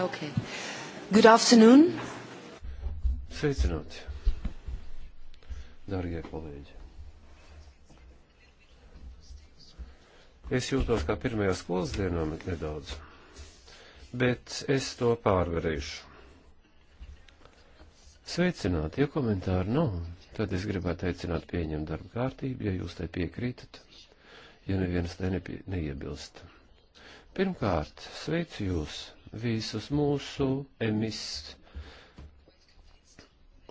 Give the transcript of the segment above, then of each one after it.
Okay. Good afternoon. Sveicināti, dārgie kolēģi. Es jūtos kā pirmajā skolas dienā nedaudz, bet es to pārvarēšu. Sveicināti, ja komentāri nav, tad es gribētu aicināt pieņemt darba kārtību, ja jūs tai piekrītat, ja neviens tai nepie, neiebilst. Pirmkārt, sveicu jūs visus mūsu emis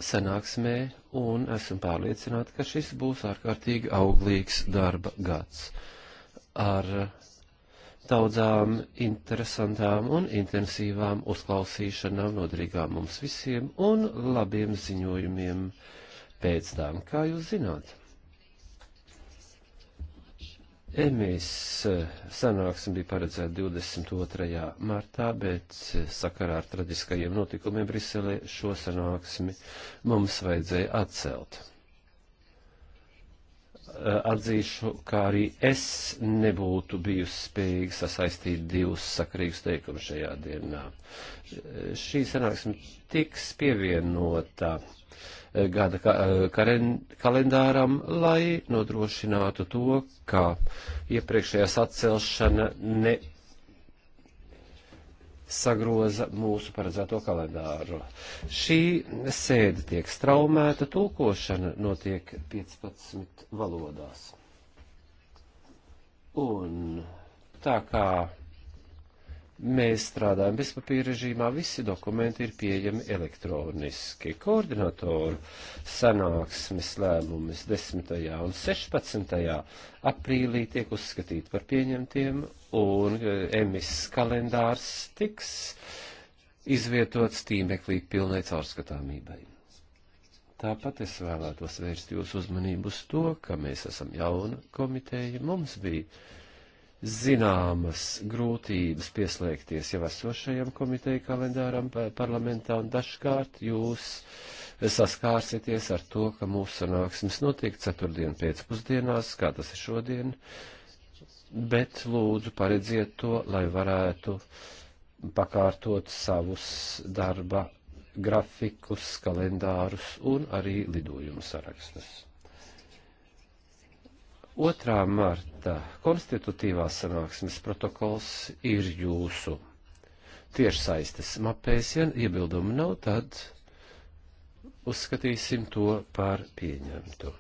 sanāksmē un esam pārliecināti, ka šis būs ārkārtīgi auglīgs darba gads ar daudzām interesantām un intensīvām uzklausīšanām noderīgām mums visiem un labiem ziņojumiem pēc tām, kā jūs zināt. Emijas eh, sanāksme bija paredzēta 22. martā, bet eh, sakarā ar traģiskajiem notikumiem Briselē šo sanāksmi mums vajadzēja atcelt. Eh, atzīšu, kā arī es nebūtu bijusi spējīga sasaistīt divus sakrīgus teikumus šajā dienā. Šī sanāksme tiks pievienota Eh, gada eh, kalendāram, lai nodrošinātu to, ka iepriekšējās atcelšana ne sagroza mūsu paredzēto kalendāru. Šī sēde tiek straumēta, tulkošana notiek 15 valodās. Un tā kā Mēs strādājam bezpapīra režīmā, visi dokumenti ir pieejami elektroniski. Koordinatoru sanāksmes lēmumus 10. un 16. aprīlī tiek uzskatīti par pieņemtiem, un e, emis kalendārs tiks izvietots tīmeklī pilnai caurskatāmībai. Tāpat es vēlētos vērst jūsu uzmanību uz to, ka mēs esam jauna komiteja, mums bija zināmas grūtības pieslēgties jau esošajam komiteju kalendāram parlamentā, un dažkārt jūs saskārsieties ar to, ka mūsu sanāksmes notiek ceturtdien pēcpusdienās, kā tas ir šodien, bet lūdzu paredziet to, lai varētu pakārtot savus darba grafikus, kalendārus un arī lidojumu sarakstus. 2. marta konstitutīvās sanāksmes protokols ir jūsu tiešsaistes mapēs, ja iebildumu nav, tad uzskatīsim to par pieņemtu.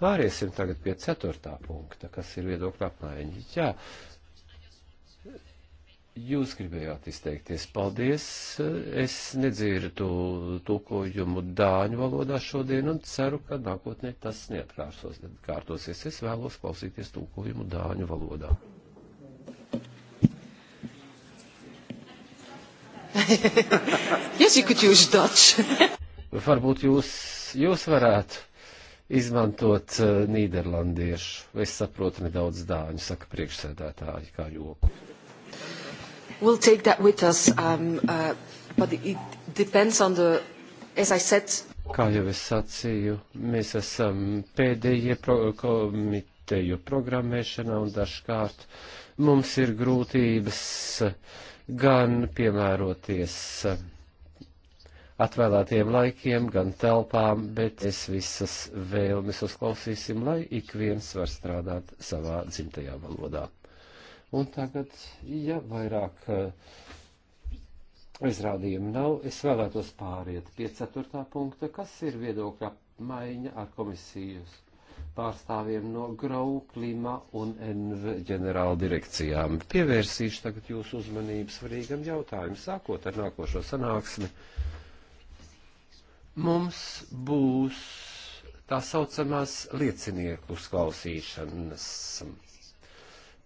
Pāriesim tagad pie 4. punkta, kas ir viedokļa apmaiņa. Jā, Jūs gribējāt izteikties. Paldies. Es nedzirdu tulkojumu dāņu valodā šodien un ceru, ka nākotnē tas neatkārtosies. Es vēlos klausīties tulkojumu dāņu valodā. yes, you could use Dutch. Varbūt jūs, jūs varētu izmantot uh, nīderlandiešu. Es saprotu nedaudz dāņu, saka priekšsēdētāji, kā joku. We'll take that with us, um, uh, but it depends on the, as I said. Kā jau es sacīju, mēs esam pēdējie pro komiteju programmēšanā un dažkārt mums ir grūtības gan piemēroties atvēlētiem laikiem, gan telpām, bet es visas vēlmes uzklausīsim, lai ik viens var strādāt savā dzimtajā valodā. Un tagad, ja vairāk eh, izrādījumu nav, es vēlētos pāriet pie ceturtā punkta, kas ir viedokļa apmaiņa ar komisijas pārstāvjiem no Grau, Klima un NV ģenerāla direkcijām. Pievērsīšu tagad jūsu uzmanību svarīgam jautājumam, sākot ar nākošo sanāksmi. Mums būs tā saucamās liecinieku uzklausīšanas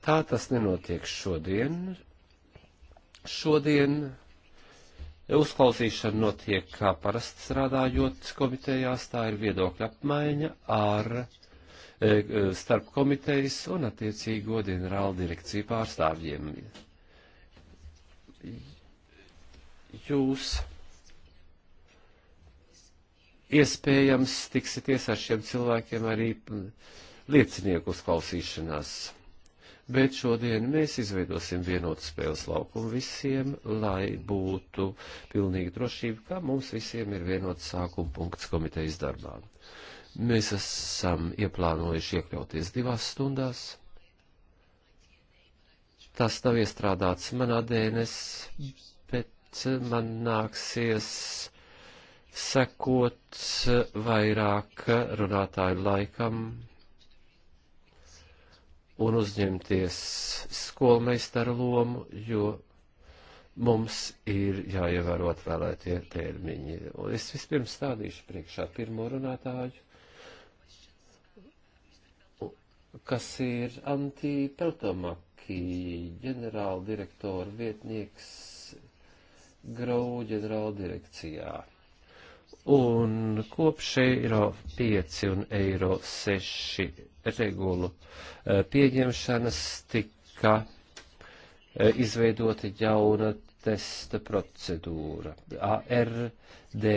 Tā tas nenotiek šodien. Šodien uzklausīšana notiek kā parasti strādājot komitejās, tā ir viedokļa apmaiņa ar e, starp komitejas un attiecīgo ģenerāla direkciju pārstāvjiem. Jūs iespējams tiksieties ar šiem cilvēkiem arī liecinieku uzklausīšanās bet šodien mēs izveidosim vienotu spēles laukumu visiem, lai būtu pilnīga drošība, ka mums visiem ir vienots sākuma punkts komitejas darbā. Mēs esam ieplānojuši iekļauties divās stundās. Tas nav iestrādāts manā DNS, bet man nāksies sekot vairāk runātāju laikam un uzņemties skolmeistaru lomu, jo mums ir jāievēro atvēlētie termiņi. Un es vispirms stādīšu priekšā pirmo runātāju, kas ir Antī Peltomaki, ģenerāla direktora vietnieks Grau ģenerāla direkcijā. Un kopš eiro 5 un eiro 6 regulu eh, pieņemšanas tika eh, izveidota jauna testa procedūra, ARDE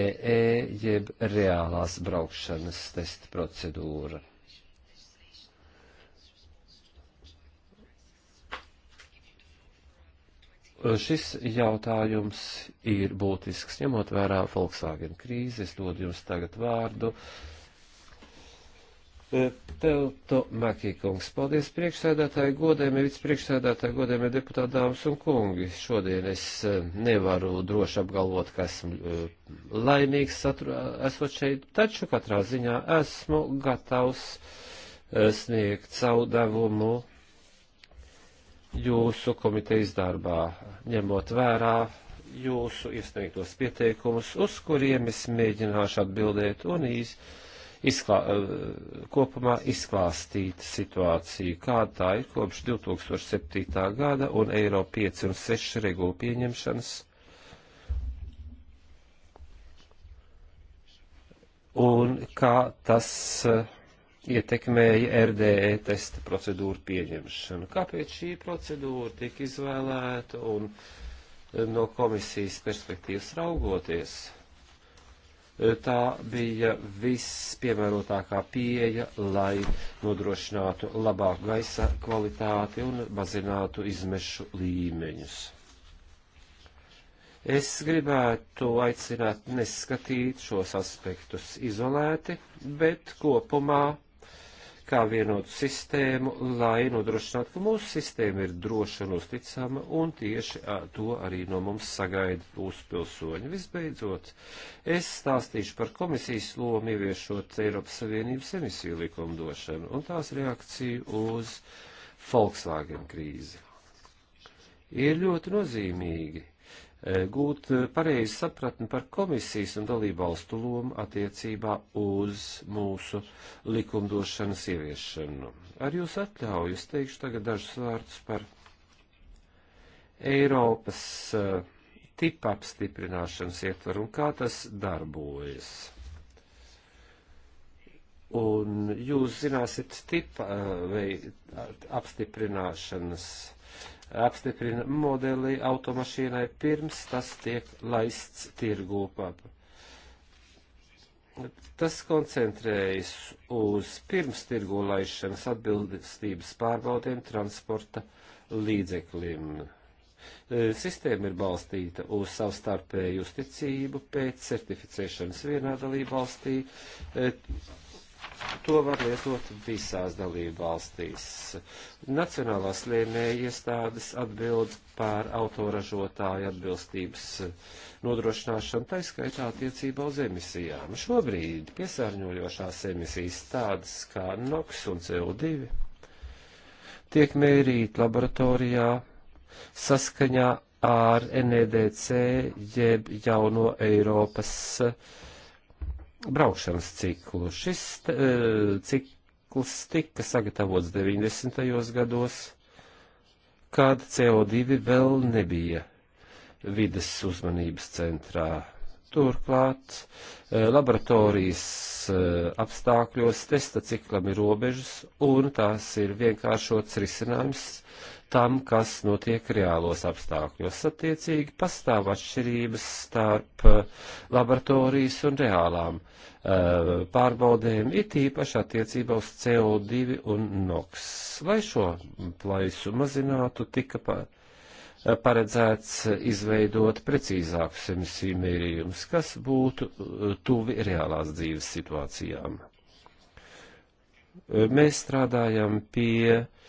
jeb reālās braukšanas testa procedūra. Eh, šis jautājums ir būtisks, ņemot vērā Volkswagen krīzi. Es dodu jums tagad vārdu. Uh, Telto Makīkungs. Paldies priekšsēdētāji, godējumie vicepriekšsēdētāji, godējumie deputāti, dāmas un kungi. Šodien es e, nevaru droši apgalvot, ka esmu e, laimīgs satru, esot šeit, taču katrā ziņā esmu gatavs e, sniegt savu devumu jūsu komitejas darbā, ņemot vērā jūsu iesniegtos pieteikumus, uz kuriem es mēģināšu atbildēt un īsti izklā, eh, kopumā izklāstīt situāciju, kāda tā ir kopš 2007. gada un Eiro 5 un 6 regulu pieņemšanas. Un kā tas eh, ietekmēja RDE testa procedūru pieņemšanu. Kāpēc šī procedūra tika izvēlēta un eh, no komisijas perspektīvas raugoties? tā bija vispiemērotākā pieeja, lai nodrošinātu labāku gaisa kvalitāti un mazinātu izmešu līmeņus. Es gribētu aicināt neskatīt šos aspektus izolēti, bet kopumā kā vienotu sistēmu, lai nodrošinātu, ka mūsu sistēma ir droša un uzticama, un tieši to arī no mums sagaida mūsu pilsoņi. Visbeidzot, es stāstīšu par komisijas lomu ieviešot Eiropas Savienības emisiju likumdošanu un tās reakciju uz Volkswagen krīzi. Ir ļoti nozīmīgi gūt eh, pareizi sapratni par komisijas un dalībvalstu lomu attiecībā uz mūsu likumdošanas ieviešanu. Ar jūs atļauju, es teikšu tagad dažus vārdus par Eiropas eh, tipa apstiprināšanas ietvaru un kā tas darbojas. Un jūs zināsiet tipa eh, vai apstiprināšanas ietvaru apstiprina modeli automašīnai pirms tas tiek laists tirgū. Tas koncentrējas uz pirms tirgu laišanas atbildības pārbaudiem transporta līdzeklim. E, sistēma ir balstīta uz savstarpēju uzticību pēc certificēšanas vienā dalība valstī e, to var lietot visās dalību valstīs. Nacionālās lēmēja iestādes atbild pār autoražotāju atbilstības nodrošināšanu, taiskaitā attiecībā uz emisijām. Šobrīd piesārņojošās emisijas tādas kā NOx un CO2 tiek mērīt laboratorijā saskaņā ar NEDC jeb jauno Eiropas uh, braukšanas ciklu. Šis e, cikls tika sagatavots 90. gados, kad CO2 vēl nebija vides uzmanības centrā. Turklāt e, laboratorijas e, apstākļos testa ciklam ir robežas, un tās ir vienkāršots risinājums tam, kas notiek reālos apstākļos. Attiecīgi pastāv atšķirības starp eh, laboratorijas un reālām eh, pārbaudēm, it īpaši attiecībā uz CO2 un NOx. Lai šo plaisu mazinātu, tika pār eh, paredzēts izveidot precīzākus emisiju mērījumus, kas būtu tuvi reālās dzīves situācijām. Mēs strādājam pie uh,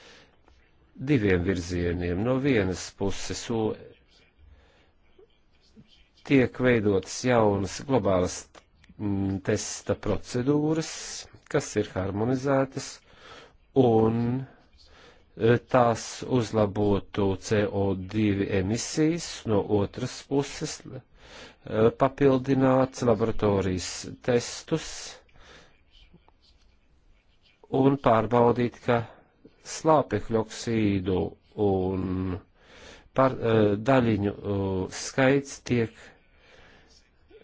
diviem virzieniem. No vienas puses tiek veidotas jaunas globālas mm, testa procedūras, kas ir harmonizētas, un e, tās uzlabotu CO2 emisijas, no otras puses e, papildināts laboratorijas testus un pārbaudīt, ka slāpekļu oksīdu un par, eh, daļiņu eh, skaits tiek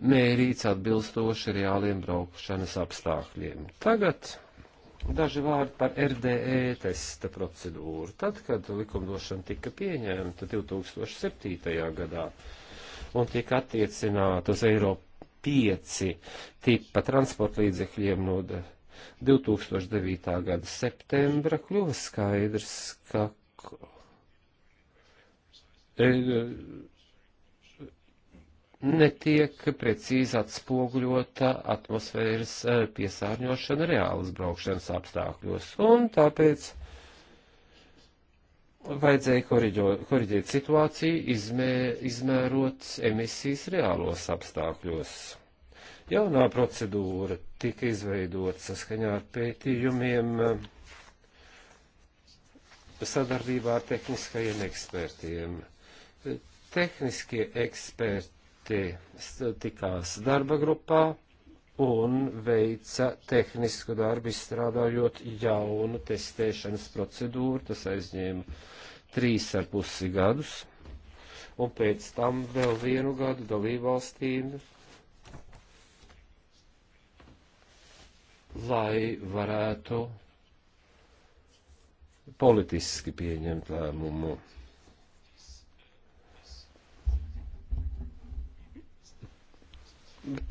mērīts atbilstoši reāliem braukšanas apstākļiem. Tagad daži vārdi par RDE testa procedūru. Tad, kad likumdošana tika pieņemta 2007. gadā un tika attiecināta uz Eiropu pieci tipa transporta līdzekļiem no 2009. gada septembra kļuva skaidrs, ka e, netiek precīzi atspoguļota atmosfēras e, piesārņošana reālas braukšanas apstākļos, un tāpēc vajadzēja koriģo, koriģēt situāciju, izmē, izmērot emisijas reālos apstākļos. Jaunā procedūra tika izveidots saskaņā ar pētījumiem eh, sadarbībā ar tehniskajiem ekspertiem. Tehniskie eksperti tikās darba grupā un veica tehnisku darbu izstrādājot jaunu testēšanas procedūru. Tas aizņēma trīs ar pusi gadus. Un pēc tam vēl vienu gadu dalībvalstīm lai varētu politiski pieņemt lēmumu.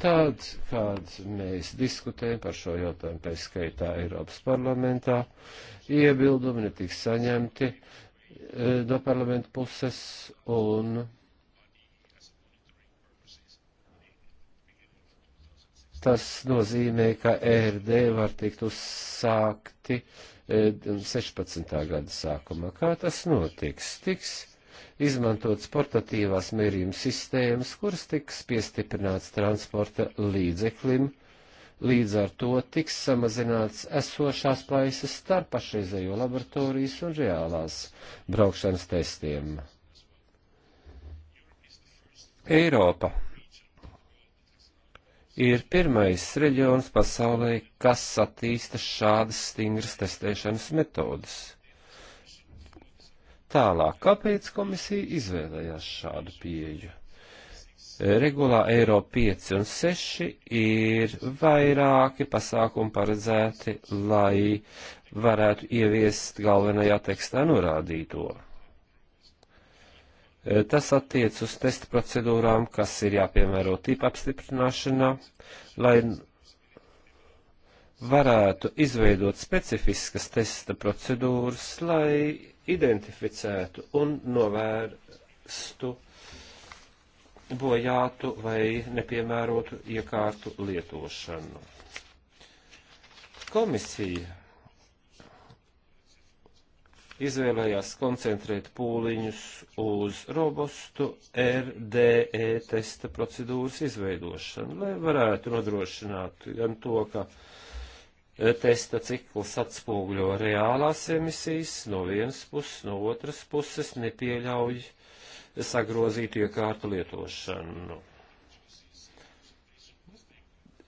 Tad, kad mēs diskutējam par šo jautājumu, pēc skaitā Eiropas parlamentā, iebildumi netiks saņemti eh, no parlamenta puses un Tas nozīmē, ka ERD var tikt uzsākti 16. E, gada sākumā. Kā tas notiks? Tiks izmantotas portatīvās mērījuma sistēmas, kuras tiks piestiprināts transporta līdzeklim. Līdz ar to tiks samazināts esošās plaisas starp pašreizējo laboratorijas un reālās braukšanas testiem. Eiropa ir pirmais reģions pasaulē, kas attīsta šādas stingras testēšanas metodas. Tālāk, kāpēc komisija izvēlējās šādu pieeju? Regulā Eiro 5 un 6 ir vairāki pasākumi paredzēti, lai varētu ieviest galvenajā tekstā norādīto. E, tas attiec uz testa procedūrām, kas ir jāpiemēro tipa apstiprināšanā, lai varētu izveidot specifiskas testa procedūras, lai identificētu un novērstu bojātu vai nepiemērotu iekārtu lietošanu. Komisija izvēlējās koncentrēt pūliņus uz robustu RDE testa procedūras izveidošanu, lai varētu nodrošināt gan to, ka e, testa cikls atspūgļo reālās emisijas no vienas puses, no otras puses nepieļauj sagrozītu iekārtu lietošanu.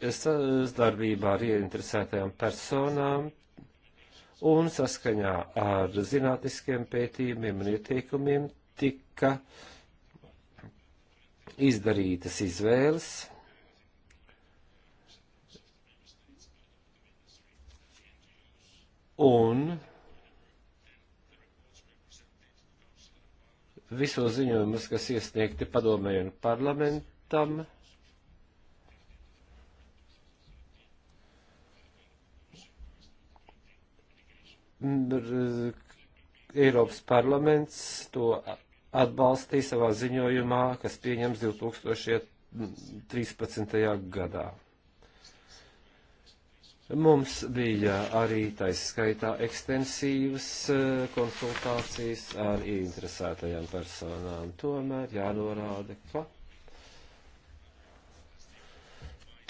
Es darbībā ar ieinteresētajām personām un saskaņā ar zinātniskiem pētījumiem un ieteikumiem tika izdarītas izvēles. Un visos ziņojumus, kas iesniegti padomēju un parlamentam, Eiropas parlaments to atbalstīja savā ziņojumā, kas pieņems 2013. gadā. Mums bija arī taiskaitā ekstensīvas e, konsultācijas ar ieinteresētajām personām. Tomēr jānorāda, ka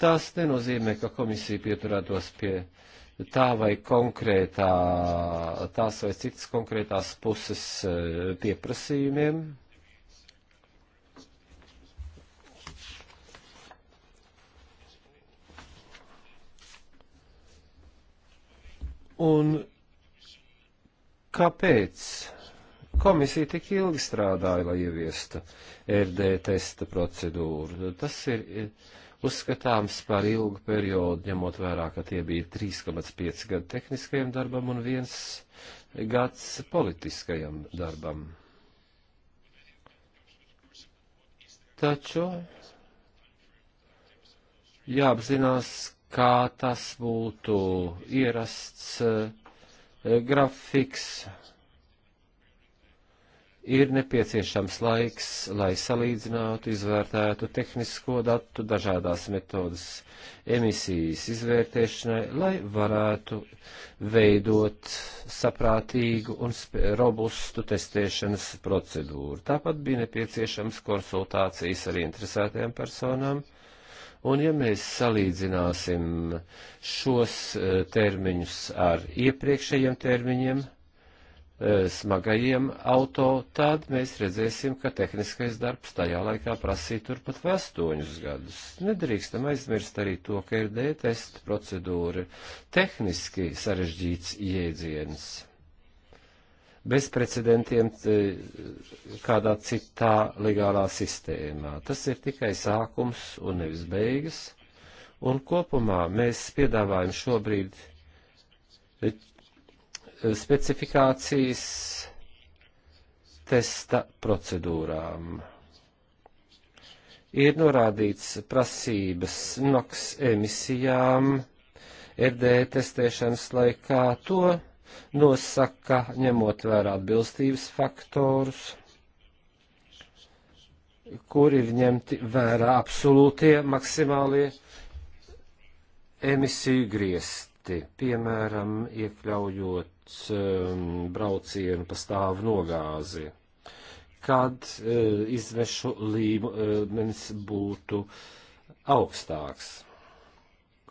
tas nenozīmē, ka komisija pieturētos pie uh, tā vai konkrētā, tās vai citas konkrētās puses eh, pieprasījumiem. Un kāpēc komisija tik ilgi strādāja, lai ieviestu RD testa procedūru? Tas ir. ir eh, uzskatāms par ilgu periodu, ņemot vērā, ka tie bija 3,5 gadi tehniskajam darbam un viens gads politiskajam darbam. Taču jāapzinās, kā tas būtu ierasts eh, grafiks ir nepieciešams laiks, lai salīdzinātu, izvērtētu tehnisko datu dažādās metodas emisijas izvērtēšanai, lai varētu veidot saprātīgu un robustu testēšanas procedūru. Tāpat bija nepieciešams konsultācijas ar interesētajām personām. Un ja mēs salīdzināsim šos eh, termiņus ar iepriekšējiem termiņiem, E, smagajiem auto, tad mēs redzēsim, ka tehniskais darbs tajā laikā prasīja turpat vēl astoņus gadus. Nedrīkstam aizmirst arī to, ka ir D-testa procedūra tehniski sarežģīts jēdziens. Bez precedentiem e, kādā citā legālā sistēmā. Tas ir tikai sākums un nevis beigas. Un kopumā mēs piedāvājam šobrīd specifikācijas testa procedūrām. Ir norādīts prasības NOx emisijām RD testēšanas laikā to nosaka, ņemot vērā atbilstības faktorus, kur ir ņemti vērā absolūtie maksimālie emisiju griezti citi, piemēram, iekļaujot um, braucienu pa stāvu nogāzi, kad uh, izmešu līmenis uh, būtu augstāks,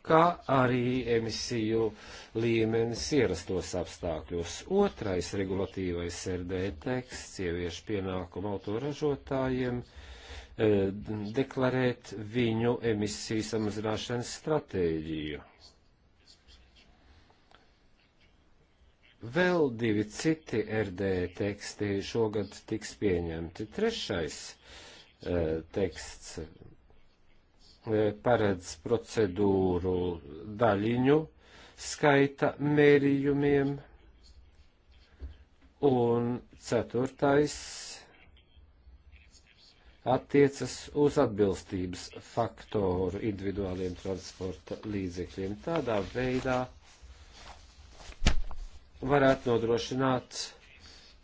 kā arī emisiju līmenis ierastos apstākļos. Otrais regulatīvais RD teksts ievieš pienākumu autoražotājiem uh, deklarēt viņu emisiju samazināšanas stratēģiju. Vēl divi citi RD teksti šogad tiks pieņemti. Trešais eh, teksts eh, paredz procedūru daļiņu skaita mērījumiem, un ceturtais attiecas uz atbilstības faktoru individuāliem transporta līdzekļiem. Tādā veidā varētu nodrošināt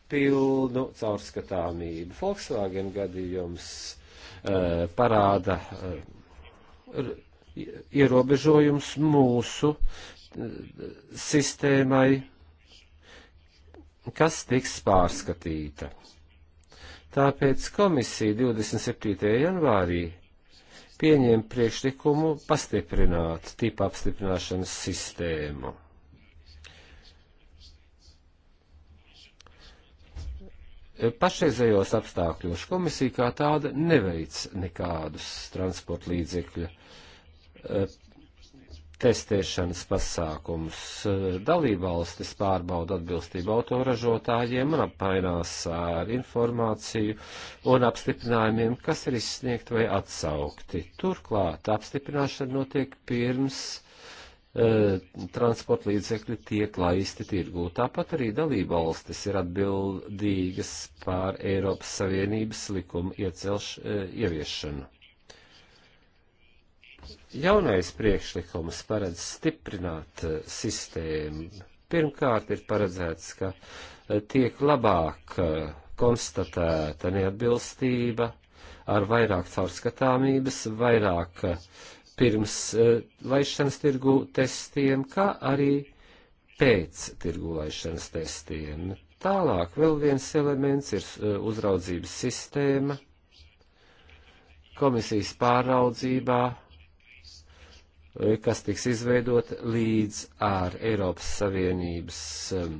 pilnu caurskatāmību. Volkswagen gadījums uh, parāda uh, ierobežojums mūsu uh, sistēmai, kas tiks pārskatīta. Tāpēc komisija 27. janvārī pieņēma priekšlikumu pastiprināt tipa apstiprināšanas sistēmu Pašreizējos apstākļos komisija kā tāda neveic nekādus transporta līdzekļu eh, testēšanas pasākumus. Eh, dalībvalstis pārbauda atbilstību autoražotājiem un apmainās ar informāciju un apstiprinājumiem, kas ir izsniegti vai atsaukti. Turklāt apstiprināšana notiek pirms E, transporta līdzekļi tiek laisti tirgū. Tāpat arī dalībvalstis ir atbildīgas pār Eiropas Savienības likumu iecelš, e, ieviešanu. Jaunais priekšlikums paredz stiprināt e, sistēmu. Pirmkārt ir paredzēts, ka tiek labāk konstatēta neatbilstība ar vairāk caurskatāmības, vairāk uh, pirms eh, laišanas tirgu testiem, kā arī pēc tirgu laišanas testiem. Tālāk vēl viens elements ir eh, uzraudzības sistēma komisijas pāraudzībā, eh, kas tiks izveidot līdz ar Eiropas Savienības ehm,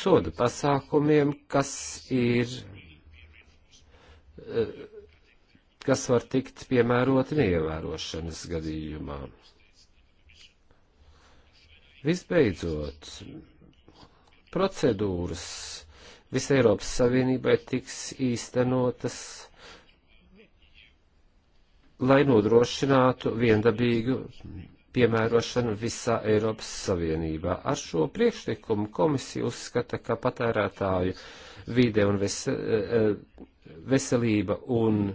sodu pasākumiem, kas ir kas var tikt piemēroti neievērošanas gadījumā. Visbeidzot, procedūras visai Eiropas Savienībai tiks īstenotas, lai nodrošinātu viendabīgu piemērošanu visā Eiropas Savienībā. Ar šo priekšlikumu komisija uzskata, ka patērētāju vide un ves, eh, eh, veselība un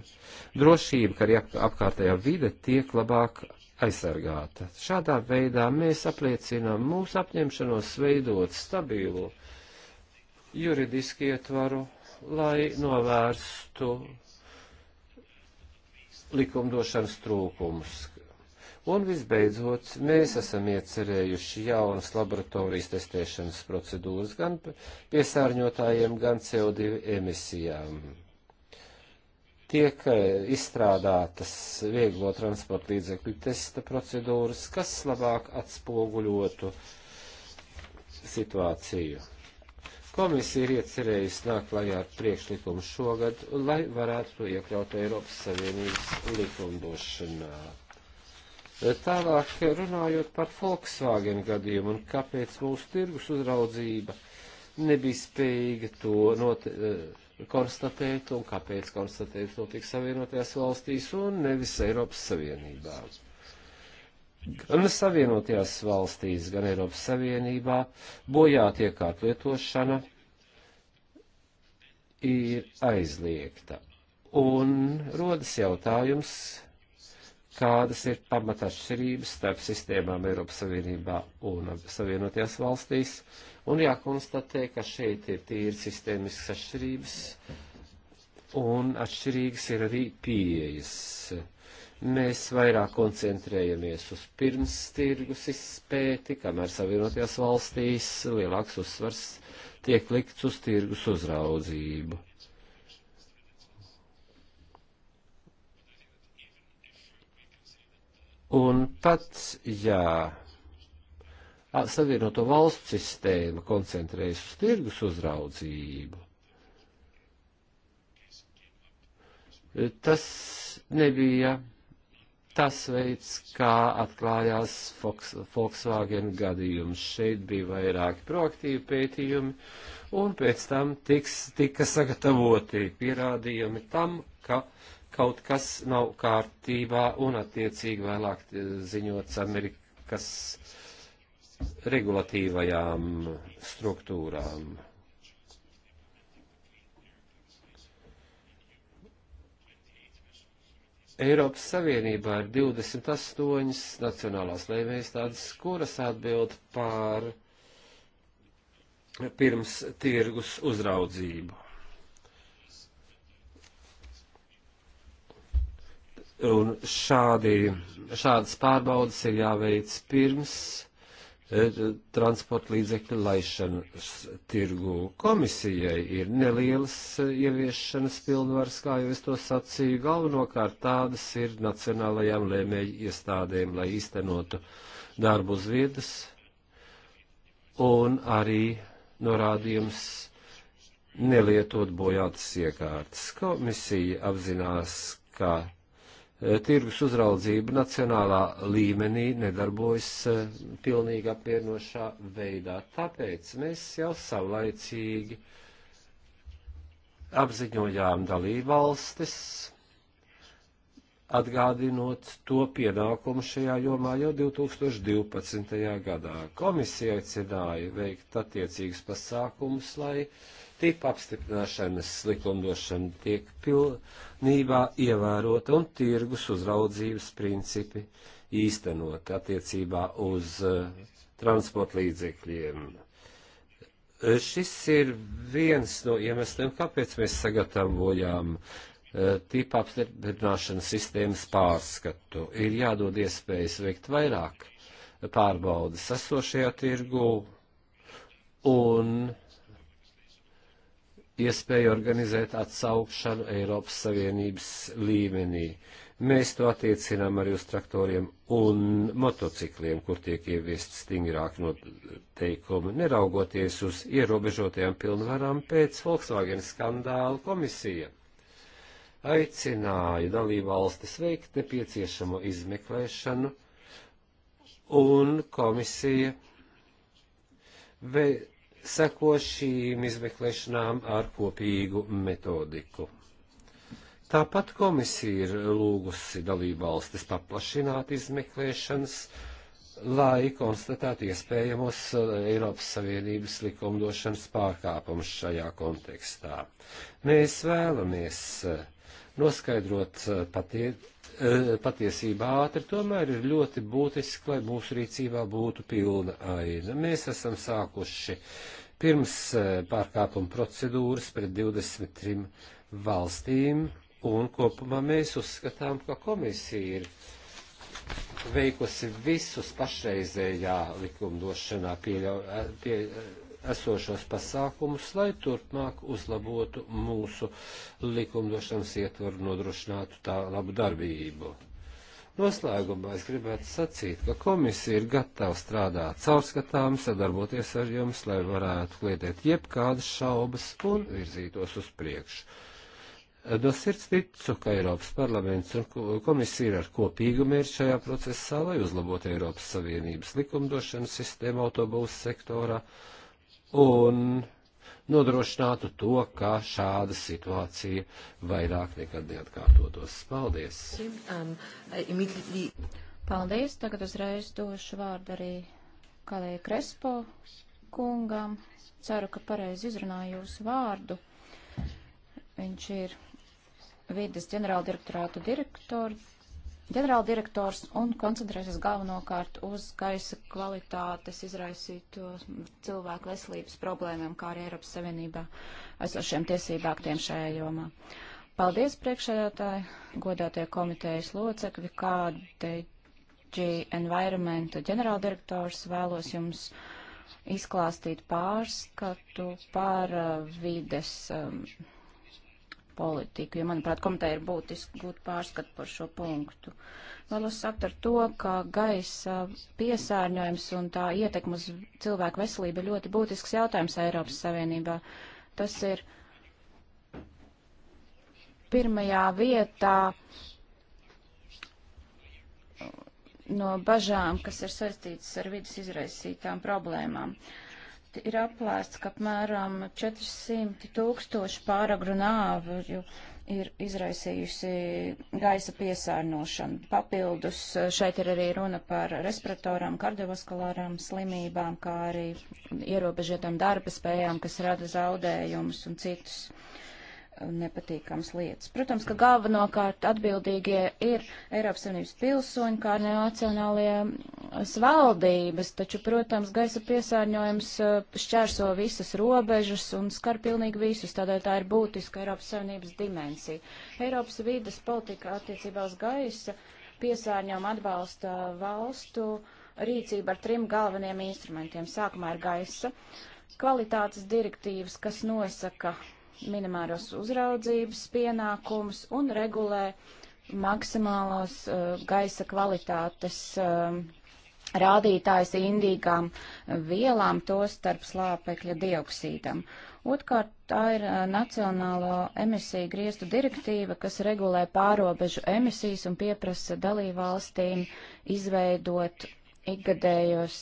drošība, ka arī apkārtējā vide tiek labāk aizsargāta. Šādā veidā mēs apliecinām mūsu apņemšanos veidot stabilu juridisku ietvaru, lai novērstu likumdošanas trūkums, Un visbeidzot, mēs esam iecerējuši jaunas laboratorijas testēšanas procedūras gan piesārņotājiem, gan CO2 emisijām. Tiek eh, izstrādātas vieglo transporta līdzekļu testa procedūras, kas labāk atspoguļotu situāciju. Komisija ir iecerējusi nākt klajā ar priekšlikumu šogad, lai varētu to iekļaut Eiropas Savienības likumdošanā Tālāk runājot par Volkswagen gadījumu un kāpēc mūsu tirgus uzraudzība nebija spējīga to not, eh, konstatēt un kāpēc konstatēt to tik savienotajās valstīs un nevis Eiropas Savienībā. Gan Savienotajās valstīs, gan Eiropas Savienībā bojātie kārt lietošana ir aizliegta. Un rodas jautājums, kādas ir pamatatšķirības starp sistēmām Eiropas Savienībā un Savienotajās valstīs, un jākonstatē, ka šeit ir tīri sistēmisks atšķirības, un atšķirīgas ir arī pieejas. Mēs vairāk koncentrējamies uz pirms tirgus izpēti, kamēr Savienotajās valstīs lielāks uzsvars tiek likts uz tirgus uzraudzību Un pat, jā, savienoto valstu sistēma koncentrējas uz tirgus uzraudzību, tas nebija tas veids, kā atklājās Volkswagen gadījums. Šeit bija vairāki proaktīvi pētījumi, un pēc tam tiks, tika sagatavoti pierādījumi tam, ka kaut kas nav kārtībā un attiecīgi vēlāk eh, ziņots Amerikas regulatīvajām struktūrām. Eiropas Savienībā ir 28 nacionālās lēmējstādes, kuras atbild par pirms tirgus uzraudzību. Un šādi, šādas pārbaudas ir jāveic pirms e, transporta līdzekļu laišanas tirgu. Komisijai ir nelielas ieviešanas pilnvaras, kā jau es to sacīju, galvenokārt tādas ir nacionālajām lēmēju iestādēm, lai īstenotu darbu uz vietas, un arī norādījums nelietot bojātas iekārtas. Komisija apzinās, ka Eh, tirgus uzraudzība nacionālā līmenī nedarbojas eh, pilnīgi apvienošā veidā. Tāpēc mēs jau savlaicīgi apziņojām dalībvalstis, atgādinot to pienākumu šajā jomā jau 2012. gadā. Komisija aicināja veikt attiecīgus pasākumus, lai tīpa apstiprināšanas likumdošana tiek pilnīga pilnībā ievērot un tirgus uzraudzības principi īstenot attiecībā uz eh, transporta līdzekļiem. Eh, šis ir viens no iemesliem, kāpēc mēs sagatavojām eh, tīpa apstiprināšanas sistēmas pārskatu. Ir jādod iespējas veikt vairāk pārbaudas esošajā tirgū un iespēju organizēt atsaukšanu Eiropas Savienības līmenī. Mēs to attiecinām arī uz traktoriem un motocikliem, kur tiek ieviest stingrāk noteikumi, neraugoties uz ierobežotajām pilnvarām pēc Volkswagen skandāla komisija. Aicināja dalībvalstis veikt nepieciešamo izmeklēšanu, un komisija vei seko šīm izmeklēšanām ar kopīgu metodiku. Tāpat komisija ir lūgusi dalībvalstis paplašināt izmeklēšanas, lai konstatētu iespējamos uh, Eiropas Savienības likumdošanas pārkāpumus šajā kontekstā. Mēs vēlamies uh, noskaidrot uh, patie, E, patiesībā ātri, tomēr ir ļoti būtiski, lai mūsu rīcībā būtu pilna aina. Mēs esam sākuši pirms e, pārkāpuma procedūras pret 23 valstīm, un kopumā mēs uzskatām, ka komisija ir veikusi visus pašreizējā likumdošanā pieļau, e, pie, esošos pasākumus, lai turpmāk uzlabotu mūsu likumdošanas ietvaru nodrošinātu tā labu darbību. Noslēgumā es gribētu sacīt, ka komisija ir gatava strādāt caurskatām, sadarboties ar jums, lai varētu kliedēt jebkādas šaubas un virzītos uz priekšu. No sirds ticu, ka Eiropas parlaments un komisija ir ar kopīgu mērķi šajā procesā, lai uzlabotu Eiropas Savienības likumdošanas sistēmu autobūvas sektorā un nodrošinātu to, ka šāda situācija vairāk nekad neatkārtotos. Paldies! Paldies! Tagad uzreiz došu vārdu arī Kalēja Krespo kungam. Ceru, ka pareizi izrunāju jūsu vārdu. Viņš ir vides ģenerāldirektorāta direktors ģenerāldirektors un koncentrēsies galvenokārt uz gaisa kvalitātes izraisīto cilvēku veselības problēmām, kā arī Eiropas Savienībā esošiem tiesību aktiem šajā jomā. Paldies priekšsēdētāji, godātie komitejas locekļi, KDG Environment ģenerāldirektors vēlos jums izklāstīt pārskatu par uh, vides um, politiku, jo, manuprāt, komiteja ir būtiski gūt pārskatu par šo punktu. Vēlos sakt ar to, ka gaisa piesārņojums un tā ietekme uz cilvēku veselību ir ļoti būtisks jautājums Eiropas Savienībā. Tas ir pirmajā vietā no bažām, kas ir saistītas ar vidas izraisītām problēmām. Uh, ir aplēsts, ka apmēram 400 tūkstoši pāragru nāvu ir izraisījusi gaisa piesārņošana. Papildus eh, šeit ir arī runa par respiratorām, kardiovaskulārām slimībām, kā arī ierobežotām darba spējām, kas rada zaudējumus un citus uh, nepatīkams lietas. Protams, ka galvenokārt atbildīgie ir Eiropas Savienības pilsoņi, kā arī nacionālie valdības, taču, protams, gaisa piesārņojums eh, šķērso visas robežas un skar pilnīgi visus, tādēļ tā ir būtiska Eiropas Savienības dimensija. Eiropas vīdas politika attiecībā uz gaisa piesārņojumu atbalsta valstu rīcība ar trim galveniem instrumentiem. Sākumā ir gaisa kvalitātes direktīvas, kas nosaka minimāros uzraudzības pienākumus un regulē maksimālos uh, gaisa kvalitātes uh, rādītājs indīgām vielām, to starp slāpekļa dioksīdam. Otkārt, tā ir uh, Nacionālo emisiju griestu direktīva, kas regulē pārobežu emisijas un pieprasa dalībvalstīm izveidot ikgadējos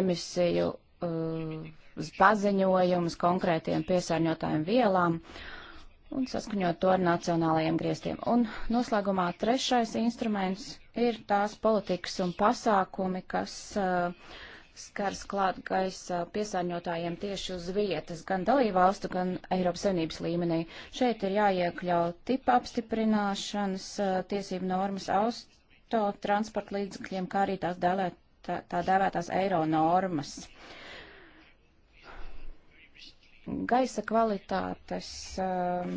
emisiju uh, paziņojumus konkrētiem piesārņotājiem vielām un saskaņot to ar nacionālajiem griestiem. Un noslēgumā trešais instruments ir tās politikas un pasākumi, kas uh, skars klāt gaisa piesārņotājiem tieši uz vietas, gan dalībvalstu, gan Eiropas Savienības līmenī. Šeit ir jāiekļaut tipa apstiprināšanas uh, tiesību normas auto transporta līdzekļiem, kā arī tās dēlēt, tā, tā dēvētās eiro normas. Uh, Gaisa kvalitātes um,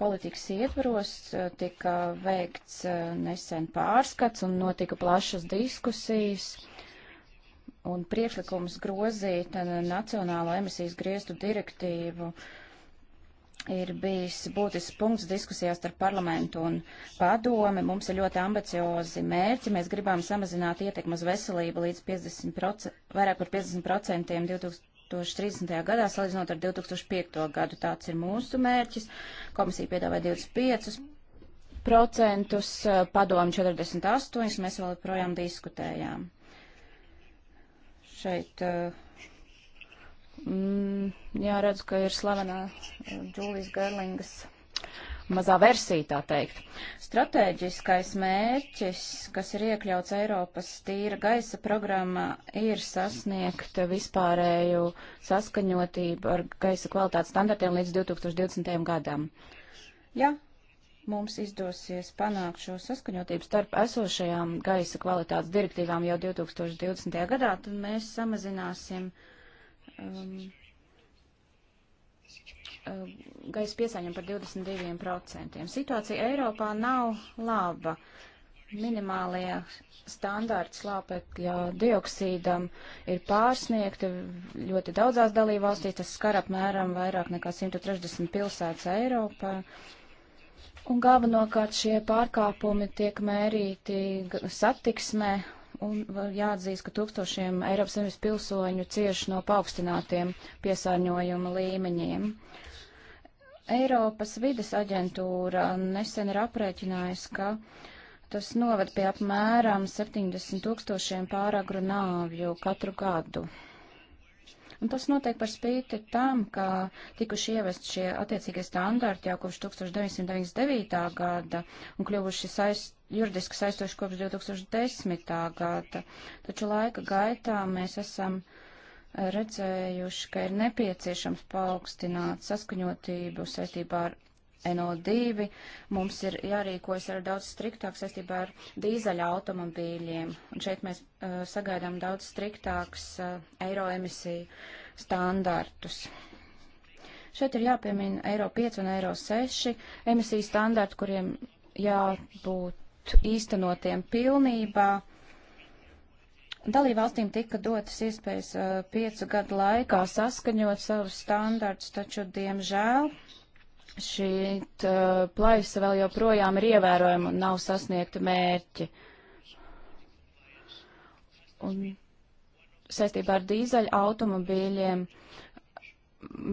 politikas ietvaros uh, tika veikts uh, nesen pārskats un notika plašas diskusijas un priekšlikums grozīt uh, Nacionālo emisijas griestu direktīvu ir bijis būtisks punkts diskusijās ar parlamentu un padomi. Mums ir ļoti ambiciozi mērķi. Mēs gribam samazināt ietekmu uz veselību līdz 50%, vairāk par 50% 20, 2030. gadā, salīdzinot ar 2005. gadu. Tāds ir mūsu mērķis. Komisija piedāvā 25%, eh, padomu 48%, mēs vēl projām diskutējām. Šeit eh, mm, jāredz, ka ir slavenā eh, Džūlijas Gerlingas mazā versija, tā teikt. Stratēģiskais mērķis, kas ir iekļauts Eiropas tīra gaisa programmā, ir sasniegt vispārēju saskaņotību ar gaisa kvalitātes standartiem līdz 2020. gadam. Ja mums izdosies panākt šo saskaņotību starp esošajām gaisa kvalitātes direktīvām jau 2020. gadā, tad mēs samazināsim um, Uh, gaisa piesaņem par 22%. Situācija Eiropā nav laba. Minimālie standārti slāpekļa dioksīdam ir pārsniegti ļoti daudzās dalībvalstīs. Tas skar apmēram vairāk nekā 130 pilsētas Eiropā. Un galvenokārt šie pārkāpumi tiek mērīti satiksmē un jāatzīst, ka tūkstošiem Eiropas Savienības pilsoņu cieši no paaugstinātiem piesārņojuma līmeņiem. Uh, Eiropas vides aģentūra nesen ir aprēķinājusi, ka tas noved pie apmēram 70 tūkstošiem pāragru nāvju katru gadu. Un tas notiek par spīti tam, ka tikuši ievest šie attiecīgie standarti jau kopš 1999. gada un kļuvuši saist, juridiski saistoši kopš 2010. gada. Taču laika gaitā mēs esam uh, redzējuši, ka ir nepieciešams paaugstināt saskaņotību saistībā ar NO2. Mums ir jārīkojas ar daudz striktāk saistībā ar dīzaļa automobīļiem. Un šeit mēs uh, sagaidām daudz striktāks uh, eiro emisiju standartus. Šeit ir jāpiemina eiro 5 un eiro 6 emisiju standarti, kuriem jābūt īstenotiem pilnībā. Dalībvalstīm tika dotas iespējas uh, piecu gadu laikā saskaņot savus standartus, taču, diemžēl, šī uh, eh, plaisa vēl joprojām ir ievērojama un nav sasniegta mērķi. Un saistībā ar dīzeļu automobīļiem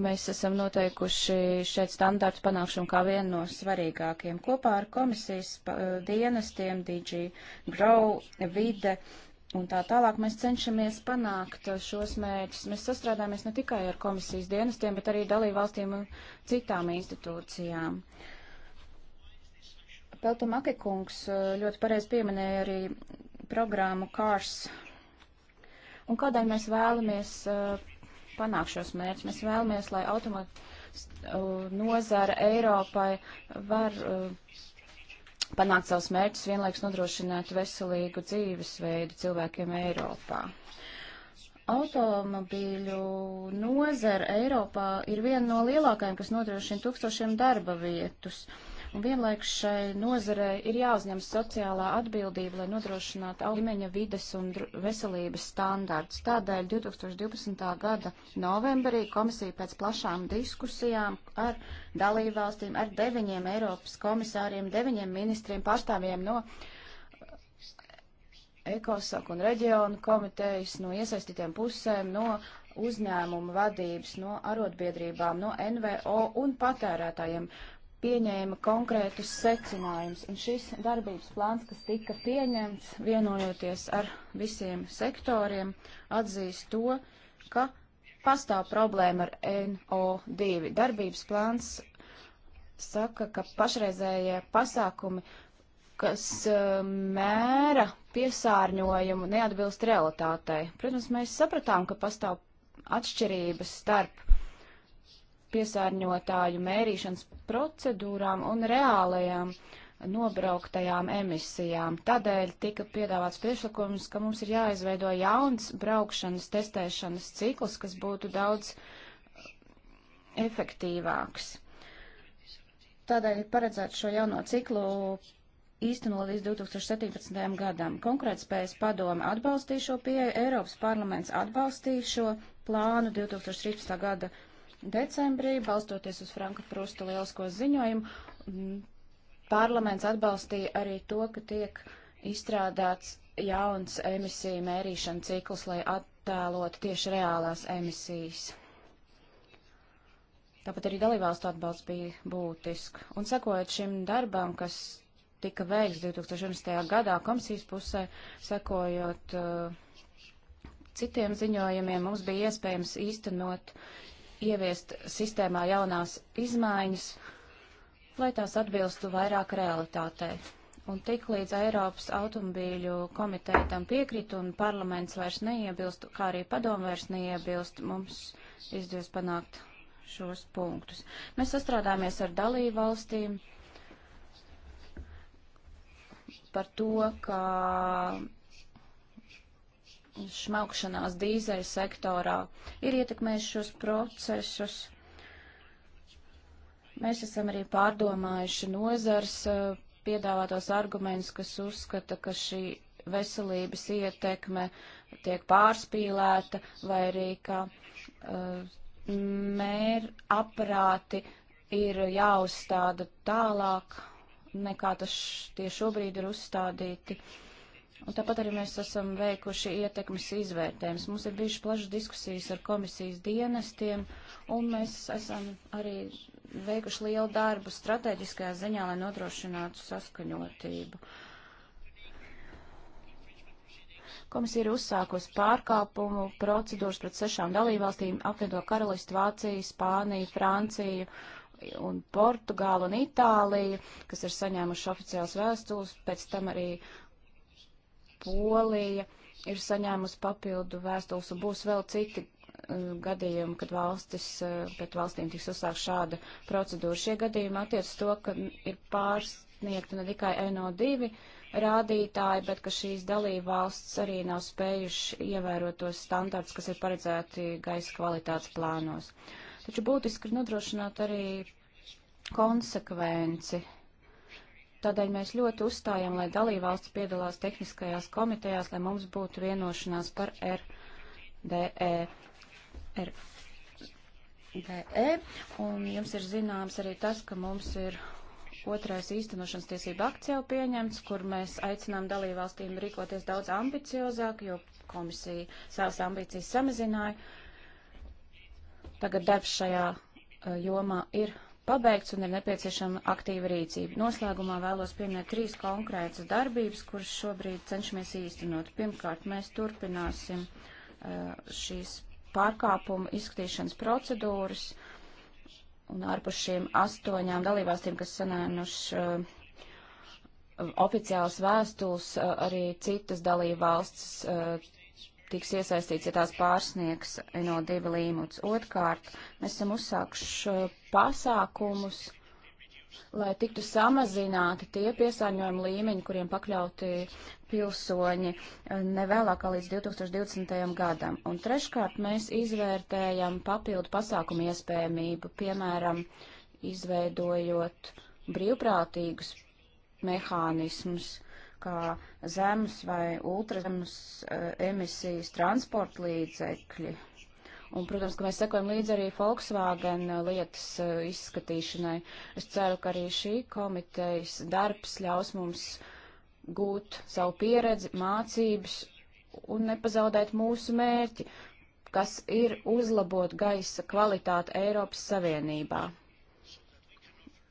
mēs esam noteikuši šeit standārtu panākšanu kā vienu no svarīgākiem. Kopā ar komisijas eh, dienestiem DG Grow, Vide un tā tālāk mēs cenšamies panākt šos mērķus. Mēs sastrādājamies ne tikai ar komisijas dienestiem, bet arī dalību valstīm un citām institūcijām. Peltu Makekungs uh, ļoti pareizi pieminēja arī programmu Kārs. Un kādēļ mēs vēlamies uh, panākt šos mērķus? Mēs vēlamies, lai automāti uh, nozara Eiropai var uh, panākt savus mērķus, vienlaiks nodrošināt veselīgu dzīvesveidu cilvēkiem Eiropā. Automobīļu nozara Eiropā ir viena no lielākajām, kas nodrošina tūkstošiem darba vietus. Uh, Un vienlaikus šai nozarei ir jāuzņem sociālā atbildība, lai nodrošinātu augļimeņa vides un veselības standārts. Tādēļ 2012. gada novembrī komisija pēc plašām diskusijām ar dalībvalstīm, ar deviņiem Eiropas komisāriem, deviņiem ministriem pārstāvjiem no Ekosak un reģionu komitejas, no iesaistītiem pusēm, no uzņēmumu vadības, no arotbiedrībām, no NVO un patērētājiem pieņēma konkrētus secinājumus, un šis darbības plāns, kas tika pieņemts, vienojoties ar visiem sektoriem, atzīst to, ka pastāv problēma ar NO2. Darbības plāns saka, ka pašreizējie pasākumi, kas uh, mēra piesārņojumu, neatbilst realitātei. Protams, mēs sapratām, ka pastāv atšķirības starp piesārņotāju mērīšanas procedūrām un reālajām nobrauktajām emisijām. Tādēļ tika piedāvāts priekšlikums, ka mums ir jāizveido jauns braukšanas testēšanas cikls, kas būtu daudz efektīvāks. Tādēļ ir paredzēts šo jauno ciklu īstenot līdz 2017. gadam. Konkurētspējas padome atbalstīja šo pieeju, Eiropas parlaments atbalstīja šo plānu 2013. gada decembrī, balstoties uz Franka Prusta lielisko ziņojumu. Parlaments atbalstīja arī to, ka tiek izstrādāts jauns emisiju mērīšana cikls, lai attēlot tieši reālās emisijas. Tāpat arī dalībvalstu atbalsts bija būtisks. Un sekojot šim darbam, kas tika veikts 2011. gadā komisijas pusē, sekojot uh, citiem ziņojumiem, mums bija iespējams īstenot ieviest sistēmā jaunās izmaiņas, lai tās atbilstu vairāk realitātei. Un tik līdz Eiropas automobīļu komiteja tam piekrit un parlaments vairs neiebilst, kā arī padomu vairs neiebilst, mums izdevies panākt šos punktus. Mēs sastrādāmies ar dalību valstīm par to, ka šmaukšanās dīzeļu sektorā ir ietekmējuši šos procesus. Mēs esam arī pārdomājuši nozars piedāvātos argumentus, kas uzskata, ka šī veselības ietekme tiek pārspīlēta vai arī, ka uh, mēr aparāti ir jāuzstāda tālāk nekā tas tie šobrīd ir uzstādīti. Uh, Un tāpat arī mēs esam veikuši ietekmes izvērtējums. Mums ir bijušas plašas diskusijas ar komisijas dienestiem, un mēs esam arī veikuši lielu darbu strateģiskajā ziņā, lai nodrošinātu saskaņotību. Komisija ir uzsākusi pārkāpumu procedūras pret sešām dalībvalstīm - apvienoto karalistu, Vāciju, Spāniju, Franciju un Portugālu un Itāliju, kas ir saņēmuši oficiāls vēstules, pēc tam arī Polija ir saņēmusi papildu vēstules, un būs vēl citi uh, gadījumi, kad valstis, uh, pret valstīm tiks uzsākt šāda procedūra. Šie gadījumi attiec to, ka ir pārsniegta ne tikai NO2 rādītāji, bet ka šīs dalībvalsts arī nav spējuši ievērot tos standarts, kas ir paredzēti gaisa kvalitātes plānos. Taču būtiski ir nodrošināt arī konsekvenci Tādēļ mēs ļoti uzstājam, lai dalībvalsts piedalās tehniskajās komitejās, lai mums būtu vienošanās par RDE. RDE. Un jums ir zināms arī tas, ka mums ir otrais īstenošanas tiesība akts jau pieņemts, kur mēs aicinām dalībvalstīm rīkoties daudz ambiciozāk, jo komisija savas ambīcijas samazināja. Tagad darbs šajā eh, jomā ir pabeigts un ir nepieciešama aktīva rīcība. Noslēgumā vēlos pieminēt trīs konkrētas darbības, kuras šobrīd cenšamies īstenot. Pirmkārt, mēs turpināsim uh, šīs pārkāpumu izskatīšanas procedūras un ārpus šīm astoņām dalībvalstīm, kas sanēnuši uh, oficiāls vēstules, uh, arī citas dalībvalstis tiks iesaistīts, ja tās pārsniegs NO2 līmuts. Otkārt, mēs esam uzsākuši uh, pasākumus, lai tiktu samazināti tie piesārņojuma līmeņi, kuriem pakļauti pilsoņi uh, nevēlākā līdz 2020. gadam. Un treškārt, mēs izvērtējam papildu pasākumu iespējamību, piemēram, izveidojot brīvprātīgus mehānismus, kā zemes vai ultrazemes eh, emisijas transporta līdzekļi. Un, protams, ka mēs sekojam līdzi arī Volkswagen eh, lietas eh, izskatīšanai. Es ceru, ka arī šī komitejas darbs ļaus mums gūt savu pieredzi, mācības un nepazaudēt mūsu mērķi, kas ir uzlabot gaisa kvalitāti Eiropas Savienībā,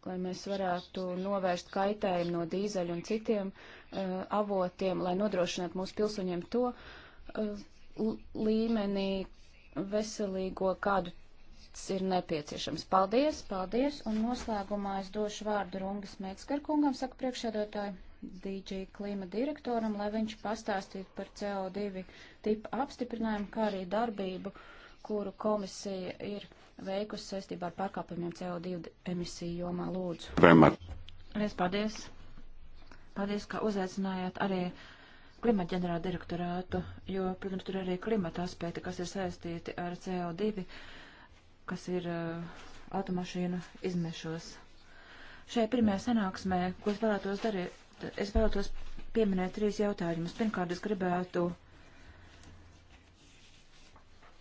lai mēs varētu novērst kaitējumu no dīzeļu un citiem uh, Uh, avotiem, lai nodrošinātu mūsu pilsoņiem to uh, līmenī veselīgo, kādu ir nepieciešams. Paldies, paldies, un noslēgumā es došu vārdu Rungas Mekskarkungam, saka priekšsēdētāji, DJ klima direktoram, lai viņš pastāstītu par CO2 tipu apstiprinājumu, kā arī darbību, kuru komisija ir veikusi saistībā ar pārkāpumiem CO2 emisiju jomā lūdzu. Vienmēr. Es paldies. Paldies, ka uzaicinājāt arī klimata ģenerāla direktorātu, jo, protams, tur arī klimata aspekti, kas ir saistīti ar CO2, kas ir uh, automašīnu izmešos. Šajā pirmajā sanāksmē, ko es vēlētos darīt, es vēlētos pieminēt trīs jautājumus. Pirmkārt, es gribētu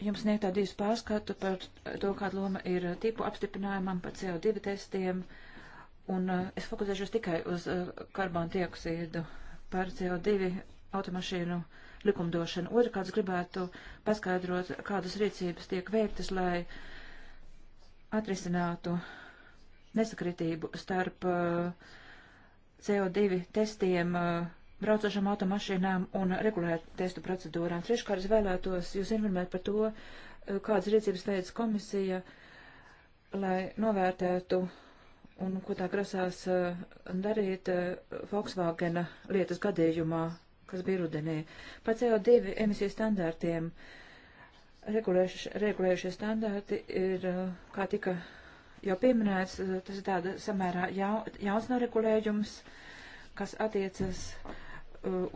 jums sniegt tādu īsu pārskatu par to, kāda loma ir tipu apstiprinājumam, par CO2 testiem. Uh, Un uh, es fokusēšos tikai uz uh, eh, karbonu dioksīdu par CO2 automašīnu likumdošanu. Otrakārt, gribētu paskaidrot, kādas rīcības tiek veiktas, lai atrisinātu nesakritību starp uh, eh, CO2 testiem uh, braucošām automašīnām un regulētu testu procedūrām. Treškārt, es vēlētos jūs informēt par to, uh, kādas rīcības veids komisija, lai novērtētu uh, un ko tā grasās eh, darīt eh, Volkswagen lietas gadījumā, kas bija rudenī. Par CO2 emisiju standārtiem regulējušie, regulējušie standārti ir, eh, kā tika jau pieminēts, tas ir tāda samērā ja, jauns noregulējums, kas attiecas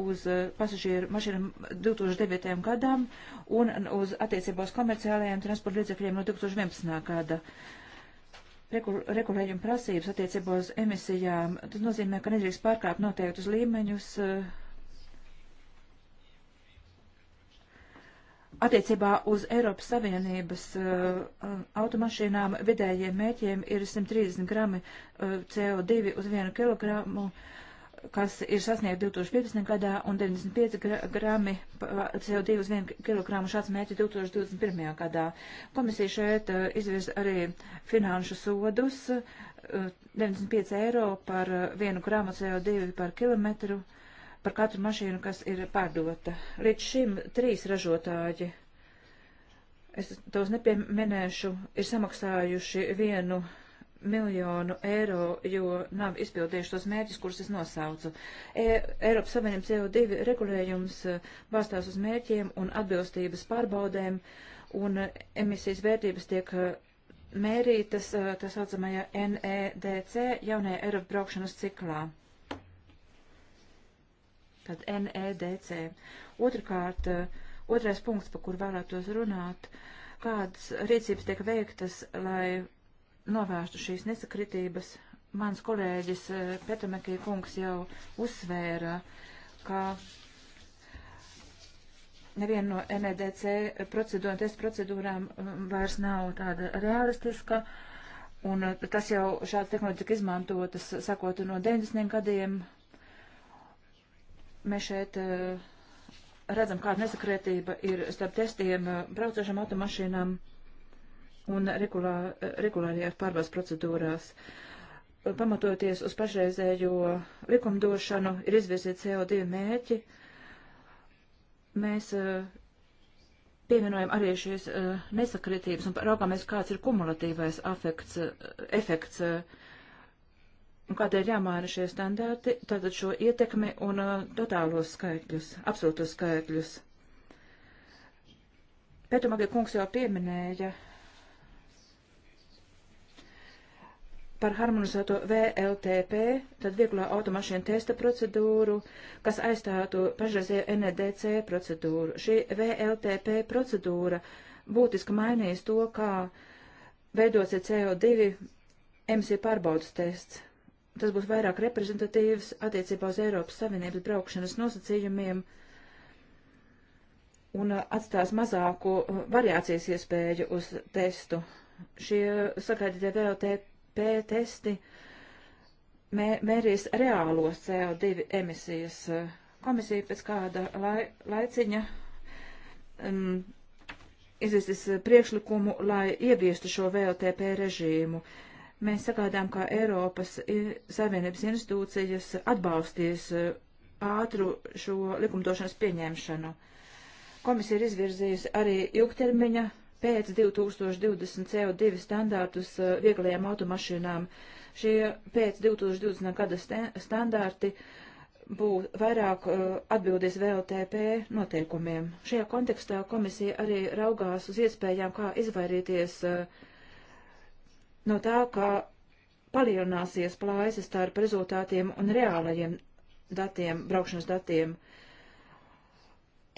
uz pasažieru mašīnām 2009. gadam un uz attiecībā uz komerciālajiem transporta līdzekļiem no 2011. gada. Uh, regulējuma prasības attiecībā uz emisijām, tas nozīmē, ka nedrīkst pārkāpt noteiktus līmeņus eh, attiecībā uz Eiropas Savienības eh, automašīnām vidējiem mēķiem ir 130 grami eh, CO2 uz 1 kilogramu. Uh, kas ir sasniegta 2015. gadā un 95 grami CO2 uz 1 kg šāds mērķis 2021. gadā. Komisija šeit uh, izvirz arī finanšu sodus 95 uh, eiro par 1 uh, gramu CO2 par kilometru par katru mašīnu, kas ir pārdota. Līdz šim trīs ražotāji, es tos nepieminēšu, ir samaksājuši vienu miljonu eiro, jo nav izpildījuši tos mērķus, kurus es nosaucu. E Eiropas Savienības CO2 regulējums e, balstās uz mērķiem un atbilstības pārbaudēm, un emisijas vērtības tiek e, mērītas e, tā saucamajā NEDC jaunajā Eiropas braukšanas ciklā. Tad NEDC. Otrakārt, otrais punkts, pa kur vēlētos runāt, kādas rīcības tiek veiktas, lai novērstu šīs nesakritības. Mans kolēģis eh, Petamekī kungs jau uzsvēra, ka neviena no NEDC procedūra un test procedūrām mm, vairs nav tāda realistiska. Un eh, tas jau šāds tehnoloģija izmantotas, sakot, no 90 gadiem. Mēs šeit eh, redzam, kāda nesakrētība ir starp testiem braucošām automašīnām un regulā, regulārajās pārbaudas procedūrās. Pamatoties uz pašreizējo likumdošanu, ir izvirzīti CO2 mērķi. Mēs uh, pieminojam arī šīs uh, nesakritības un raugāmies, kāds ir kumulatīvais afekts, uh, efekts un kādēļ jāmaina šie standarti, tātad šo ietekmi un totālos skaitļus, absolūtos skaitļus. Pētumākie kungs jau pieminēja par harmonizēto VLTP, tad vieglo automašīnu testa procedūru, kas aizstātu pašreizējo NEDC procedūru. Šī VLTP procedūra būtiski mainīs to, kā veidosies CO2 emisiju pārbaudas tests. Tas būs vairāk reprezentatīvs attiecībā uz Eiropas Savienības braukšanas nosacījumiem un uh, atstās mazāku uh, variācijas iespēju uz testu. Šie sagaidītie VLTP P testi mē, mērīs reālos CO2 emisijas. Komisija pēc kāda lai, laiciņa um, izvestis priekšlikumu, lai ieviestu šo VLTP režīmu. Mēs sagādām, kā Eiropas Savienības institūcijas atbalstīs uh, ātru šo likumdošanas pieņemšanu. Komisija ir izvirzījusi arī ilgtermiņa pēc 2020 CO2 standārtus uh, vieglajām automašīnām. Šie pēc 2020. gada standārti būs vairāk uh, atbildies VLTP noteikumiem. Šajā kontekstā komisija arī raugās uz iespējām, kā izvairīties uh, no tā, ka palielināsies plājas starp rezultātiem un reālajiem datiem, braukšanas datiem.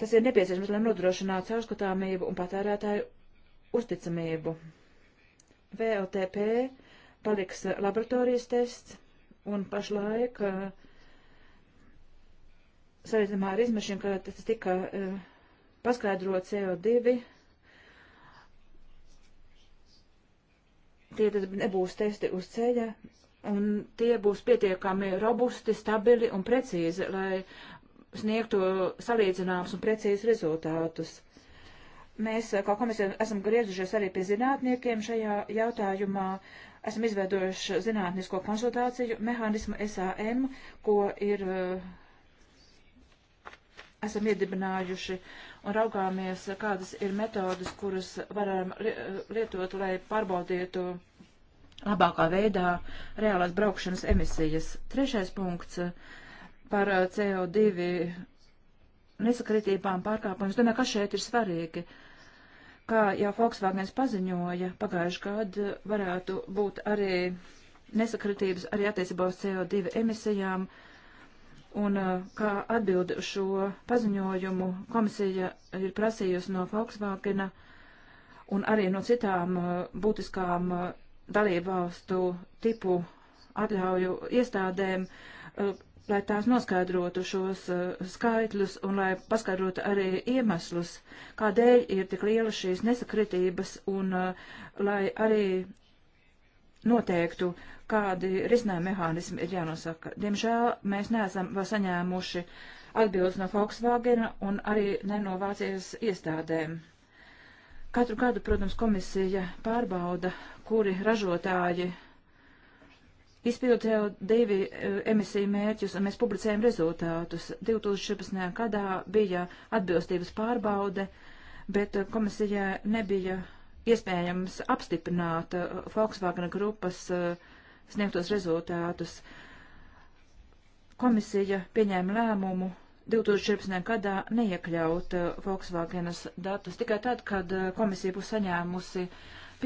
Tas ir nepieciešams, lai nodrošinātu caurskatāmību un patērētāju uzticamību. VLTP paliks laboratorijas tests un pašlaik uh, salīdzinājumā ar izmešiem, ka tas tika uh, paskaidrot CO2. Tie tad nebūs testi uz ceļa, un tie būs pietiekami robusti, stabili un precīzi, lai sniegtu salīdzināms un precīzi rezultātus. Uh, Mēs, eh, kā komisija, esam griezušies arī pie zinātniekiem šajā jautājumā. Esam izveidojuši zinātnisko konsultāciju mehānismu SAM, ko ir, eh, esam iedibinājuši un raugāmies, kādas ir metodas, kuras varam eh, lietot, lai pārbaudītu labākā veidā reālās braukšanas emisijas. Trešais punkts par CO2 nesakritībām, pārkāpumiem. Es domāju, kas šeit ir svarīgi. Kā jau Volkswagens paziņoja, pagājuši gadu varētu būt arī nesakritības arī attiecībā uz CO2 emisijām. Un uh, kā atbildi uz šo paziņojumu komisija ir prasījusi no Volkswagena un arī no citām uh, būtiskām uh, dalībvalstu tipu atļauju iestādēm lai tās noskaidrotu šos uh, skaitļus un lai paskaidrotu arī iemeslus, kādēļ ir tik liela šīs nesakritības un uh, lai arī noteiktu, kādi risinājuma mehānismi ir jānosaka. Diemžēl mēs neesam vēl saņēmuši atbildes no Volkswagen un arī ne no Vācijas iestādēm. Katru gadu, protams, komisija pārbauda, kuri ražotāji izpildīt jau divi eh, emisiju mērķus, un mēs publicējam rezultātus. 2014. gadā bija atbilstības pārbaude, bet eh, komisijā nebija iespējams apstiprināt eh, Volkswagen grupas sniegtos rezultātus. Komisija pieņēma lēmumu 2014. gadā neiekļaut Volkswagenas datus tikai tad, kad komisija būs saņēmusi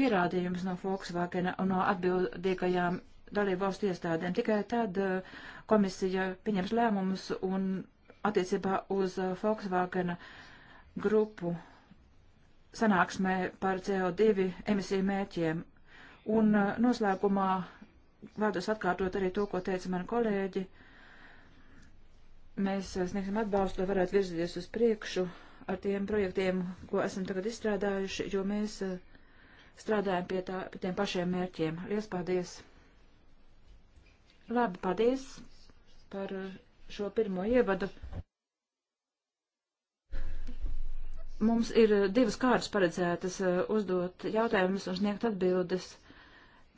pierādījumus no Volkswagena un no atbildīgajām dalību valstu iestādēm. Tikai tad eh, komisija pieņems lēmumus un attiecībā uz eh, Volkswagen grupu sanāksmē par CO2 emisiju mērķiem. Un eh, noslēgumā vēlos atkārtot arī to, ko teica mani kolēģi. Mēs sniegsim atbalstu, lai varētu virzīties uz priekšu ar tiem projektiem, ko esam tagad izstrādājuši, jo mēs strādājam pie, tā, pie tiem pašiem mērķiem. Lies paldies! Labi, paldies par šo pirmo ievadu. Mums ir divas kārtas paredzētas eh, uzdot jautājumus un sniegt atbildes.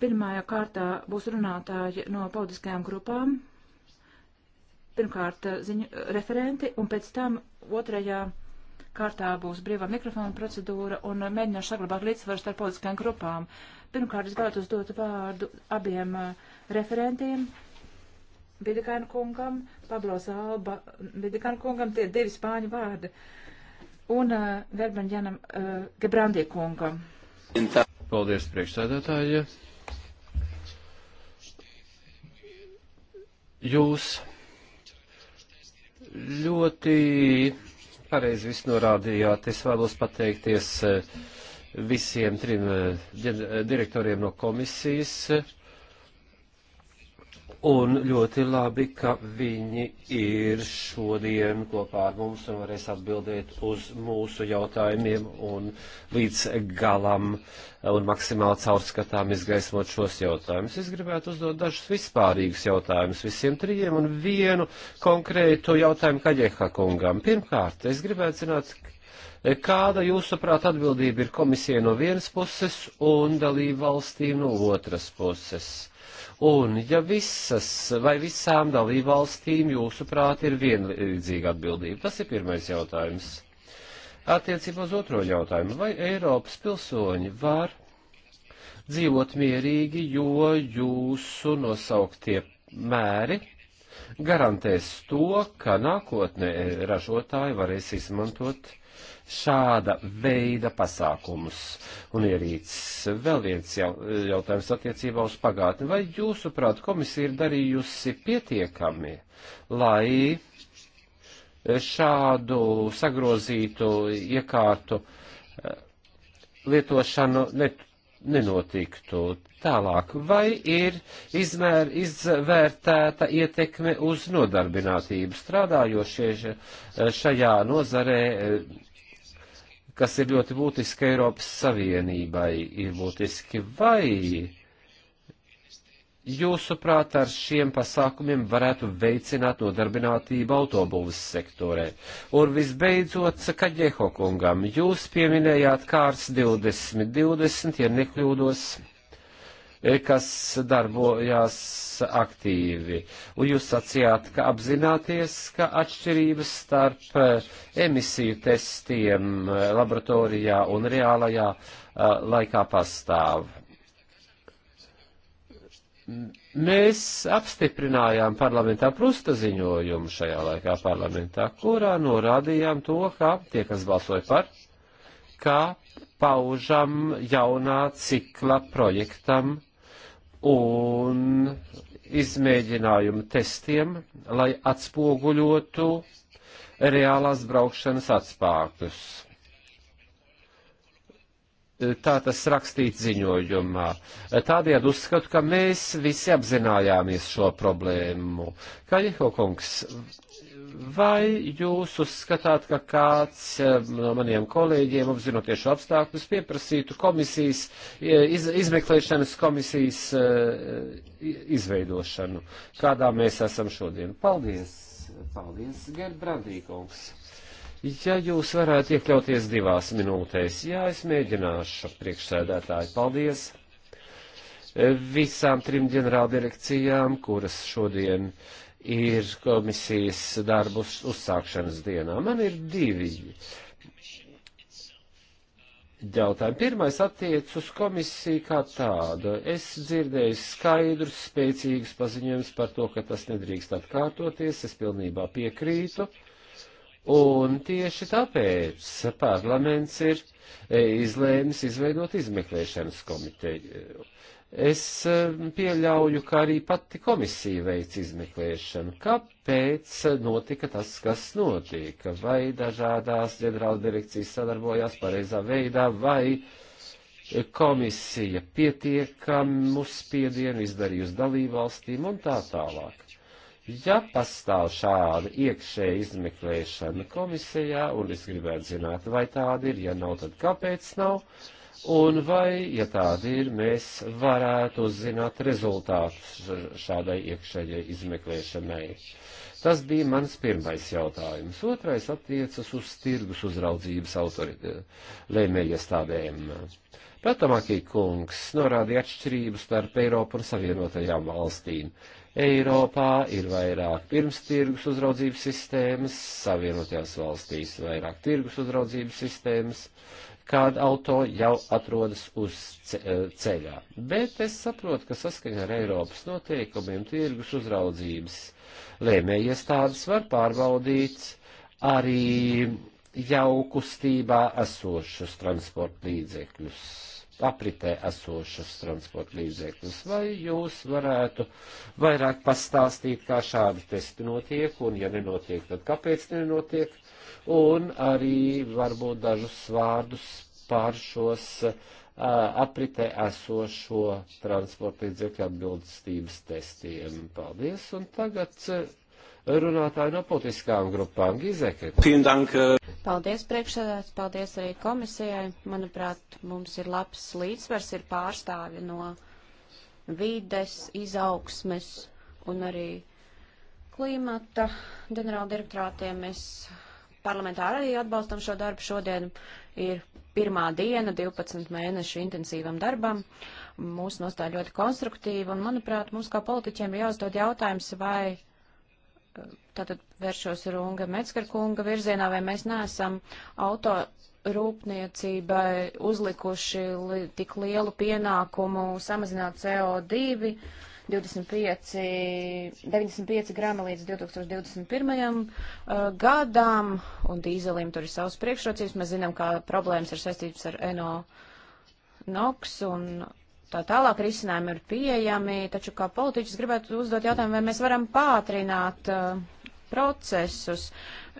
Pirmajā kārtā būs runātāji no politiskajām grupām. Pirmkārt, eh, ziņu, eh, referenti, un pēc tam otrajā kārtā būs brīvā mikrofona procedūra un mēģināšu saglabāt līdzsvaru starp politiskajām grupām. Pirmkārt, es gribētu uzdot vārdu abiem uh, referentiem. Bidikāna kungam, Pablo Zalba, Bidikāna kungam tie divi spāņu vārdi un uh, Verbaņģanam uh, Gebrandie kungam. Paldies, priekšsēdētāji. Jūs ļoti pareizi viss norādījāt. Es vēlos pateikties uh, visiem trim uh, direktoriem no komisijas Un ļoti labi, ka viņi ir šodien kopā ar mums un varēs atbildēt uz mūsu jautājumiem un līdz galam un maksimāli caurskatām izgaismot šos jautājumus. Es gribētu uzdot dažus vispārīgus jautājumus visiem trījiem un vienu konkrētu jautājumu Kaļieha kungam. Pirmkārt, es gribētu zināt, kāda jūsuprāt atbildība ir komisija no vienas puses un dalību valstīm no otras puses Un ja visas vai visām dalībvalstīm jūsuprāt ir vienlīdzīga atbildība? Tas ir pirmais jautājums. Attiecībā uz otro jautājumu, vai Eiropas pilsoņi var dzīvot mierīgi, jo jūsu nosauktie mēri garantēs to, ka nākotnē ražotāji varēs izmantot šāda veida pasākumus un ierīces. Vēl viens jautājums attiecībā uz pagātni. Vai jūsuprāt komisija ir darījusi pietiekami, lai šādu sagrozītu iekārtu eh, lietošanu net, nenotiktu tālāk, vai ir izmēr, izvērtēta ietekme uz nodarbinātību strādājošie eh, šajā nozarē eh, kas ir ļoti būtiski Eiropas Savienībai, ir būtiski vai jūsuprāt ar šiem pasākumiem varētu veicināt nodarbinātību autobūvas sektorē. Un visbeidzot, Kaģeho kungam, jūs pieminējāt kārs 2020, ja nekļūdos. E, kas darbojās aktīvi. Un jūs sacījāt, ka apzināties, ka atšķirības starp e, emisiju testiem e, laboratorijā un reālajā laikā pastāv. Mēs apstiprinājām parlamentā prusta ziņojumu šajā laikā parlamentā, kurā norādījām to, ka tie, kas balsoja par, kā paužam jaunā cikla projektam un izmēģinājumu testiem, lai atspoguļotu reālās braukšanas atspārtus. Tā tas rakstīts ziņojumā. Tādējādi uzskatu, ka mēs visi apzinājāmies šo problēmu. Kaļiho kungs, Vai jūs uzskatāt, ka kāds eh, no maniem kolēģiem, apzinoties šo apstākļus, pieprasītu komisijas, eh, iz, izmeklēšanas komisijas eh, izveidošanu, kādā mēs esam šodien? Paldies! Paldies, Gerbrandīkungs! Ja jūs varētu iekļauties divās minūtēs, jā, es mēģināšu, priekšsēdētāji, paldies visām trim ģenerāldirekcijām, kuras šodien uh, ir komisijas darbu uzsākšanas dienā. Man ir divi jautājumi. Pirmais attiec uz komisiju kā tādu. Es dzirdēju skaidrus, spēcīgus paziņojumus par to, ka tas nedrīkst atkārtoties. Es pilnībā piekrītu. Un tieši tāpēc parlaments ir e, izlēmis izveidot izmeklēšanas komiteju. Es eh, pieļauju, ka arī pati komisija veic izmeklēšanu. Kāpēc eh, notika tas, kas notika? Vai dažādās ģenerāla direkcijas sadarbojās pareizā veidā, vai komisija pietiekamu spiedienu izdarījusi dalībvalstīm un tā tālāk? Ja pastāv šāda iekšēja izmeklēšana komisijā, un es gribētu zināt, vai tāda ir, ja nav, tad kāpēc nav, un vai, ja tāda ir, mēs varētu uzzināt rezultātus šādai iekšējai izmeklēšanai. Tas bija mans pirmais jautājums. Otrais attiecas uz tirgus uzraudzības lēmējiestādēm. Pētamākī kungs norādīja atšķirību starp Eiropu un Savienotajām valstīm. Eiropā ir vairāk pirmstirgus uzraudzības sistēmas, Savienotajās valstīs vairāk tirgus uzraudzības sistēmas, kāda auto jau atrodas uz e, ceļā. Bet es saprotu, ka saskaņā ar Eiropas noteikumiem tirgus uzraudzības lēmēja iestādes var pārbaudīt arī jau kustībā esošus transporta līdzekļus, apritē esošus transporta līdzekļus. Vai jūs varētu vairāk pastāstīt, kā šādi testi notiek, un ja nenotiek, tad kāpēc nenotiek? un arī varbūt dažus vārdus pār šos uh, apritē esošo transporta līdzekļu atbildstības testiem. Paldies, un tagad runātāji no politiskām grupām. Gizeke. Paldies priekšsēdētājs, paldies arī komisijai. Manuprāt, mums ir labs līdzsvars, ir pārstāvi no vides, izaugsmes un arī klimata ģenerāldirektorātiem. Es parlamentā arī atbalstam šo darbu. Šodien ir pirmā diena 12 mēnešu intensīvam darbam. Mūsu nostāja ļoti konstruktīva, un, manuprāt, mums kā politiķiem ir jāuzdod jautājums, vai eh, tātad vēršos Runga Metzger kunga virzienā, vai mēs neesam auto rūpniecībai uzlikuši li tik lielu pienākumu samazināt CO2 25, 95 grama līdz 2021. Uh, gadam, un dīzelim tur ir savas priekšrocības. Mēs zinām, kā problēmas ir saistības ar NO, NOX, un tā tālāk risinājumi ir pieejami, taču kā politiķis gribētu uzdot jautājumu, vai mēs varam pātrināt uh, procesus.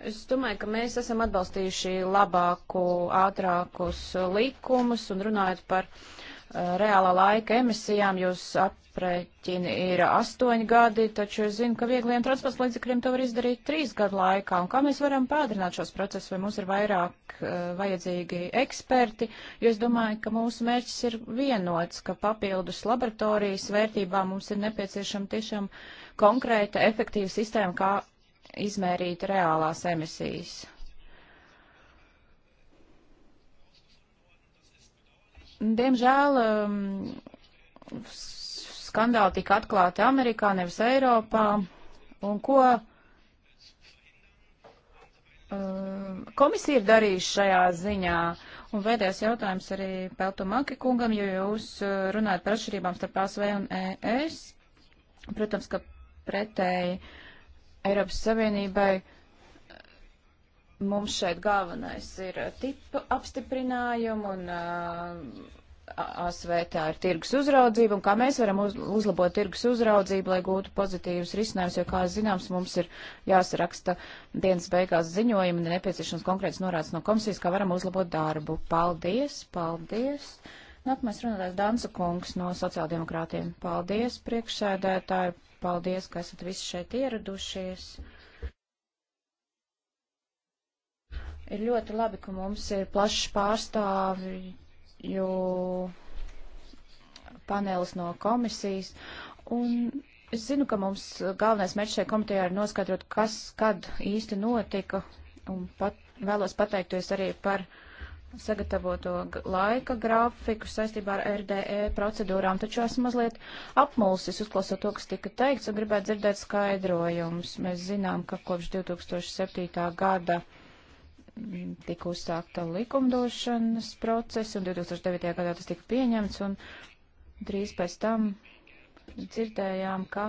Es domāju, ka mēs esam atbalstījuši labāku, ātrākus likumus un runājot par uh, Eh, reālā laika emisijām jūs aprēķini ir astoņi gadi, taču es zinu, ka viegliem transporta līdzekļiem to var izdarīt trīs gadu laikā. Un kā mēs varam pātrināt šos procesus, vai mums ir vairāk uh, vajadzīgi eksperti, jo es domāju, ka mūsu mērķis ir vienots, ka papildus laboratorijas vērtībā mums ir nepieciešama tiešām konkrēta, efektīva sistēma, kā izmērīt reālās emisijas. Diemžēl um, skandāli tika atklāti Amerikā, nevis Eiropā. Un ko um, komisija ir darījusi šajā ziņā? Un pēdējais jautājums arī Peltomaki kungam, jo jūs uh, runājat par atšķirībām starp ASV un ES. Protams, ka pretēji Eiropas Savienībai uh, Mums šeit galvenais ir tipu apstiprinājumu un uh, ASV tā ir tirgus uzraudzība, un kā mēs varam uz, uzlabot tirgus uzraudzību, lai gūtu pozitīvus risinājumus, jo, kā zināms, mums ir jāsaraksta dienas beigās ziņojumi un nepieciešams konkrēts norāds no komisijas, kā varam uzlabot darbu. Paldies, paldies! Nākamais runātājs Dansa kungs no sociāldemokrātiem. Paldies, priekšsēdētāji, paldies, ka esat visi šeit ieradušies. Ir ļoti labi, ka mums ir plašs pārstāvju panelis no komisijas. Un es zinu, ka mums galvenais mērķis šajā komitejā ir noskaidrot, kas kad īsti notika. Un pat, vēlos pateikties arī par sagatavoto laika grafiku saistībā ar RDE procedūrām, taču esmu mazliet apmulsis uzklausot to, kas tika teikts, un gribētu dzirdēt skaidrojumus. Mēs zinām, ka kopš 2007. gada tika uzsākta likumdošanas procesa, un 2009. gadā tas tika pieņemts, un drīz pēc tam dzirdējām, ka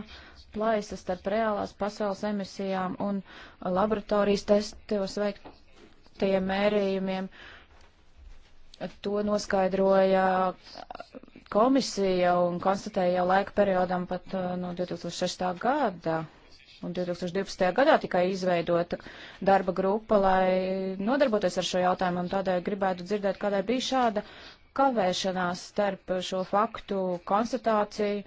plaisas starp reālās pasaules emisijām un laboratorijas testos veiktajiem mērījumiem to noskaidroja komisija un konstatēja jau laika periodam pat uh, no 2006. gada. Un 2012. gadā tikai izveidota darba grupa, lai nodarbotos ar šo jautājumu, un tādēļ gribētu dzirdēt, kādai bija šāda kavēšanās starp šo faktu konstatāciju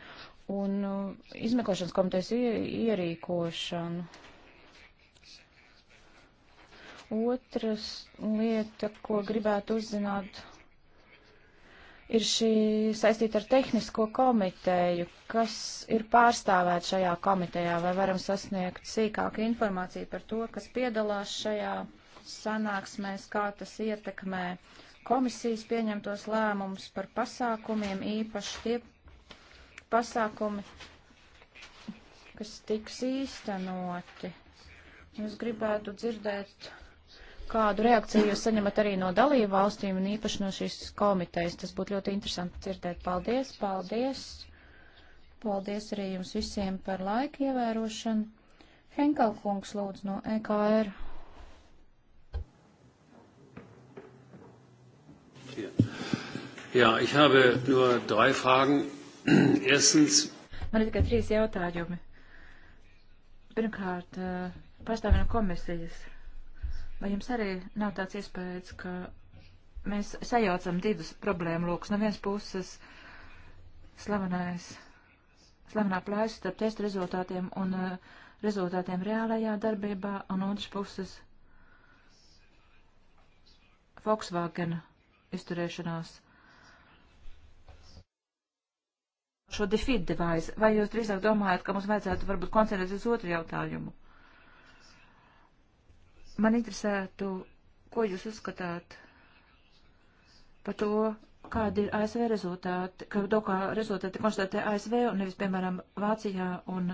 un uh, izmeklēšanas komitejas ierīkošanu. Otras lieta, ko gribētu uzzināt ir šī saistīta ar tehnisko komiteju, kas ir pārstāvēt šajā komitejā, vai varam sasniegt sīkāku informāciju par to, kas piedalās šajā sanāksmēs, kā tas ietekmē komisijas pieņemtos lēmumus par pasākumiem, īpaši tie pasākumi, kas tiks īstenoti. Es gribētu dzirdēt kādu reakciju jūs saņemat arī no dalību valstīm un īpaši no šīs komitejas. Tas būtu ļoti interesanti dzirdēt. Paldies, paldies. Paldies arī jums visiem par laika ievērošanu. Henkel kungs lūdzu no EKR. Jā, ich habe nur drei Fragen. Erstens. Man ir tikai trīs jautājumi. Pirmkārt, eh, pārstāvjiem no komisijas Vai jums arī nav tāds iespējas, ka mēs sajaucam divas problēmu lokus? No vienas puses slavenais, slavenā plēsa starp testa rezultātiem un uh, rezultātiem reālajā darbībā, un otras puses Volkswagen izturēšanās. Šo defeat device, vai jūs drīzāk domājat, ka mums vajadzētu varbūt koncentrēties uz otru jautājumu? Man interesētu, ko jūs uzskatāt par to, kādi ir ASV rezultāti, ka to, kā rezultāti konstatē ASV un nevis, piemēram, Vācijā un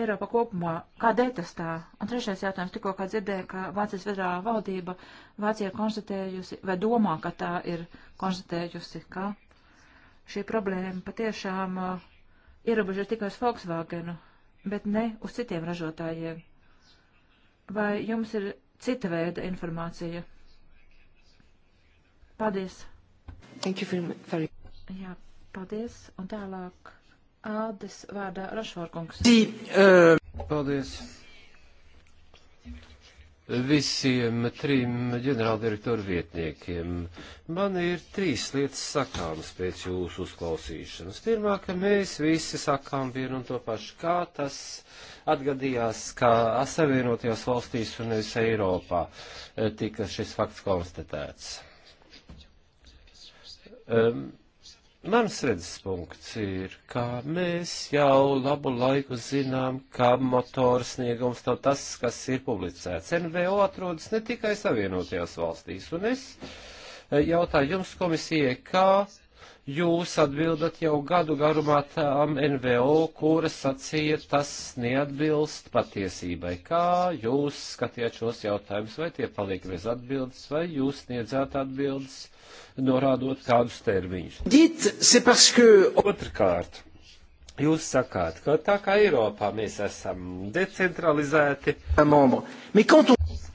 Eiropa kopumā, kādēļ tas tā? Un trešais jautājums, tikko kā dzirdēju, ka Vācijas federālā valdība Vācija ir konstatējusi, vai domā, ka tā ir konstatējusi, ka šī problēma patiešām uh, ierobežo tikai uz Volkswagenu, bet ne uz citiem ražotājiem. Vai jums ir cita veida informācija? Paldies. Thank you very much. Jā, paldies. Un tālāk Ādes vārdā Rašvorkungs. Uh, paldies visiem trim ģenerāldirektoru vietniekiem. Man ir trīs lietas sakāmas pēc jūsu uzklausīšanas. Pirmā, ka mēs visi sakām vienu un to pašu, kā tas atgadījās, kā Savienotajās valstīs un nevis Eiropā eh, tika šis fakts konstatēts. Um, Mans redzes punkts ir, ka mēs jau labu laiku zinām, ka motora sniegums nav tas, kas ir publicēts. NVO atrodas ne tikai Savienotajās valstīs, un es e, jautāju jums komisijai, kā jūs atbildat jau gadu garumā tām NVO, kuras sacīja, tas neatbilst patiesībai. Kā jūs skatījāt šos jautājumus, vai tie palika bez atbildes, vai jūs sniedzāt atbildes? norādot kādus termiņus. Que... Otrkārt, jūs sakāt, ka tā kā Eiropā mēs esam decentralizēti,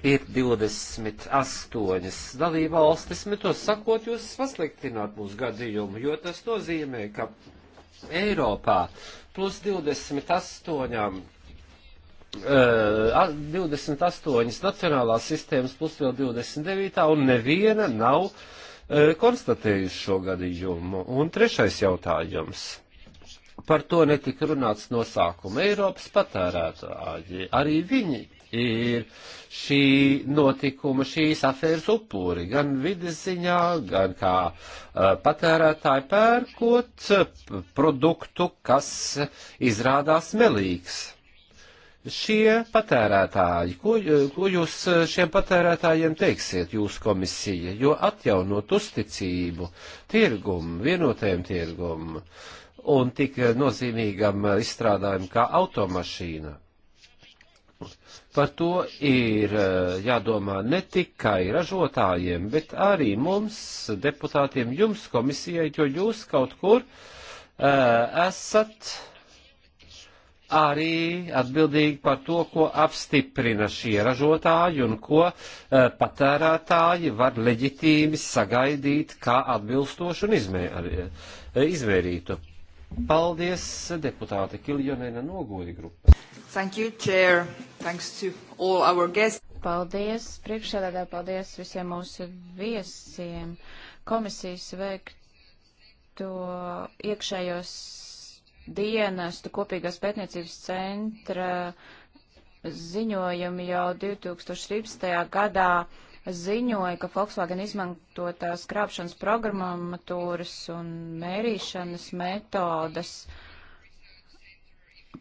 ir 28 dalībvalstis, bet to sakot, jūs pasliktināt mūsu gadījumu, jo tas nozīmē, ka Eiropā plus 28 28 eh, nacionālās sistēmas plus vēl 29, un neviena nav E, konstatējusi šo gadījumu. Un trešais jautājums. Par to netika runāts no sākuma. Eiropas patērētāji, arī viņi ir šī notikuma, šīs afēras upuri, gan vides ziņā, gan kā uh, patērētāji pērkot produktu, kas izrādās melīgs. Šie patērētāji, ko, ko jūs eh, šiem patērētājiem teiksiet, jūs komisija, jo atjaunot uzticību tirgumu, vienotajam tirgumu un tik nozīmīgam izstrādājumam kā automašīna, Par to ir eh, jādomā ne tikai ražotājiem, bet arī mums, deputātiem, jums komisijai, jo jūs kaut kur uh, esat uh, arī atbildīgi par to, ko apstiprina šie ražotāji un ko e, patērētāji var leģitīmi sagaidīt kā atbilstošu un izmēr, e, eh, izmērītu. Paldies, deputāte Kiljonēna Nogori grupa. Thank you, Chair. Thanks to all our guests. Paldies, priekšsēdētāji, paldies visiem mūsu viesiem. Komisijas veikto iekšējos dienestu kopīgās pētniecības centra ziņojumi jau 2013. gadā ziņoja, ka Volkswagen izmantotās krāpšanas programmatūras un mērīšanas metodas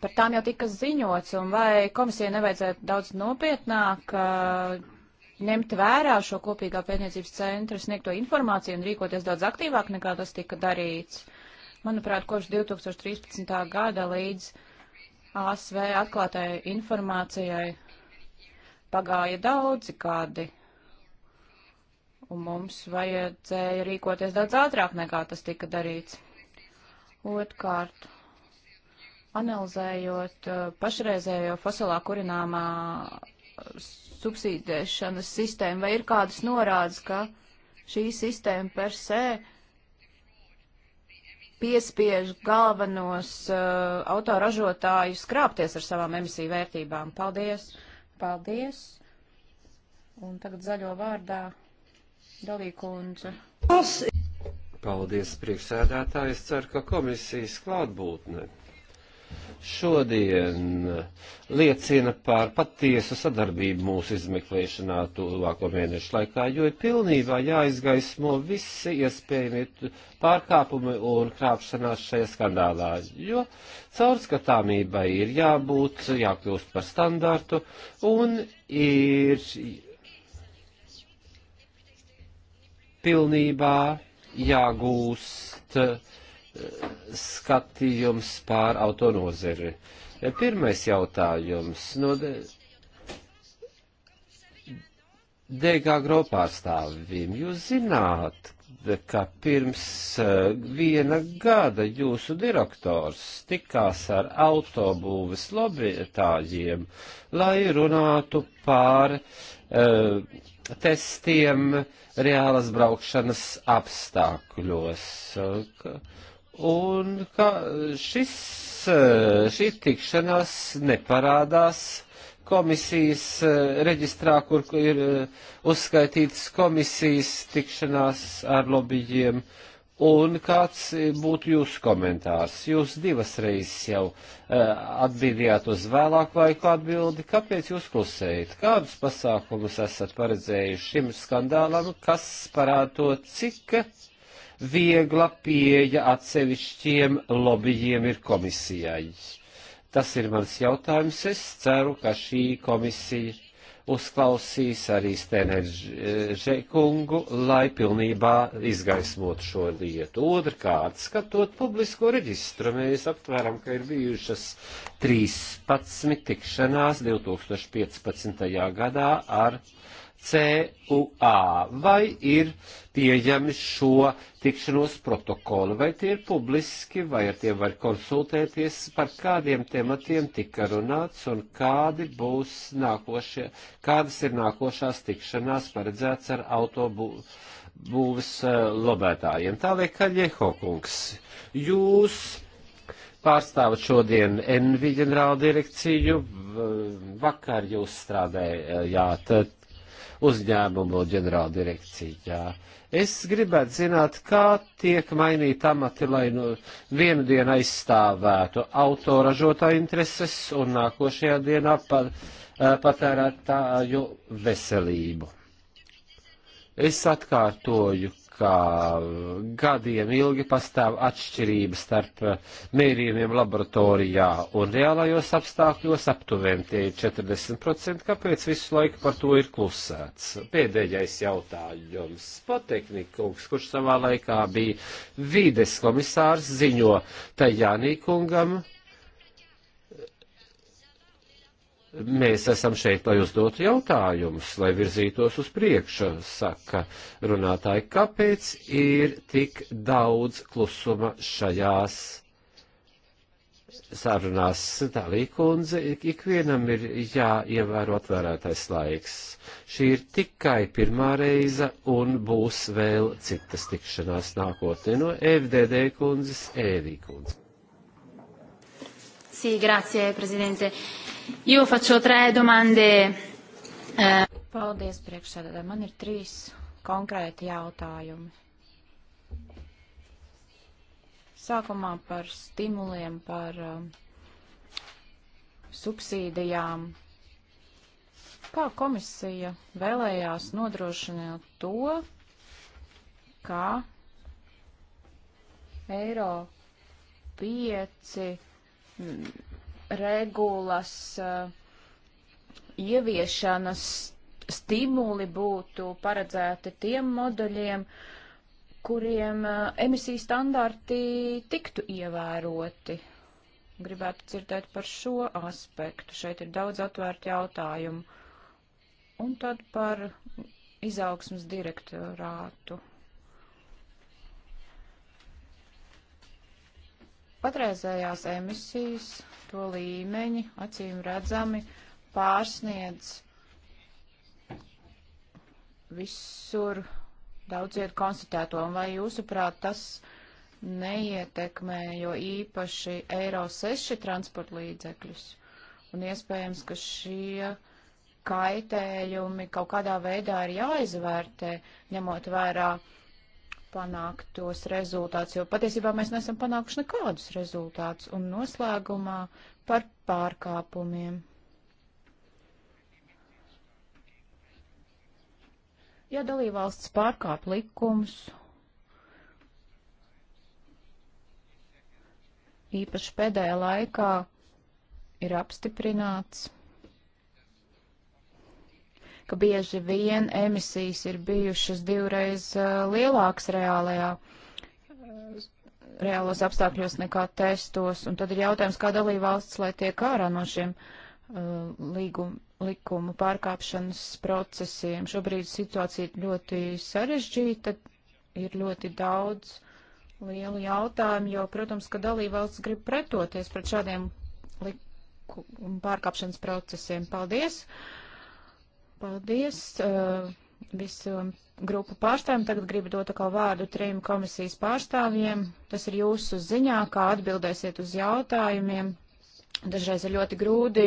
par tām jau tika ziņots, un vai komisija nevajadzētu daudz nopietnāk uh, ņemt vērā šo kopīgā pētniecības centra sniegto informāciju un rīkoties daudz aktīvāk nekā tas tika darīts? Manuprāt, kopš 2013. gada līdz ASV atklātajai informācijai pagāja daudzi gadi, un mums vajadzēja rīkoties daudz ātrāk nekā tas tika darīts. Otkārt, analizējot uh, pašreizējo fosilā kurināmā uh, subsīdēšanas sistēmu, vai ir kādas norādes, ka šī sistēma per se piespiež galvenos uh, autoražotājus skrāpties ar savām emisiju vērtībām. Paldies! Paldies! Un tagad zaļo vārdā dalīkundze. Paldies, priekšsēdētājs. Ceru, ka komisijas klātbūtne šodien liecina par patiesu sadarbību mūsu izmeklēšanā tuvāko mēnešu laikā, jo ir pilnībā jāizgaismo visi iespējami pārkāpumi un krāpšanās šajā skandālā, jo caurskatāmībai ir jābūt, jākļūst par standārtu un ir pilnībā jāgūst skatījums pār autonozeri. Pirmais jautājums no DG gropārstāvjiem. Jūs zināt, ka pirms eh, viena gada jūsu direktors tikās ar autobūves lobbytājiem, lai runātu pār uh, eh, testiem reālas braukšanas apstākļos. Uh, Un ka šis, eh, šī tikšanās neparādās komisijas eh, reģistrā, kur ir eh, uzskaitītas komisijas tikšanās ar lobbyģiem. Un kāds būtu jūsu komentārs? Jūs divas reizes jau uh, atbildījāt uz vēlāku laiku atbildi. Kāpēc jūs klusējat? Kādus pasākumus esat paredzējuši šim skandālam, kas parāda to, cik viegla pieeja atsevišķiem lobbyiem ir komisijai. Tas ir mans jautājums. Es ceru, ka šī komisija uzklausīs arī Stenerģe kungu, lai pilnībā izgaismotu šo lietu. Otrkārt, skatot publisko reģistru, mēs aptvēram, ka ir bijušas 13 tikšanās 2015. gadā ar CUA, vai ir pieejami šo tikšanos protokoli, vai tie ir publiski, vai ar tiem var konsultēties, par kādiem tematiem tika runāts un kādi būs nākošie, kādas ir nākošās tikšanās paredzēts ar autobūves eh, lobētājiem. Tālāk, Kaļieho kungs, jūs pārstāvat šodien NV ģenerāla direkciju, vakar jūs strādājāt uzņēmumu ģenerāldirekcijā. Es gribētu zināt, kā tiek mainīta amati, lai nu vienu dienu aizstāvētu autoražotāju intereses un nākošajā dienā pa, patērētāju veselību. Es atkārtoju, ka gadiem ilgi pastāv atšķirība starp eh, mērījumiem laboratorijā un reālajos apstākļos, aptuveni tie ir 40%, kāpēc visu laiku par to ir klusēts? Pēdējais jautājums. Potehnikungs, kurš savā laikā bija vides komisārs, ziņo Tajānī kungam, Mēs esam šeit, lai uzdotu jautājumus, lai virzītos uz priekšu, saka runātāji, kāpēc ir tik daudz klusuma šajās sarunās Dalī kundze, ikvienam ir jāievēro atvērētais laiks. Šī ir tikai pirmā reize un būs vēl citas tikšanās nākotnē no FDD kundzes Ēvī kundze. Sì, grazie Presidente. Io faccio tre domande. Uh... Paldies, priekšsēdētāji. Man ir trīs konkrēti jautājumi. Sākumā par stimuliem, par um, subsīdijām. Kā komisija vēlējās nodrošināt to, ka eiro pieci regulas eh, ieviešanas stimuli būtu paredzēti tiem modeļiem, kuriem eh, emisiju standarti tiktu ievēroti. Gribētu dzirdēt par šo aspektu. Šeit ir daudz atvērtu jautājumu. Un tad par izaugsmas direktorātu. Patreizējās emisijas, to līmeņi, acīm redzami, pārsniedz visur daudziet konstatēto. Un vai jūsuprāt tas neietekmē, jo īpaši Eiro 6 transporta līdzekļus? Un iespējams, ka šie kaitējumi kaut kādā veidā ir jāizvērtē, ņemot vērā uh, panāktos rezultātus, jo patiesībā mēs nesam panākuši nekādus rezultātus un noslēgumā par pārkāpumiem. Ja dalībvalsts pārkāp likums, īpaši pēdējā laikā ir apstiprināts ka bieži vien emisijas ir bijušas divreiz lielākas reālajā reālos apstākļos nekā testos, un tad ir jautājums, kā dalībvalsts, lai tiek ārā no šiem uh, līguma, likumu pārkāpšanas procesiem. Šobrīd situācija ir ļoti sarežģīta, ir ļoti daudz lielu jautājumu, jo, protams, ka dalībvalsts grib pretoties pret šādiem likumu pārkāpšanas procesiem. Paldies! Uh, Paldies uh, visu grupu pārstāvjiem. Tagad gribu dot atkal vārdu trim komisijas pārstāvjiem. Tas ir jūsu ziņā, kā atbildēsiet uz jautājumiem. Dažreiz ir ļoti grūti,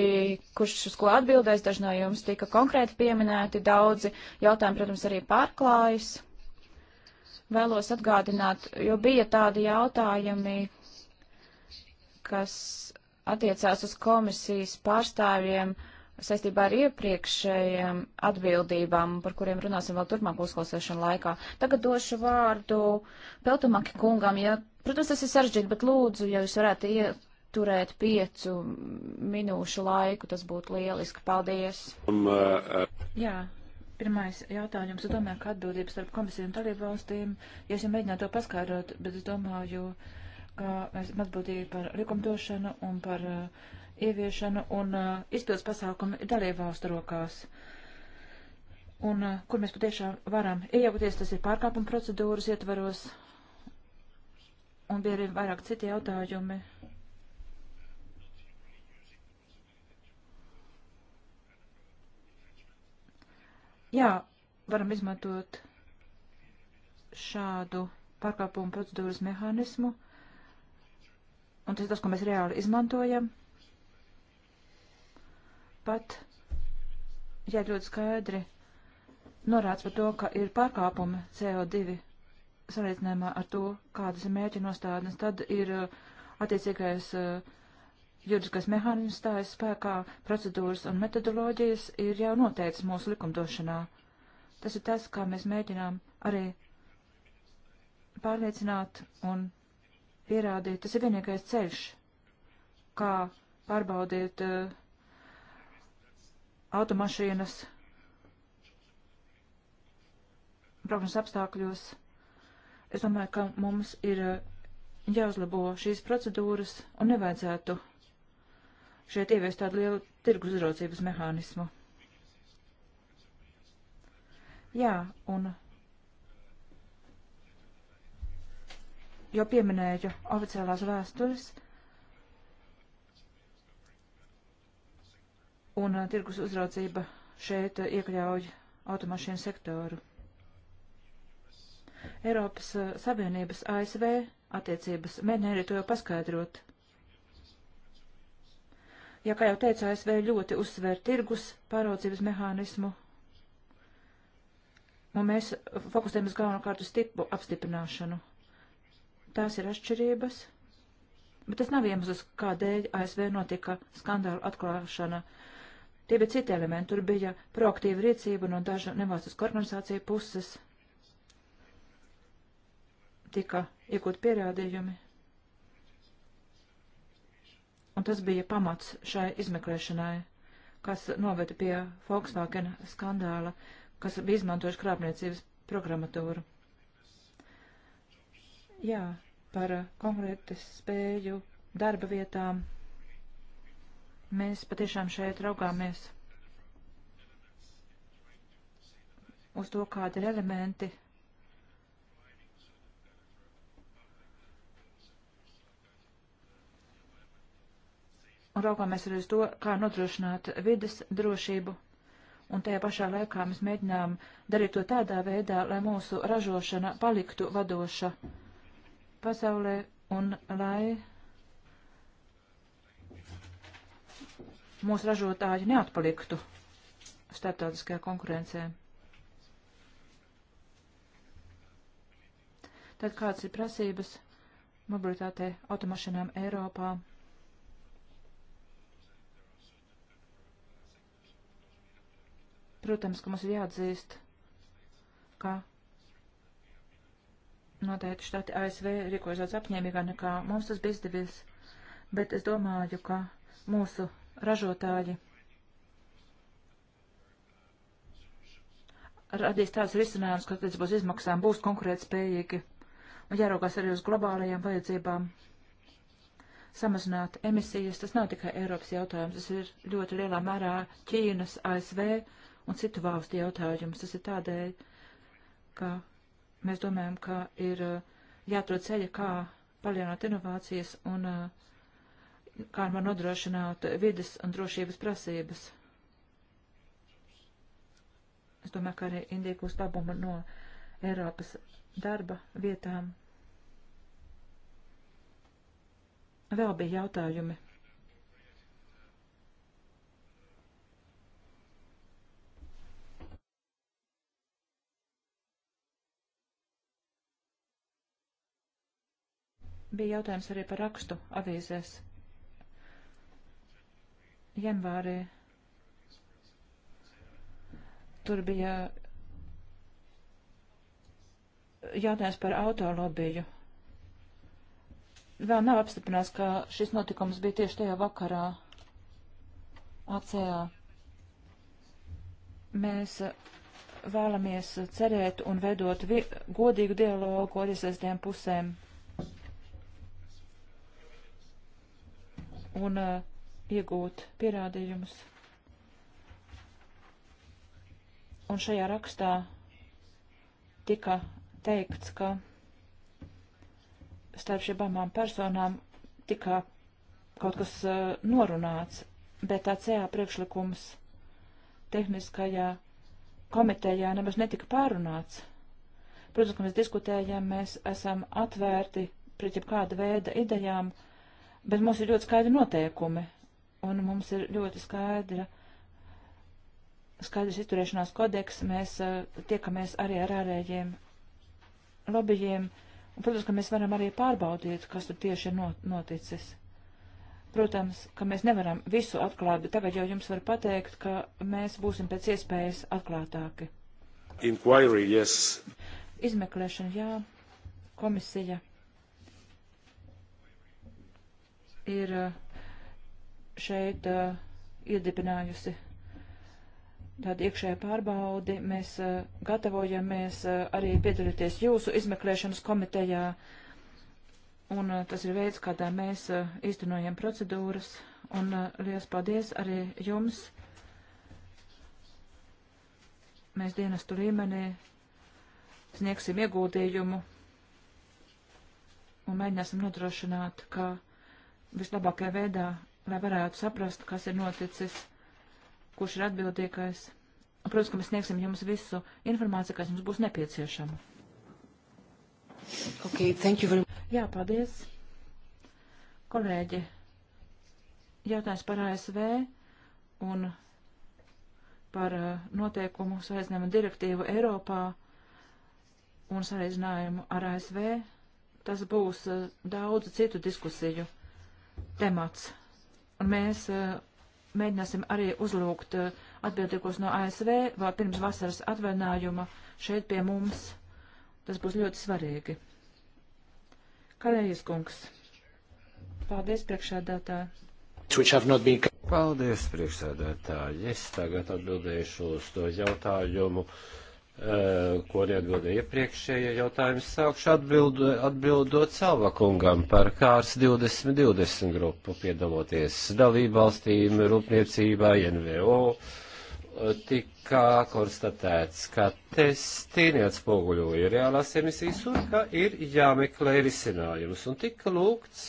kurš uz ko atbildēs. Daži no jums tika konkrēti pieminēti, daudzi jautājumi, protams, arī pārklājas. Vēlos atgādināt, jo bija tādi jautājumi, kas attiecās uz komisijas pārstāvjiem. Uh, saistībā ar iepriekšējiem atbildībām, par kuriem runāsim vēl turpmāk uzklausīšanu laikā. Tagad došu vārdu Peltumaki kungam. Ja, protams, tas ir sarežģīti, bet lūdzu, ja jūs varētu ieturēt piecu minūšu laiku, tas būtu lieliski. Paldies. Um, uh, uh. Jā. Pirmais jautājums, es domāju, ka atbildības starp komisiju un dalību valstīm, ja es jau mēģinātu to paskaidrot, bet es domāju, ka mēs esam atbildīgi par likumdošanu un par uh, ieviešanu un uh, izpildus pasākumu dalībvalstu rokās. Un uh, kur mēs patiešām varam iejaukties, tas ir pārkāpuma procedūras ietvaros. Un bija arī vairāk citi jautājumi. Jā, varam izmantot šādu pārkāpumu procedūras mehānismu, un tas ir tas, ko mēs reāli izmantojam. Tāpat, ja ļoti skaidri norāds par to, ka ir pārkāpumi CO2 salīdzinājumā ar to, kādas ir mērķa nostādnes, tad ir uh, attiecīgais uh, juridiskais mehānisms stājas spēkā, procedūras un metodoloģijas ir jau noteikts mūsu likumdošanā. Tas ir tas, kā mēs mēģinām arī pārliecināt un pierādīt. Tas ir vienīgais ceļš, kā pārbaudīt uh, automašīnas braukšanas apstākļos. Es domāju, ka mums ir eh, jāuzlabo šīs procedūras un nevajadzētu šeit ieviest tādu lielu tirgus uzraudzības mehānismu. Jā, un jau pieminēju oficiālās vēstules. un uh, tirgus uzraudzība šeit uh, iekļauj automašīnu sektoru. Eiropas uh, Savienības ASV attiecības mēģināja arī to jau paskaidrot. Ja, kā jau teicu, ASV ļoti uzsver tirgus pāraudzības mehānismu, un mēs fokusējamies galvenokārt uz tipu apstiprināšanu. Tās ir atšķirības, bet tas nav iemesls, kādēļ ASV notika skandāla atklāšana. Uh, Tie bija citi elementi, tur bija proaktīva rīcība no dažu nevalstisku organizāciju puses. Tika iegūt pierādījumi. Un tas bija pamats šai izmeklēšanai, kas noveda pie Volkswagen skandāla, kas bija izmantojuši krāpniecības programmatūru. Jā, par konkrēti spēju darba vietām Mēs patiešām šeit raugāmies uz to, kādi ir elementi, un raugāmies arī uz to, kā nodrošināt vidas drošību. Un tajā pašā laikā mēs mēģinām darīt to tādā veidā, lai mūsu ražošana paliktu vadoša pasaulē un lai mūsu ražotāji neatpaliktu starptautiskajā konkurencē. Tad kāds ir prasības mobilitātei automašīnām Eiropā? Protams, ka mums ir jāatzīst, ka noteikti štati ASV rīkojas daudz apņēmīgāk nekā mums tas bija izdevies, bet es domāju, ka mūsu ražotāji radīs tādus risinājumus, kas līdz būs izmaksām, būs konkurētspējīgi un jāraugās arī uz globālajām vajadzībām. Samazināt emisijas, tas nav tikai Eiropas jautājums, tas ir ļoti lielā mērā Ķīnas, ASV un citu valstu jautājums. Tas ir tādēļ, ka mēs domājam, ka ir uh, jāatrod ceļa, kā palielināt inovācijas un uh, kā man nodrošināt vidas un drošības prasības. Es domāju, ka arī Indija būs labuma no Eiropas darba vietām. Vēl bija jautājumi. Bija jautājums arī par rakstu avīzēs janvārī tur bija jautājums par autolobiju. Vēl nav apstiprināts, ka šis notikums bija tieši tajā vakarā ACA. Mēs vēlamies cerēt un veidot vi godīgu dialogu ar iesaistiem pusēm. Un uh, iegūt pierādījumus. Un šajā rakstā tika teikts, ka starp šiem abām personām tika kaut kas uh, norunāts, bet tā CA priekšlikums tehniskajā komitejā nemaz netika pārunāts. Protams, ka mēs diskutējam, mēs esam atvērti pret jebkāda veida idejām, bet mums ir ļoti skaidri noteikumi, un mums ir ļoti skaidra, skaidrs izturēšanās kodeks, mēs eh, tiekamies arī ar ārējiem lobbyiem, un, protams, ka mēs varam arī pārbaudīt, kas tur tieši ir noticis. Protams, ka mēs nevaram visu atklāt, bet tagad jau jums var pateikt, ka mēs būsim pēc iespējas atklātāki. Inquiry, yes. Izmeklēšana, jā, komisija ir uh, šeit uh, iedibinājusi tādu iekšēju pārbaudi. Mēs uh, gatavojamies uh, arī piedalīties jūsu izmeklēšanas komitejā, un uh, tas ir veids, kādā mēs uh, īstenojam procedūras, un uh, liels paldies arī jums. Mēs dienestu līmenī sniegsim ieguldījumu un mēģināsim nodrošināt, ka vislabākajā veidā lai varētu saprast, kas ir noticis, kurš ir atbildīgais. Protams, ka mēs sniegsim jums visu informāciju, kas jums būs nepieciešama. Okay, thank you very much. Jā, paldies. Kolēģi, jautājums par ASV un par uh, noteikumu saistinājumu direktīvu Eiropā un saistinājumu ar ASV. Tas būs uh, daudz citu diskusiju temats mēs eh, mēģināsim arī uzlūgt eh, atbildīgos no ASV vēl pirms vasaras atvainājuma šeit pie mums. Tas būs ļoti svarīgi. Kalējas kungs. Paldies, priekšādātāji. Paldies, priekšsēdētāji. Es tagad atbildēšu uz to jautājumu, Eh, ko arī atbildēja iepriekšējie jautājumi, sākšu atbildu, atbildot Salvakungam par kārs 2020 grupu piedaloties dalību valstīm, rūpniecībā, NVO. Eh, tika konstatēts, ka testi neatspoguļoja reālās emisijas un ka ir jāmeklē risinājums. Un tika lūgts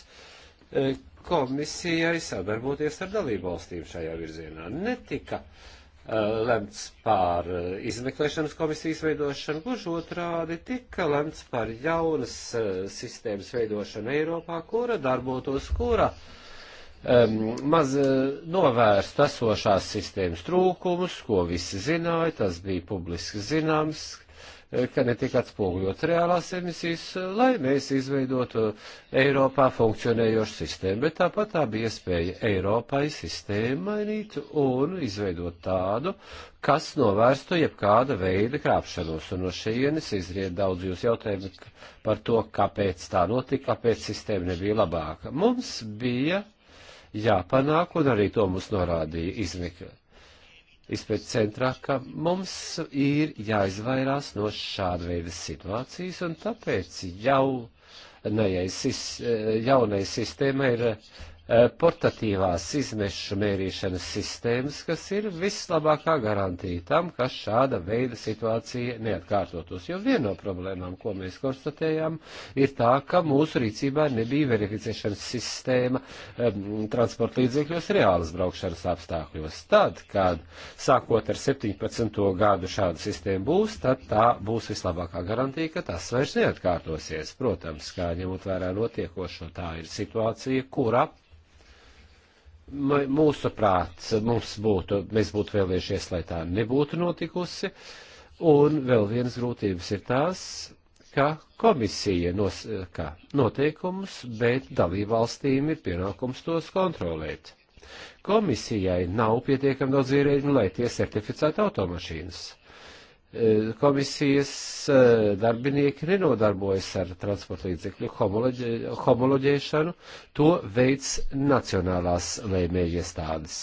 eh, komisijai sadarboties ar dalību valstīm šajā virzienā. Netika uh, Eh, lemts pār eh, izmeklēšanas komisijas veidošanu, gluži otrādi tika lemts par jaunas eh, sistēmas veidošanu Eiropā, kura darbotos, kura um, maz novērst esošās sistēmas trūkumus, ko visi zināja, tas bija publiski zināms, Eh, ka netiek atspoguļots reālās emisijas, lai mēs izveidotu Eiropā funkcionējošu sistēmu. Bet tāpat tā bija iespēja Eiropai sistēmu mainīt un izveidot tādu, kas novērstu jebkāda veida krāpšanos. Un no šejienes izriet daudz jūs jautājumu par to, kāpēc tā notika, kāpēc sistēma nebija labāka. Mums bija jāpanāk, un arī to mums norādīja izmeklēšana izpēt centrā, ka mums ir jāizvairās no šāda veida situācijas, un tāpēc jau jaunai sistēmai ir Eh, portatīvās izmešu mērīšanas sistēmas, kas ir vislabākā garantija tam, ka šāda veida situācija neatkārtotos. Jo viena no problēmām, ko mēs konstatējām, ir tā, ka mūsu rīcībā nebija verificēšanas sistēma um, transporta līdzekļos reālas braukšanas apstākļos. Tad, kad sākot ar 17. gadu šāda sistēma būs, tad tā būs vislabākā garantija, ka tas vairs neatkārtosies. Protams, kā ņemot vērā notiekošo, tā ir situācija, kurā mūsuprāt, mums būtu, mēs būtu vēlējušies, lai tā nebūtu notikusi. Un vēl vienas grūtības ir tās, ka komisija nosaka noteikumus, bet dalībvalstīm ir pienākums tos kontrolēt. Komisijai nav pietiekami daudz ierēģinu, lai tie certificētu automašīnas. E, komisijas e, darbinieki nenodarbojas ar transporta līdzekļu homoloģēšanu, to veids nacionālās lēmēja iestādes.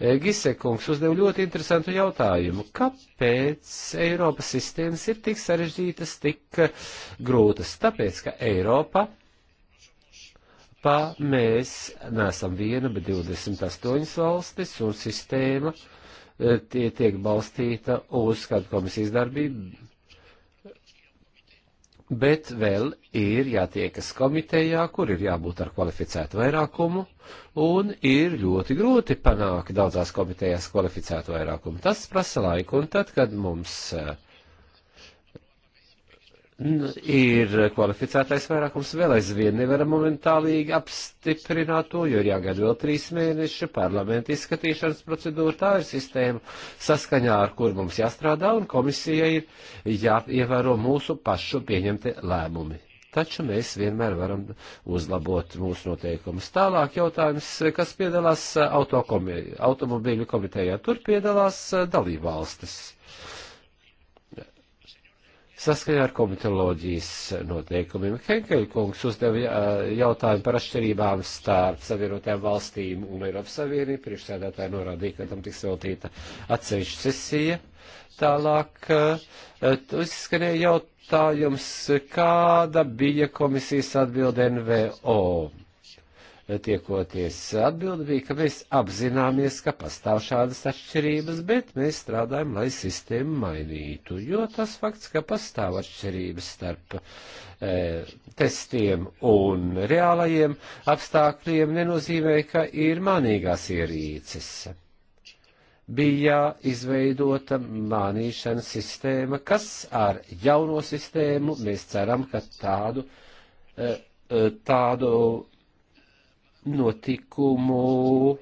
E, Gisekungs uzdev ļoti interesantu jautājumu. Kāpēc Eiropas sistēmas ir tik sarežģītas, tik grūtas? Tāpēc, ka Eiropa pa mēs nesam viena, bet 28 valstis un sistēma uh, Eh, tie tiek balstīta uz kādu komisijas darbību, bet vēl ir jātiekas komitejā, kur ir jābūt ar kvalificētu vairākumu, un ir ļoti grūti panākt daudzās komitejās kvalificētu vairākumu. Tas prasa laiku, un tad, kad mums uh, ir kvalificētais vairākums, vēl aizvien nevaram momentālīgi apstiprināt to, jo ir jāgaida vēl trīs mēneši parlamenta izskatīšanas procedūra. Tā ir sistēma saskaņā, ar kur mums jāstrādā, un komisija ir jāievēro mūsu pašu pieņemtie lēmumi. Taču mēs vienmēr varam uzlabot mūsu noteikumus. Tālāk jautājums, kas piedalās autokomi, automobīļu komitejā. Tur piedalās dalībvalstis saskaņā ar komitoloģijas noteikumiem. Henkeļkungs uzdeva jautājumu par atšķirībām starp savienotajām valstīm un Eiropas Savienību. Priekšsēdētāji norādīja, ka tam tiks veltīta atsevišķa sesija. Tālāk eh, izskanēja jautājums, kāda bija komisijas atbilde NVO tiekoties atbildi bija, ka mēs apzināmies, ka pastāv šādas atšķirības, bet mēs strādājam, lai sistēmu mainītu, jo tas fakts, ka pastāv atšķirības starp e, testiem un reālajiem apstākļiem, nenozīmē, ka ir manīgās ierīces. Bija izveidota mānīšanas sistēma, kas ar jauno sistēmu mēs ceram, ka tādu, e, e tādu notikumu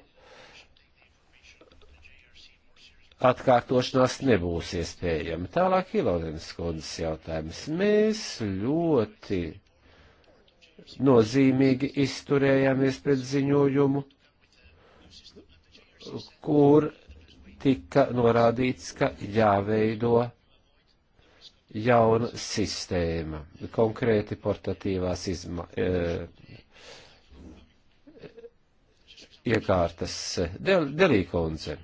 atkārtošanās nebūs iespējama. Tālāk Ilonens kundzes jautājums. Mēs ļoti nozīmīgi izturējāmies pret ziņojumu, kur tika norādīts, ka jāveido jauna sistēma, konkrēti portatīvās izma, e, iekārtas del, delīkundze.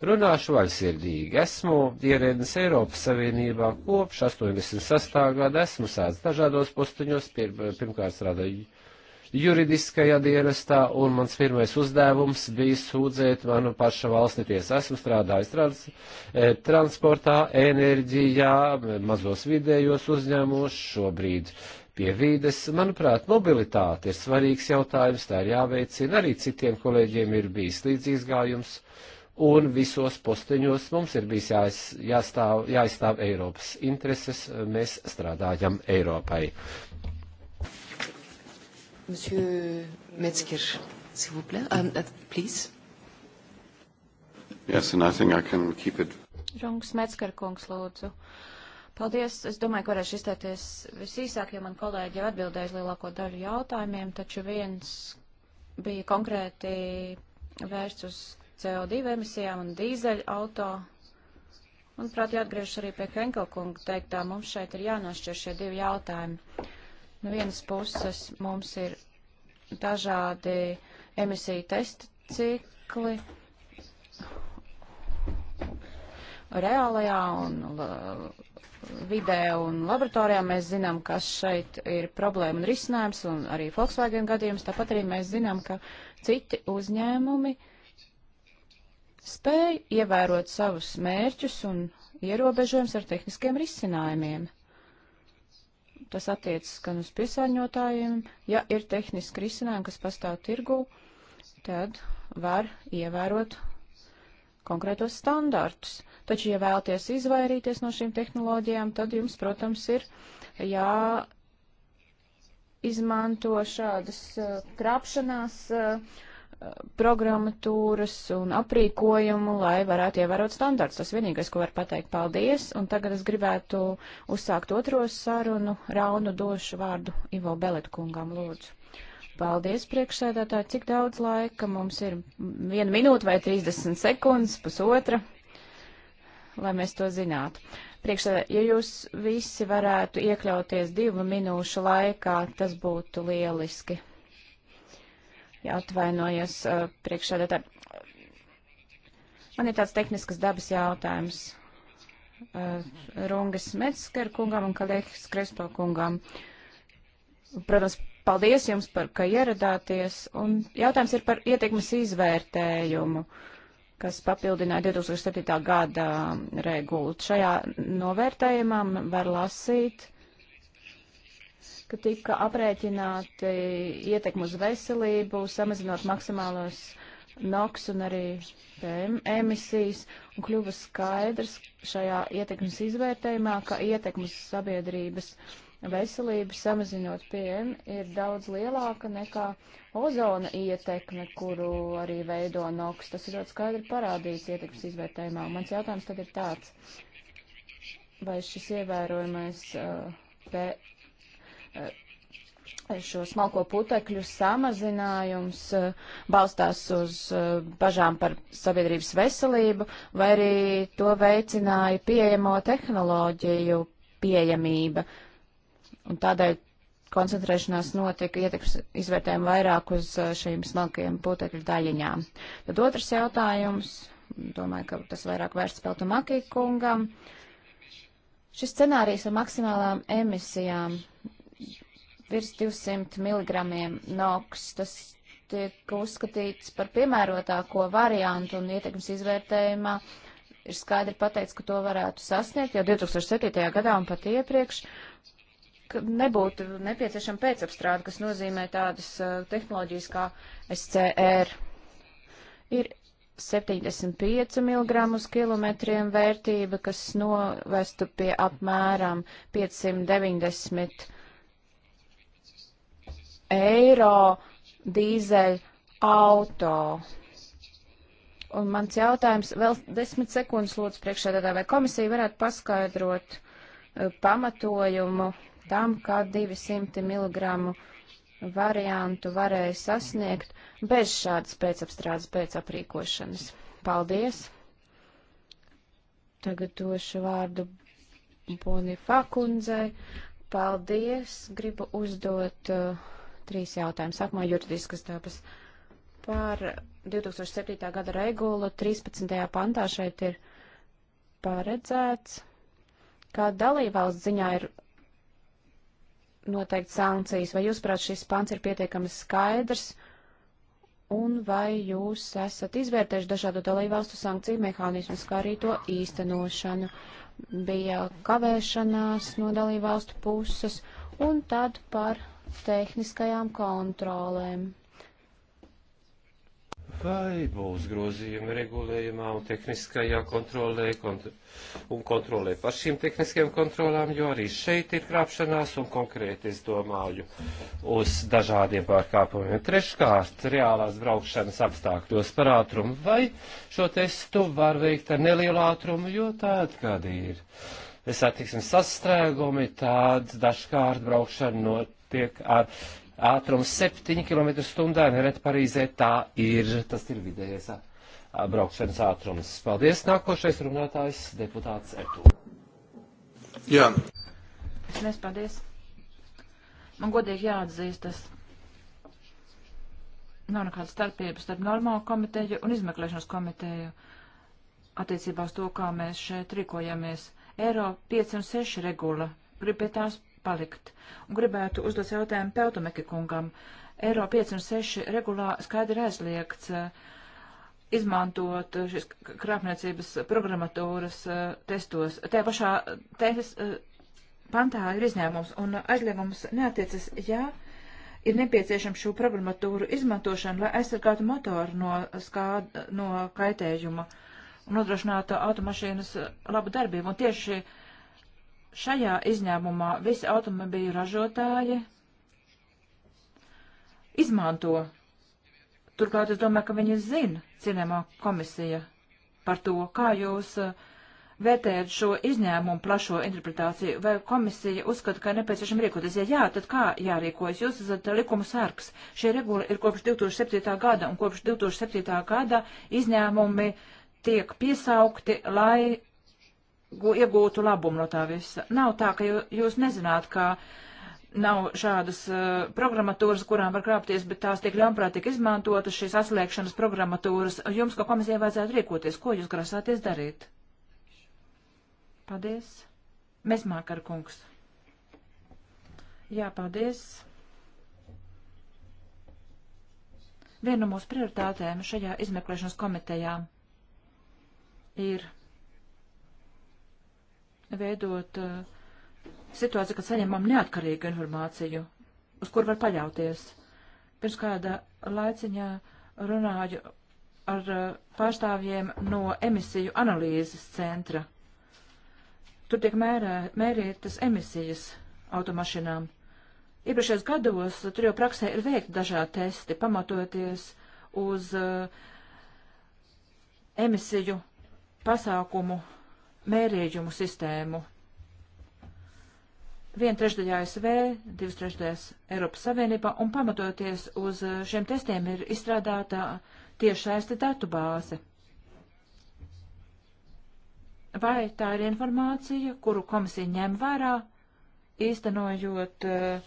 Runāšu vaļsirdīgi. Esmu ierēdnis Eiropas Savienībā kopš 86. gada. Esmu sēdz dažādos postuņos, pir, pirmkārt strādāju juridiskajā dienestā, un mans pirmais uzdevums bija sūdzēt manu pašu valsti tiesu. Esmu strādājis trans, e, transportā, enerģijā, mazos vidējos uzņēmumos, šobrīd pie vīdes. Manuprāt, mobilitāte ir svarīgs jautājums, tā ir jāveicina. Arī citiem kolēģiem ir bijis līdzīgs gājums, un visos posteņos mums ir bijis jāiz, jāstāv, jāizstāv Eiropas intereses. Mēs strādājam Eiropai. Monsieur Metzger, s'il vous plaît, um, uh, please. Yes, and I think I can keep it. Žungs Metzger kungs, lūdzu. Uh, Paldies! Es domāju, ka varēšu izteikties visīsāk, jo man kolēģi jau atbildējuši lielāko daļu jautājumiem, taču viens bija konkrēti vērsts uz CO2 emisijām un dīzeļu auto. Manuprāt, jāatgriežas arī pie Henkelkunga teiktā, mums šeit ir jānošķir šie divi jautājumi. No nu, vienas puses mums ir dažādi emisiju testa cikli, reālajā un vidē un laboratorijā. Mēs zinām, kas šeit ir problēma un risinājums, un arī Volkswagen gadījums. Tāpat arī mēs zinām, ka citi uzņēmumi spēj ievērot savus mērķus un ierobežojums ar tehniskiem risinājumiem. Tas attiecas gan uz piesārņotājiem, ja ir tehniski risinājumi, kas pastāv tirgū, tad var ievērot konkrētos standartus. Taču, ja vēlaties izvairīties no šīm tehnoloģijām, tad jums, protams, ir jā izmanto šādas uh, krāpšanās uh, programmatūras un aprīkojumu, lai varētu ievērot standarts. Tas vienīgais, ko var pateikt, paldies. Un tagad es gribētu uzsākt otro sarunu raundu, došu vārdu Ivo Beletkungam, lūdzu. Paldies, priekšsēdētāji. Cik daudz laika mums ir? Viena minūte vai 30 sekundes, pusotra, lai mēs to zinātu. Priekšsēdētāji, ja jūs visi varētu iekļauties divu minūšu laikā, tas būtu lieliski. Jā, atvainojos, uh, priekšsēdētāji. Man ir tāds tehniskas dabas jautājums. Uh, Rungas Metskar kungam un Kalēhis Krespo kungam. Protams, Paldies jums par, ka ieradāties. Un jautājums ir par ietekmes izvērtējumu, kas papildināja 2007. gada regulu. Šajā novērtējumā var lasīt, ka tika aprēķināti ietekmu uz veselību, samazinot maksimālos NOX un arī PM emisijas, un kļuva skaidrs šajā ietekmes izvērtējumā, ka ietekmes sabiedrības. Uh, veselība, samazinot PM, ir daudz lielāka nekā ozona ietekme, kuru arī veido NOX. Tas ir ļoti skaidri parādīts ietekmes izvērtējumā. Mans jautājums tad ir tāds, vai šis ievērojamais uh, P, uh, šo smalko putekļu samazinājums uh, balstās uz uh, bažām par sabiedrības veselību, vai arī to veicināja pieejamo tehnoloģiju pieejamība. Uh, Un tādēļ koncentrēšanās notika ietekmes izvērtējumu vairāk uz uh, šīm smalkajiem putekļu daļiņām. Tad otrs jautājums, domāju, ka tas vairāk vērsts Peltumakī kungam. Šis scenārijs ar maksimālām emisijām virs 200 mg NOX, tas tiek uzskatīts par piemērotāko variantu un ietekmes izvērtējumā ir skaidri pateikts, ka to varētu sasniegt jau 2007. gadā un pat iepriekš nebūtu nepieciešama pēcapstrāde, kas nozīmē tādas eh, tehnoloģijas kā SCR. Ir 75 mg uz kilometriem vērtība, kas novestu pie apmēram 590 eiro dīzeļa auto. Un mans jautājums, vēl desmit sekundes lūdzu priekšēdētā, vai komisija varētu paskaidrot uh, pamatojumu tam, kā 200 mg variantu varēja sasniegt bez šādas pēcapstrādes, pēcaprīkošanas. Paldies! Tagad došu vārdu Bonifā kundzei. Paldies! Gribu uzdot uh, trīs jautājumus. Sākumā juridiskas tāpas. Par 2007. gada regulu 13. pantā šeit ir paredzēts, ka dalībvalsts ziņā ir noteikt sankcijas. Vai jūs, prāt, šis pants ir pietiekami skaidrs? Un vai jūs esat izvērtējuši dažādu dalībvalstu sankciju mehānismus, kā arī to īstenošanu? Bija kavēšanās no dalībvalstu puses un tad par tehniskajām kontrolēm vai būs grozījumi regulējumā un tehniskajā kontrolē kont un kontrolē par šīm tehniskajām kontrolām, jo arī šeit ir krāpšanās un konkrēti es domāju uz dažādiem pārkāpumiem. Treškārt, reālās braukšanas apstākļos par ātrumu vai šo testu var veikt ar nelielu ātrumu, jo tād, kad ir satiksmes sastrēgumi, tād dažkārt braukšana notiek ar ātrums 7 km stundā, neret Parīzē tā ir, tas ir vidējais braukšanas ātrums. Paldies, nākošais runātājs, deputāts Etu. Jā. Es nes, paldies. Man godīgi jāatzīstas, nav nekādas starpības starp normālu komiteju un izmeklēšanas komiteju attiecībā uz to, kā mēs šeit rīkojamies. Eiro 5 un 6 regula. Gribu pie tās palikt. Un gribētu uzdot jautājumu Peltomeki kungam. Eiro 5 un 6 regulā skaidri aizliegts eh, izmantot šīs krāpniecības programmatūras eh, testos. Tajā pašā tēs, eh, pantā ir izņēmums, un aizliegums neatiecas, ja ir nepieciešama šo programmatūru izmantošana, lai aizsargātu motoru no, skād, no kaitējuma un nodrošinātu automašīnas labu darbību. Un tieši šī šajā izņēmumā visi automobīļu ražotāji izmanto. Turklāt es domāju, ka viņi zina, cienējamā komisija, par to, kā jūs uh, vērtējat šo izņēmumu plašo interpretāciju, vai komisija uzskata, ka nepieciešam rīkoties. Ja jā, tad kā jārīkojas? Jūs esat uh, likumu sargs. Šie regula ir kopš 2007. gada, un kopš 2007. gada izņēmumi tiek piesaukti, lai iegūtu labumu no tā visa. Nav tā, ka jūs nezināt, ka nav šādas uh, programmatūras, kurām var krāpties, bet tās tiek ļaunprātīgi izmantotas, šīs atslēgšanas programmatūras. Jums, kā komisijai, vajadzētu rīkoties. Ko jūs grasāties darīt? Paldies. Mēs mākar kungs. Jā, paldies. Viena no mūsu prioritātēm šajā izmeklēšanas komitejā ir veidot eh, situāciju, kad saņemam neatkarīgu informāciju, uz kur var paļauties. Pirms kāda laiciņā runāju ar eh, pārstāvjiem no emisiju analīzes centra. Tur tiek mērē, mērītas emisijas automašīnām. Iepriekšējos gados tur jau praksē ir veikti dažādi testi, pamatoties uz uh, emisiju pasākumu mērījumu sistēmu. Vien trešdaļā ASV, divas trešdaļās Eiropas Savienībā, un pamatoties uz šiem testiem ir izstrādāta tiešaisti datu bāze. Vai tā ir informācija, kuru komisija ņem vērā, īstenojot uh,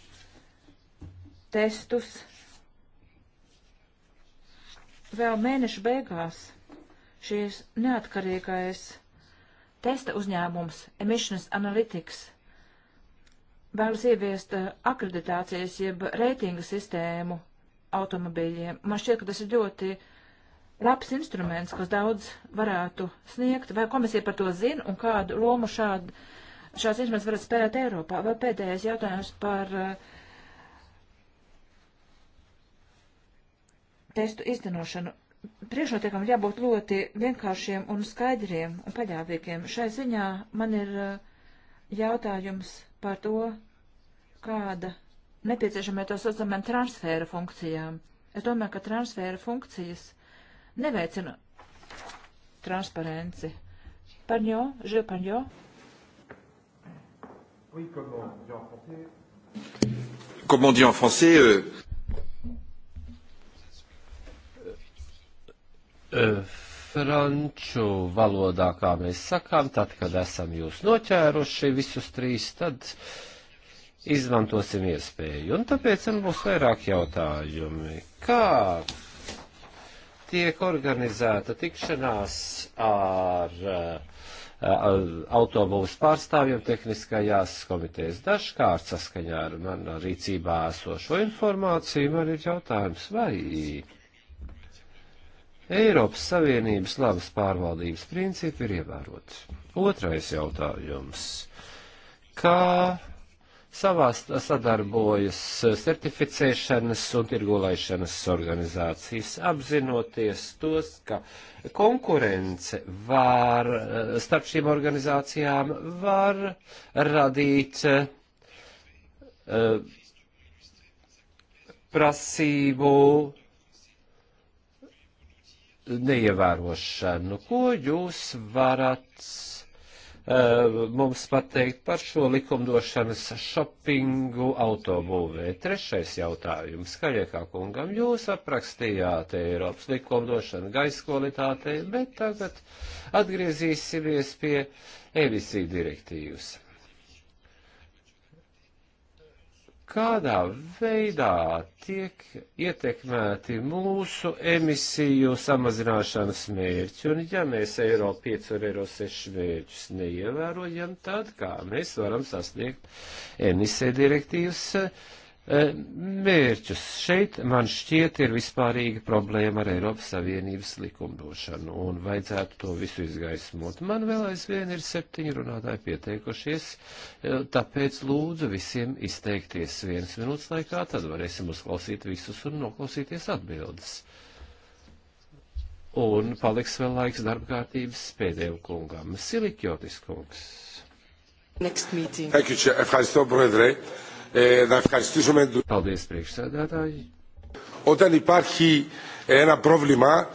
testus vēl mēneša beigās šīs neatkarīgais testa uzņēmums Emissions Analytics vēlas ieviest eh, akreditācijas jeb reitinga sistēmu automobīļiem. Man šķiet, ka tas ir ļoti labs instruments, kas daudz varētu sniegt. Vai komisija par to zina un kādu lomu šādu, šāds instruments varētu spēlēt Eiropā? Vai pēdējais jautājums par uh, testu iztenošanu priekšnotiekiem jābūt ļoti vienkāršiem un skaidriem un paļāvīgiem. Šai ziņā man ir eh, jautājums par to, kāda nepieciešama ir tā saucamajām transfēra funkcijām. Es domāju, ka transfēra funkcijas neveicina transparenci. Paņo, že paņo. Comment dit en français? Euh... E, franču valodā, kā mēs sakām, tad, kad esam jūs noķēruši visus trīs, tad izmantosim iespēju. Un tāpēc man būs vairāk jautājumi. Kā tiek organizēta tikšanās ar e, autobūvas pārstāvjiem tehniskajās komitejas. Dažkārt saskaņā ar manā rīcībā esošo informāciju man ir jautājums, vai Eiropas Savienības labas pārvaldības principi ir ievēroti. Otrais jautājums. Kā savā sadarbojas certificēšanas un tirgolaišanas organizācijas, apzinoties tos, ka konkurence var, starp šīm organizācijām var radīt uh, prasību neievērošanu. Ko jūs varat uh, mums pateikt par šo likumdošanas šopingu autobūvē? Trešais jautājums, Kaļiekā kungam, jūs aprakstījāt Eiropas likumdošanu gaisa kvalitātei, bet tagad atgriezīsimies pie emisiju direktīvas. kādā veidā tiek ietekmēti mūsu emisiju samazināšanas mērķi. Un ja mēs eiro 5 un eiro 6 mērķus neievērojam, tad kā mēs varam sasniegt emisē direktīvas mērķi? E, mērķus. Šeit man šķiet ir vispārīga problēma ar Eiropas Savienības likumdošanu un vajadzētu to visu izgaismot. Man vēl aizvien ir septiņi runātāji pieteikušies, e, tāpēc lūdzu visiem izteikties viens minūtes laikā, tad varēsim uzklausīt visus un noklausīties atbildes. Un paliks vēl laiks darba kārtības pēdējo kungam. Silikjotis kungs. Next meeting. Thank you, Chair να ευχαριστήσουμε του. Paldies, priekšsēdētāji. Όταν υπάρχει ένα πρόβλημα.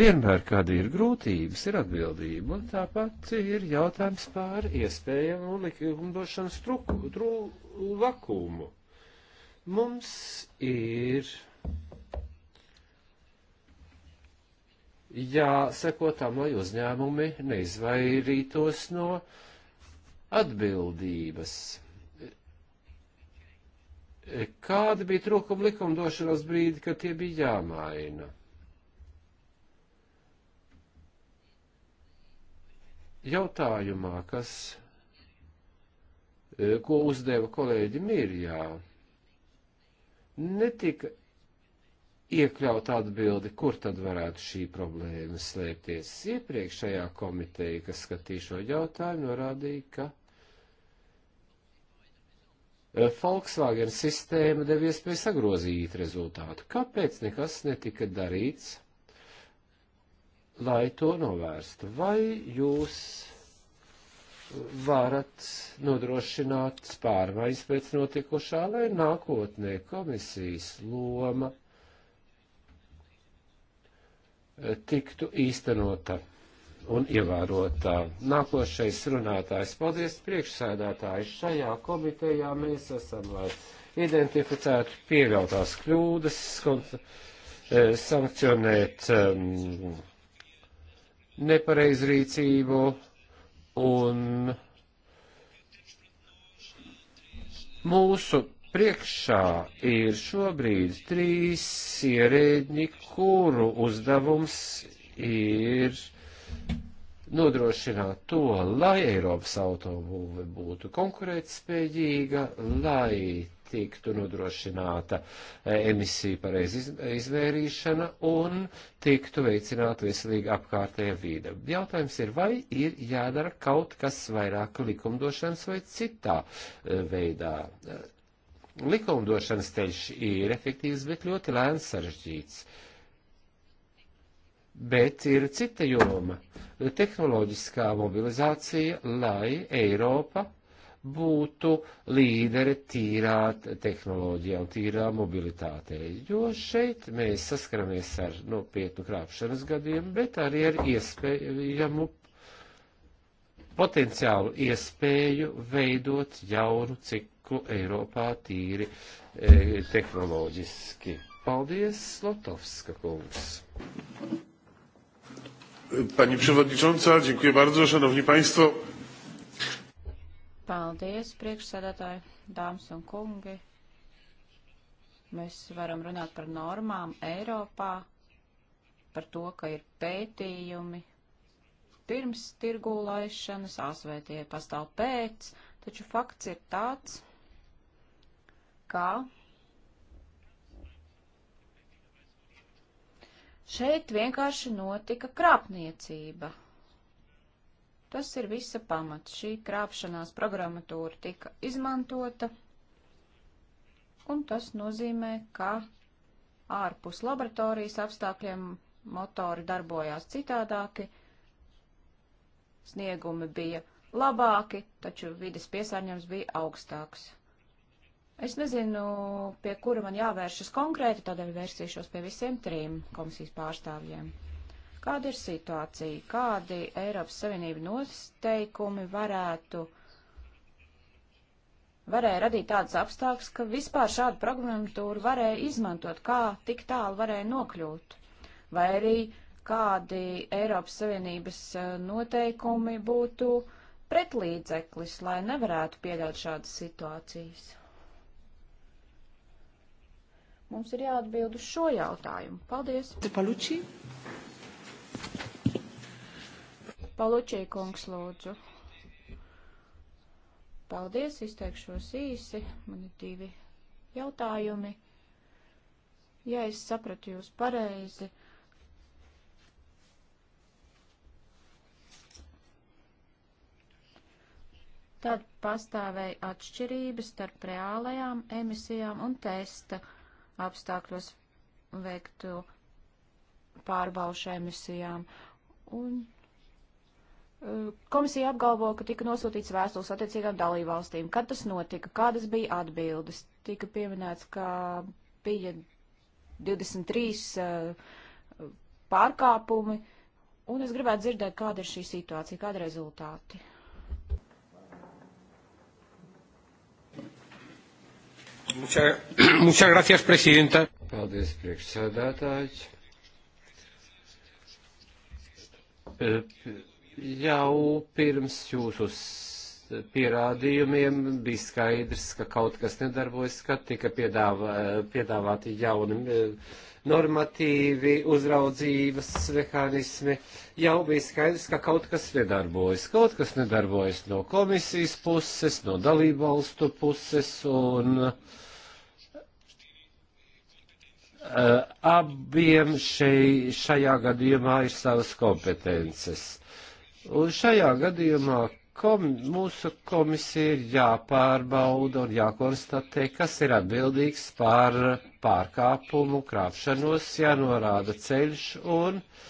Vienmēr, kad ir grūtības, ir atbildība, un tāpat ir jautājums par iespējamu likumdošanas trūkumu. Mums ir jāseko tam, lai uzņēmumi neizvairītos no uh, atbildības. Kāda bija trūkuma likumdošanas brīdi, kad tie bija jāmaina? Jautājumā, kas, e, ko uzdeva kolēģi Mirjā, netika iekļaut atbildi, kur tad varētu šī problēma slēpties. Iepriekšējā komiteja, kas skatīja šo jautājumu, norādīja, ka Eh, Volkswagen sistēma deva iespēju sagrozīt rezultātu. Kāpēc nekas netika darīts, lai to novērstu? Vai jūs varat nodrošināt pārmaiņas pēc notikušā, lai nākotnē komisijas loma eh, tiktu īstenota? un ievērotā. Nākošais runātājs. Paldies priekšsēdētāji. Šajā komitejā mēs esam, lai identificētu pieļautās kļūdas, kont, e, eh, sankcionēt um, ehm, nepareizrīcību un mūsu priekšā ir šobrīd trīs ierēģi, kuru uzdevums ir nodrošināt to, lai Eiropas automobīle būtu konkurētspējīga, lai tiktu nodrošināta e, emisiju pareiz izvērīšana un tiktu veicināta veselīga apkārtējā vīda. Jautājums ir, vai ir jādara kaut kas vairāk likumdošanas vai citā e, veidā. E, likumdošanas ceļš ir efektīvs, bet ļoti lēns sarežģīts. Uh, Bet ir cita joma - tehnoloģiskā mobilizācija, lai Eiropa būtu līdere tīrā tehnoloģijā un tīrā mobilitātē. Jo šeit mēs saskaramies ar nopietnu krāpšanas gadījumu, bet arī ar iespējamu potenciālu iespēju veidot jaunu ciklu Eiropā tīri e, tehnoloģiski. Paldies, Slotovska kungs! Pani Przewodnicząca, dziękuję bardzo, Szanowni Państwo. Paldies, priekšsēdētāji, dāmas un kungi. Mēs varam runāt par normām Eiropā, par to, ka ir pētījumi pirms tirgū laišanas, ASV tie pastāv pēc, taču fakts ir tāds, ka Šeit vienkārši notika krāpniecība. Tas ir visa pamats. Šī krāpšanās programmatūra tika izmantota, un tas nozīmē, ka ārpus laboratorijas apstākļiem motori darbojās citādāki, sniegumi bija labāki, taču vides piesārņojums bija augstāks. Es nezinu, pie kura man jāvēršas konkrēti, tādēļ vērsīšos pie visiem trim komisijas pārstāvjiem. Kāda ir situācija? Kādi Eiropas Savienība noteikumi varētu varēja radīt tādas apstākļas, ka vispār šādu programmatūru varēja izmantot, kā tik tālu varēja nokļūt? Vai arī kādi Eiropas Savienības eh, noteikumi būtu pretlīdzeklis, lai nevarētu pieļaut šādas situācijas? Mums ir jāatbild uz šo jautājumu. Paldies! Palučī! Palučī, kungs, lūdzu! Paldies, izteikšos īsi. Man ir divi jautājumi. Ja es sapratu jūs pareizi, tad pastāvēja atšķirības starp reālajām emisijām un testa emisijām apstākļos veiktu pārbaušu emisijām. Un e, Komisija apgalvo, ka tika nosūtīts vēstules attiecīgām dalībvalstīm. Kad tas notika? Kādas bija atbildes? Tika pieminēts, ka bija 23 uh, e, pārkāpumi, un es gribētu dzirdēt, kāda ir šī situācija, kāda ir rezultāti. Uh, Muchas mucha gracias, presidenta. Paldies, priekšsēdētājs. Eh, jau pirms jūsu pierādījumiem bija skaidrs, ka kaut kas nedarbojas, ka tika piedāvā, eh, piedāvāti jauni eh, normatīvi, uzraudzības mehānismi, jau bija skaidrs, ka kaut kas nedarbojas. Kaut kas nedarbojas no komisijas puses, no dalībvalstu puses un uh, abiem šei, šajā gadījumā ir savas kompetences. Un šajā gadījumā kom, mūsu komisija ir jāpārbauda un jākonstatē, kas ir atbildīgs par pārkāpumu, krāpšanos, jānorāda ceļš un uh,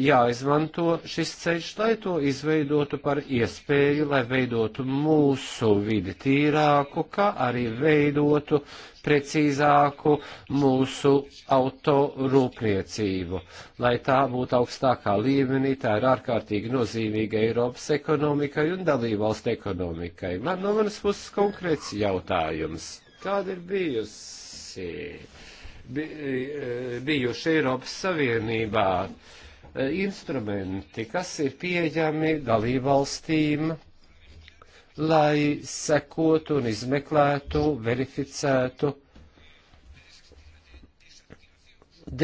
jāizmanto šis ceļš, lai to izveidotu par iespēju, lai veidotu mūsu vidi tīrāku, kā arī veidotu precīzāku mūsu autorūpniecību. Lai tā būtu augstākā līmenī, tā ir ārkārtīgi nozīmīga Eiropas ekonomikai un dalībvalstu ekonomikai. Man no manas puses konkrēts jautājums. Kāda ir bijusi? Bi, e, bijuši Eiropas Savienībā uh, Eh, instrumenti, kas ir pieejami dalībvalstīm, lai sekotu un izmeklētu, verificētu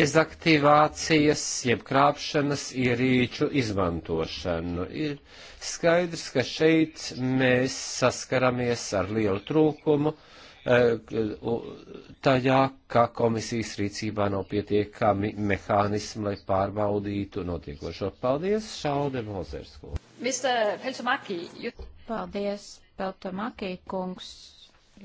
dezaktivācijas, jeb krāpšanas ierīču izmantošanu. Ir skaidrs, ka šeit mēs saskaramies ar lielu trūkumu, uh, Eh, tajā, ka komisijas rīcībā nav pietiekami mehānismi, lai pārbaudītu notiekošo. Paldies, Šaude Mozersko. Paldies, Peltomaki kungs.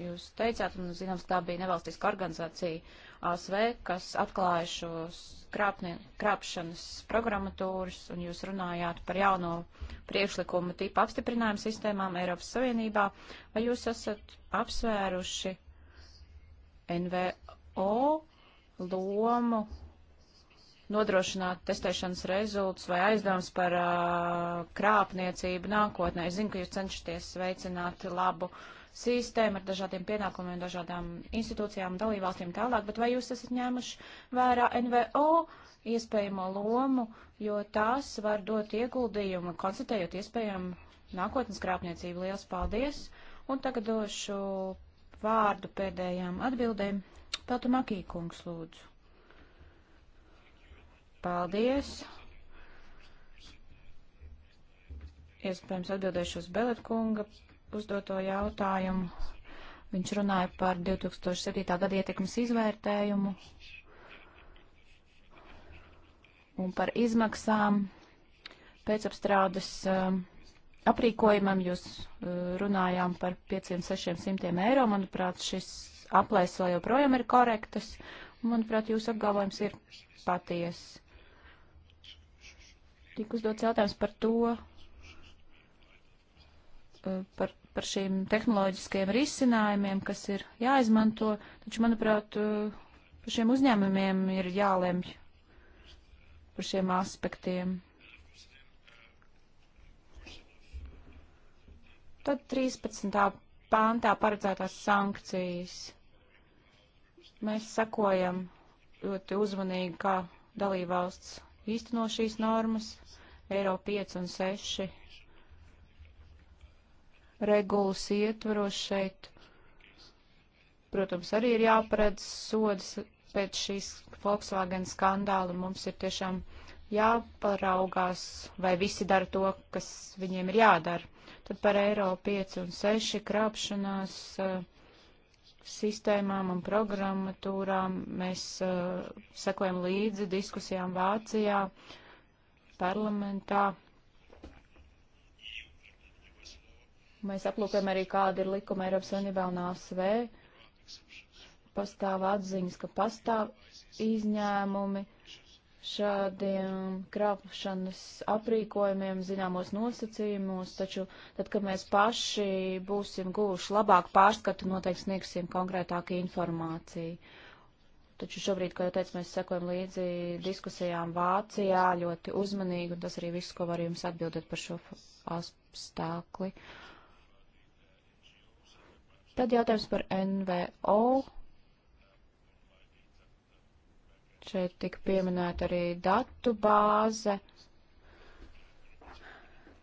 Jūs teicāt, un zināms, tā bija nevalstiska organizācija. ASV, kas atklāja šos krāpni, krāpšanas programmatūras, un jūs runājāt par jauno priekšlikumu tipu apstiprinājumu sistēmām Eiropas Savienībā. Vai jūs esat apsvēruši NVO lomu nodrošināt testēšanas rezultus vai aizdevums par uh, krāpniecību nākotnē. Es zinu, ka jūs cenšaties veicināt labu uh, sistēmu ar dažādiem pienākumiem, dažādām institūcijām, dalībvalstīm tālāk, bet vai jūs esat ņēmuši vērā NVO iespējamo lomu, jo tās var dot ieguldījumu, konstatējot iespējamu nākotnes krāpniecību. Liels paldies! Un tagad došu vārdu pēdējām atbildēm. Peltu Makīkungs, lūdzu. Paldies! Iespējams atbildēšu uz Beletkunga uzdoto jautājumu. Viņš runāja par 2007. gada ietekmes izvērtējumu un par izmaksām pēcapstrādes um, aprīkojumam. Jūs uh, runājām par 500-600 eiro. Manuprāt, šis aplēs vēl joprojām ir korektas. Manuprāt, jūsu apgalvojums ir patiesa. Tik uzdots jautājums par to, uh, par par šīm tehnoloģiskajiem risinājumiem, kas ir jāizmanto, taču, manuprāt, par šiem uzņēmumiem ir jālemj par šiem aspektiem. Tad 13. pāntā paredzētās sankcijas. Mēs sekojam ļoti uzmanīgi, kā dalībvalsts īsteno šīs normas, Eiro 5 un 6 regulas ietvaros šeit. Protams, arī ir jāparedz sodas pēc šīs Volkswagen skandāla. Mums ir tiešām jāparaugās, vai visi dara to, kas viņiem ir jādara. Tad par eiro 5 un 6 krāpšanās eh, sistēmām un programmatūrām mēs eh, sekojam līdzi diskusijām Vācijā, parlamentā. Mēs aplūkojam arī, kāda ir likuma Eiropas Savienībā un ASV. Pastāv atziņas, ka pastāv izņēmumi šādiem krāpšanas aprīkojumiem, zināmos nosacījumos, taču tad, kad mēs paši būsim guvuši labāku pārskatu, noteikti sniegsim konkrētāku informāciju. Taču šobrīd, kā jau teicu, mēs sekojam līdzi diskusijām Vācijā ļoti uzmanīgi, un tas arī viss, ko var jums atbildēt par šo apstākli. Uh, Tad jautājums par NVO. Šeit tika pieminēta arī datu bāze,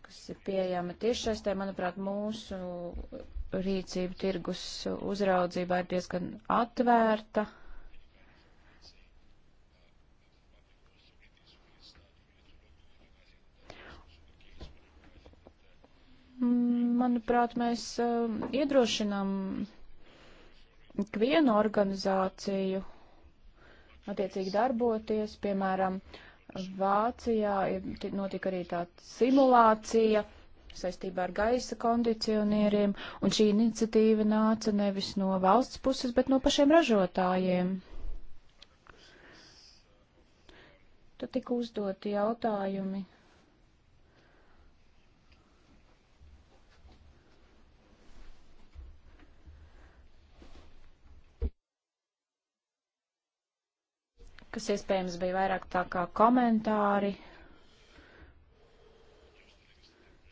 kas ir pieejama tiešsaistē. Manuprāt, mūsu rīcība tirgus uzraudzībā ir diezgan atvērta. manuprāt, mēs uh, iedrošinām ikvienu organizāciju attiecīgi darboties. Piemēram, Vācijā notika arī tāda simulācija saistībā ar gaisa kondicionieriem, un šī iniciatīva nāca nevis no valsts puses, bet no pašiem ražotājiem. Tad tika uzdoti jautājumi kas iespējams bija vairāk tā kā komentāri.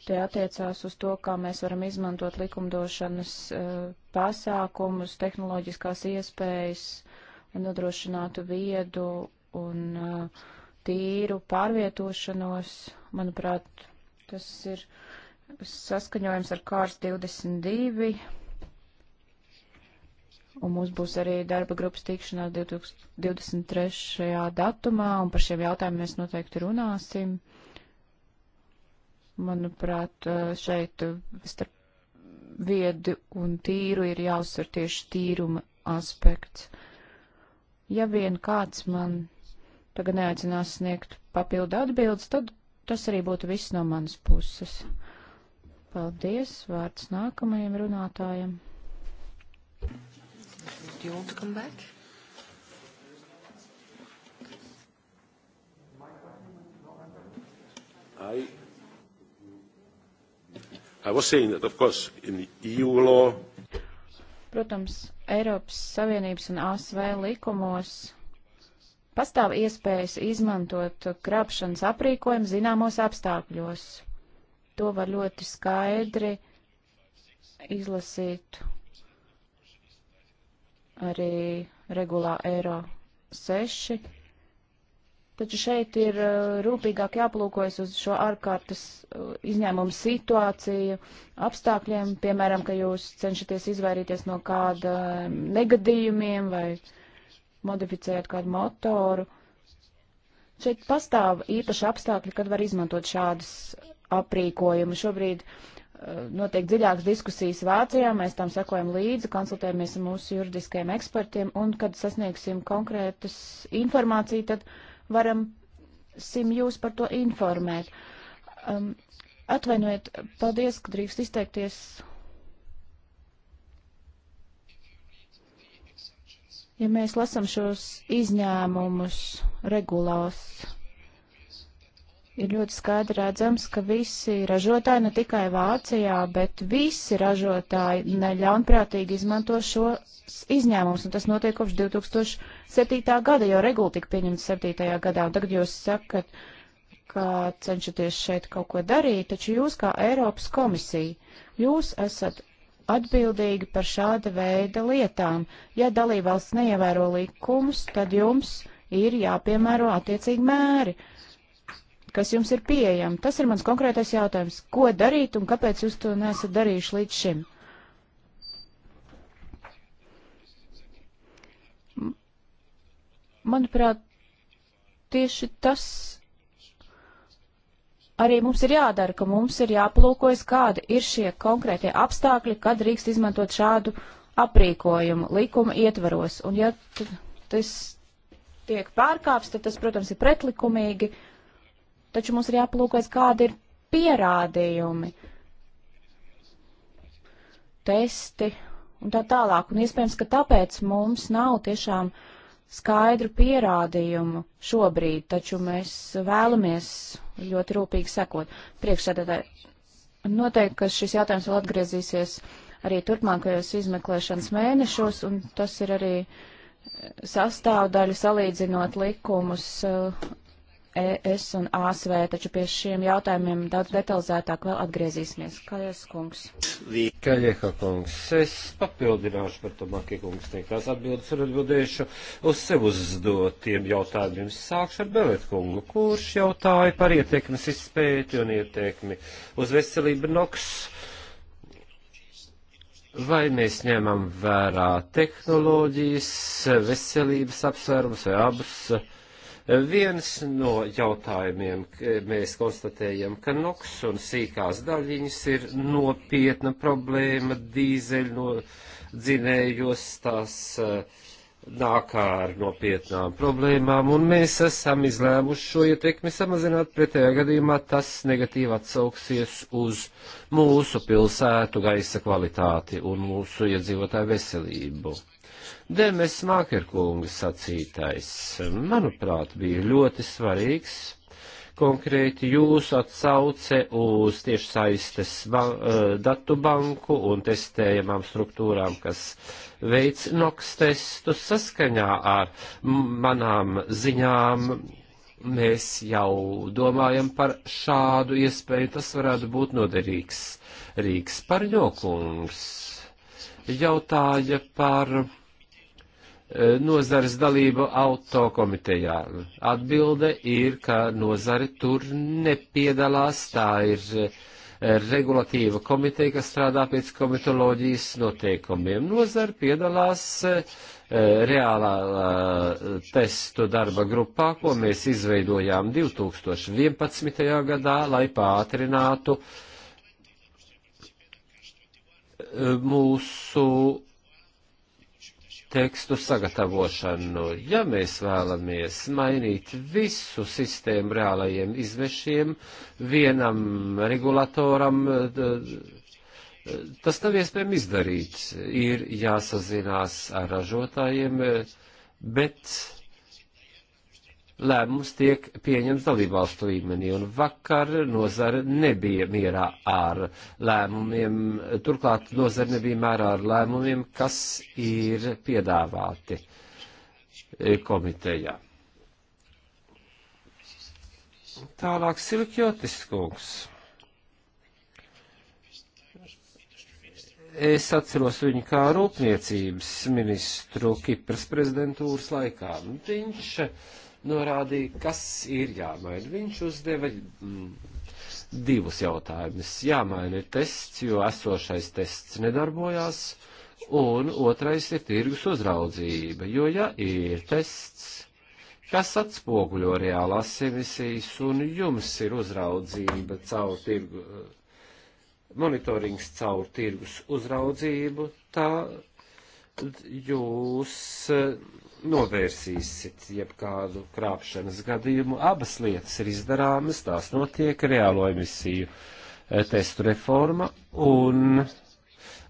Tie attiecās uz to, kā mēs varam izmantot likumdošanas eh, pasākumus, tehnoloģiskās iespējas, lai nodrošinātu viedu un eh, tīru pārvietošanos. Manuprāt, tas ir saskaņojums ar kārs 22 Un mums būs arī darba grupas tikšanās 2023. datumā, un par šiem jautājumiem mēs noteikti runāsim. Manuprāt, eh, šeit eh, starp viedu un tīru ir jāuzsver tieši tīruma aspekts. Ja vien kāds man tagad neaicinās sniegt papildu atbildes, tad tas arī būtu viss no manas puses. Paldies, vārds nākamajam runātājam. Do you want to come back? I, I was saying that, of course, in EU e law. Protams, Eiropas Savienības un ASV likumos pastāv iespējas izmantot krāpšanas aprīkojumu zināmos apstākļos. To var ļoti skaidri izlasīt arī regulā eiro 6. Taču šeit ir eh, rūpīgāk jāplūkojas uz šo ārkārtas eh, izņēmumu situāciju, apstākļiem, piemēram, ka jūs cenšaties izvairīties no kāda eh, negadījumiem vai modificējat kādu motoru. Šeit pastāv īpaši apstākļi, kad var izmantot šādus aprīkojumu. Šobrīd notiek dziļākas diskusijas Vācijā, mēs tam sekojam līdzi, konsultējamies ar mūsu juridiskajiem ekspertiem, un kad sasniegsim konkrētas informāciju, tad varam sim jūs par to informēt. Um, atvainojiet, paldies, ka drīkst izteikties. Ja mēs lasam šos izņēmumus regulās, ir ļoti skaidri redzams, ka visi ražotāji, ne tikai Vācijā, bet visi ražotāji neļaunprātīgi izmanto šos izņēmumus, un tas notiek kopš 2007. gada, jo regula tika pieņemta 7. gadā, un tagad jūs sakat, ka cenšaties šeit kaut ko darīt, taču jūs kā Eiropas komisija, jūs esat atbildīgi par šāda veida lietām. Ja dalībvalsts neievēro likumus, tad jums ir jāpiemēro attiecīgi mēri. Uh, kas jums ir pieejama. Tas ir mans konkrētais jautājums. Ko darīt un kāpēc jūs to nesat darījuši līdz šim? Manuprāt, tieši tas arī mums ir jādara, ka mums ir jāplūkojas, kādi ir šie konkrētie apstākļi, kad drīkst izmantot šādu aprīkojumu likuma ietvaros. Un ja tas tiek pārkāps, tad tas, protams, ir pretlikumīgi. Uh, taču mums ir jāplūkojas, kādi ir pierādījumi, testi un tā tālāk. Un iespējams, ka tāpēc mums nav tiešām skaidru pierādījumu šobrīd, taču mēs vēlamies ļoti rūpīgi sekot. Priekšsēdētāji, noteikti, ka šis jautājums vēl atgriezīsies arī turpmākajos izmeklēšanas mēnešos, un tas ir arī sastāvdaļa salīdzinot likumus ES un ASV, taču pie šiem jautājumiem daudz detalizētāk vēl atgriezīsimies. Kaļies kungs. Kaļieha kungs, es papildināšu par Tomaki kungs teiktās atbildes un atbildēšu uz sev uzdotiem jautājumiem. Sākšu ar Belet kungu, kurš jautāja par ietekmes izpēti un ietekmi uz veselību NOKS. Vai mēs ņemam vērā tehnoloģijas, veselības apsvērums vai abus? Viens no jautājumiem mēs konstatējam, ka noks un sīkās daļiņas ir nopietna problēma dīzeļu no dzinējos tās eh, nāk ar nopietnām problēmām, un mēs esam izlēmuši šo ietekmi samazināt, pretējā gadījumā tas negatīvi atsauksies uz mūsu pilsētu gaisa kvalitāti un mūsu iedzīvotāju veselību. Demes Mākerkunga sacītais, manuprāt, bija ļoti svarīgs konkrēti jūsu atsauce uz tiešsaistes ba eh, datu banku un testējamām struktūrām, kas veic NOX testus saskaņā ar manām ziņām. Mēs jau domājam par šādu iespēju, tas varētu būt noderīgs. Rīgs Parņokungs jautāja par nozares dalību auto komitejā? Atbilde ir, ka nozare tur nepiedalās, tā ir eh, regulatīva komiteja, kas strādā pēc komitoloģijas noteikumiem. Nozara piedalās eh, reālā eh, testu darba grupā, ko mēs izveidojām 2011. gadā, lai pātrinātu mūsu tekstu sagatavošanu. Ja mēs vēlamies mainīt visu sistēmu reālajiem izvešiem vienam regulatoram, tas nav iespējams izdarīt. Ir jāsazinās ar ražotājiem, bet lēmums tiek pieņems dalībvalstu līmenī, un vakar nozara nebija mierā ar lēmumiem, turklāt nozara nebija mērā ar lēmumiem, kas ir piedāvāti e, komitejā. Tālāk Silkjotis kungs. es atceros viņu kā rūpniecības ministru Kipras prezidentūras laikā. Viņš norādīja, kas ir jāmaina. Viņš uzdeva mm, divus jautājumus. Jāmaina ir tests, jo esošais tests nedarbojās, un otrais ir tirgus uzraudzība, jo ja ir tests, kas atspoguļo reālās emisijas, un jums ir uzraudzība caur tirgu, monitorings caur tirgus uzraudzību, tā jūs novērsīsit jebkādu krāpšanas gadījumu. Abas lietas ir izdarāmas, tās notiek reālo emisiju eh, testu reforma un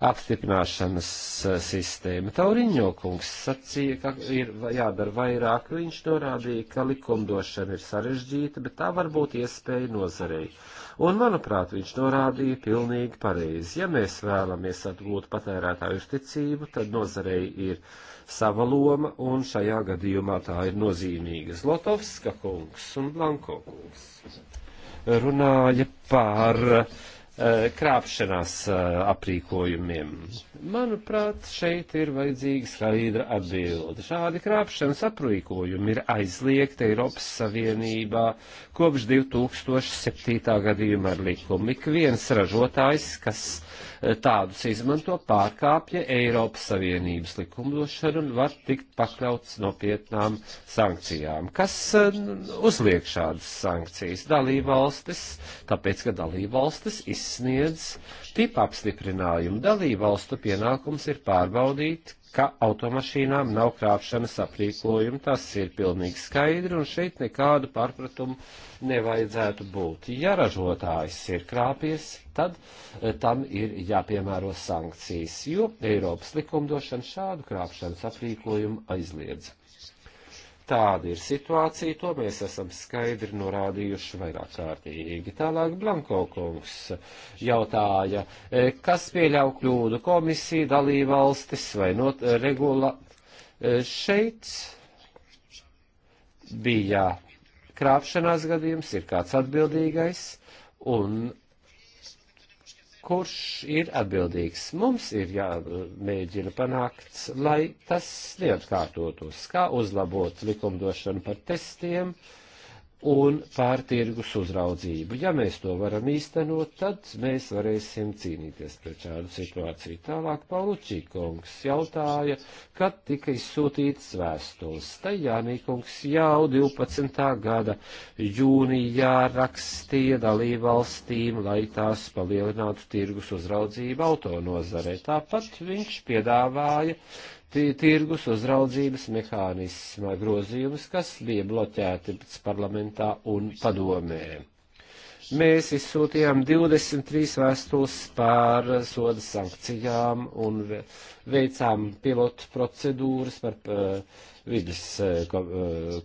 apstiprināšanas eh, sistēma. Tauriņo kungs sacīja, ka ir jādara vairāk. Viņš norādīja, ka likumdošana ir sarežģīta, bet tā var būt iespēja nozarei. Un, manuprāt, viņš norādīja pilnīgi pareizi. Ja mēs vēlamies atgūt patērētāju uzticību, tad nozarei ir sava loma, un šajā gadījumā tā ir nozīmīga Zlotovska kungs un Blanko kungs. Runāja par eh, krāpšanās eh, aprīkojumiem. Manuprāt, šeit ir vajadzīga skaidra atbilde. Šādi krāpšanas aprīkojumi ir aizliegti Eiropas Savienībā kopš 2007. gadījuma ar likumu. Ik viens ražotājs, kas eh, tādus izmanto, pārkāpja Eiropas Savienības likumdošanu un var tikt pakļauts nopietnām sankcijām. Kas eh, uzliek šādas sankcijas? Dalībvalstis, tāpēc, ka dalībvalstis izsniedz tipa apstiprinājumu dalībvalstu pieeja pienākums ir pārbaudīt, ka automašīnām nav krāpšanas aprīkojuma. Tas ir pilnīgi skaidri, un šeit nekādu pārpratumu nevajadzētu būt. Ja ražotājs ir krāpies, tad eh, tam ir jāpiemēro sankcijas, jo Eiropas likumdošana šādu krāpšanas aprīkojumu aizliedz. Tāda ir situācija, to mēs esam skaidri norādījuši vairāk kārtīgi. Tālāk Blanko kungs jautāja, e, kas pieļauj kļūdu komisija, dalībvalstis vai not, e, regula. E, šeit bija krāpšanās gadījums, ir kāds atbildīgais, un kurš ir atbildīgs. Mums ir jāmēģina panākt, lai tas neatkārtotos, kā uzlabot likumdošanu par testiem, uh, un pārtirgus uzraudzību. Ja mēs to varam īstenot, tad mēs varēsim cīnīties pret šādu situāciju. Tālāk Paulučīkungs jautāja, kad tika izsūtīts vēstules. Tajānīkungs jau 12. gada jūnijā rakstīja dalībvalstīm, lai tās palielinātu tirgus uzraudzību autonozarē. Tāpat viņš piedāvāja tirgus uzraudzības mehānisma grozījumus, kas bija bloķēti parlamentā un padomē. Mēs izsūtījām 23 vēstules par soda sankcijām un veicām pilotu procedūras par uh, vidas uh,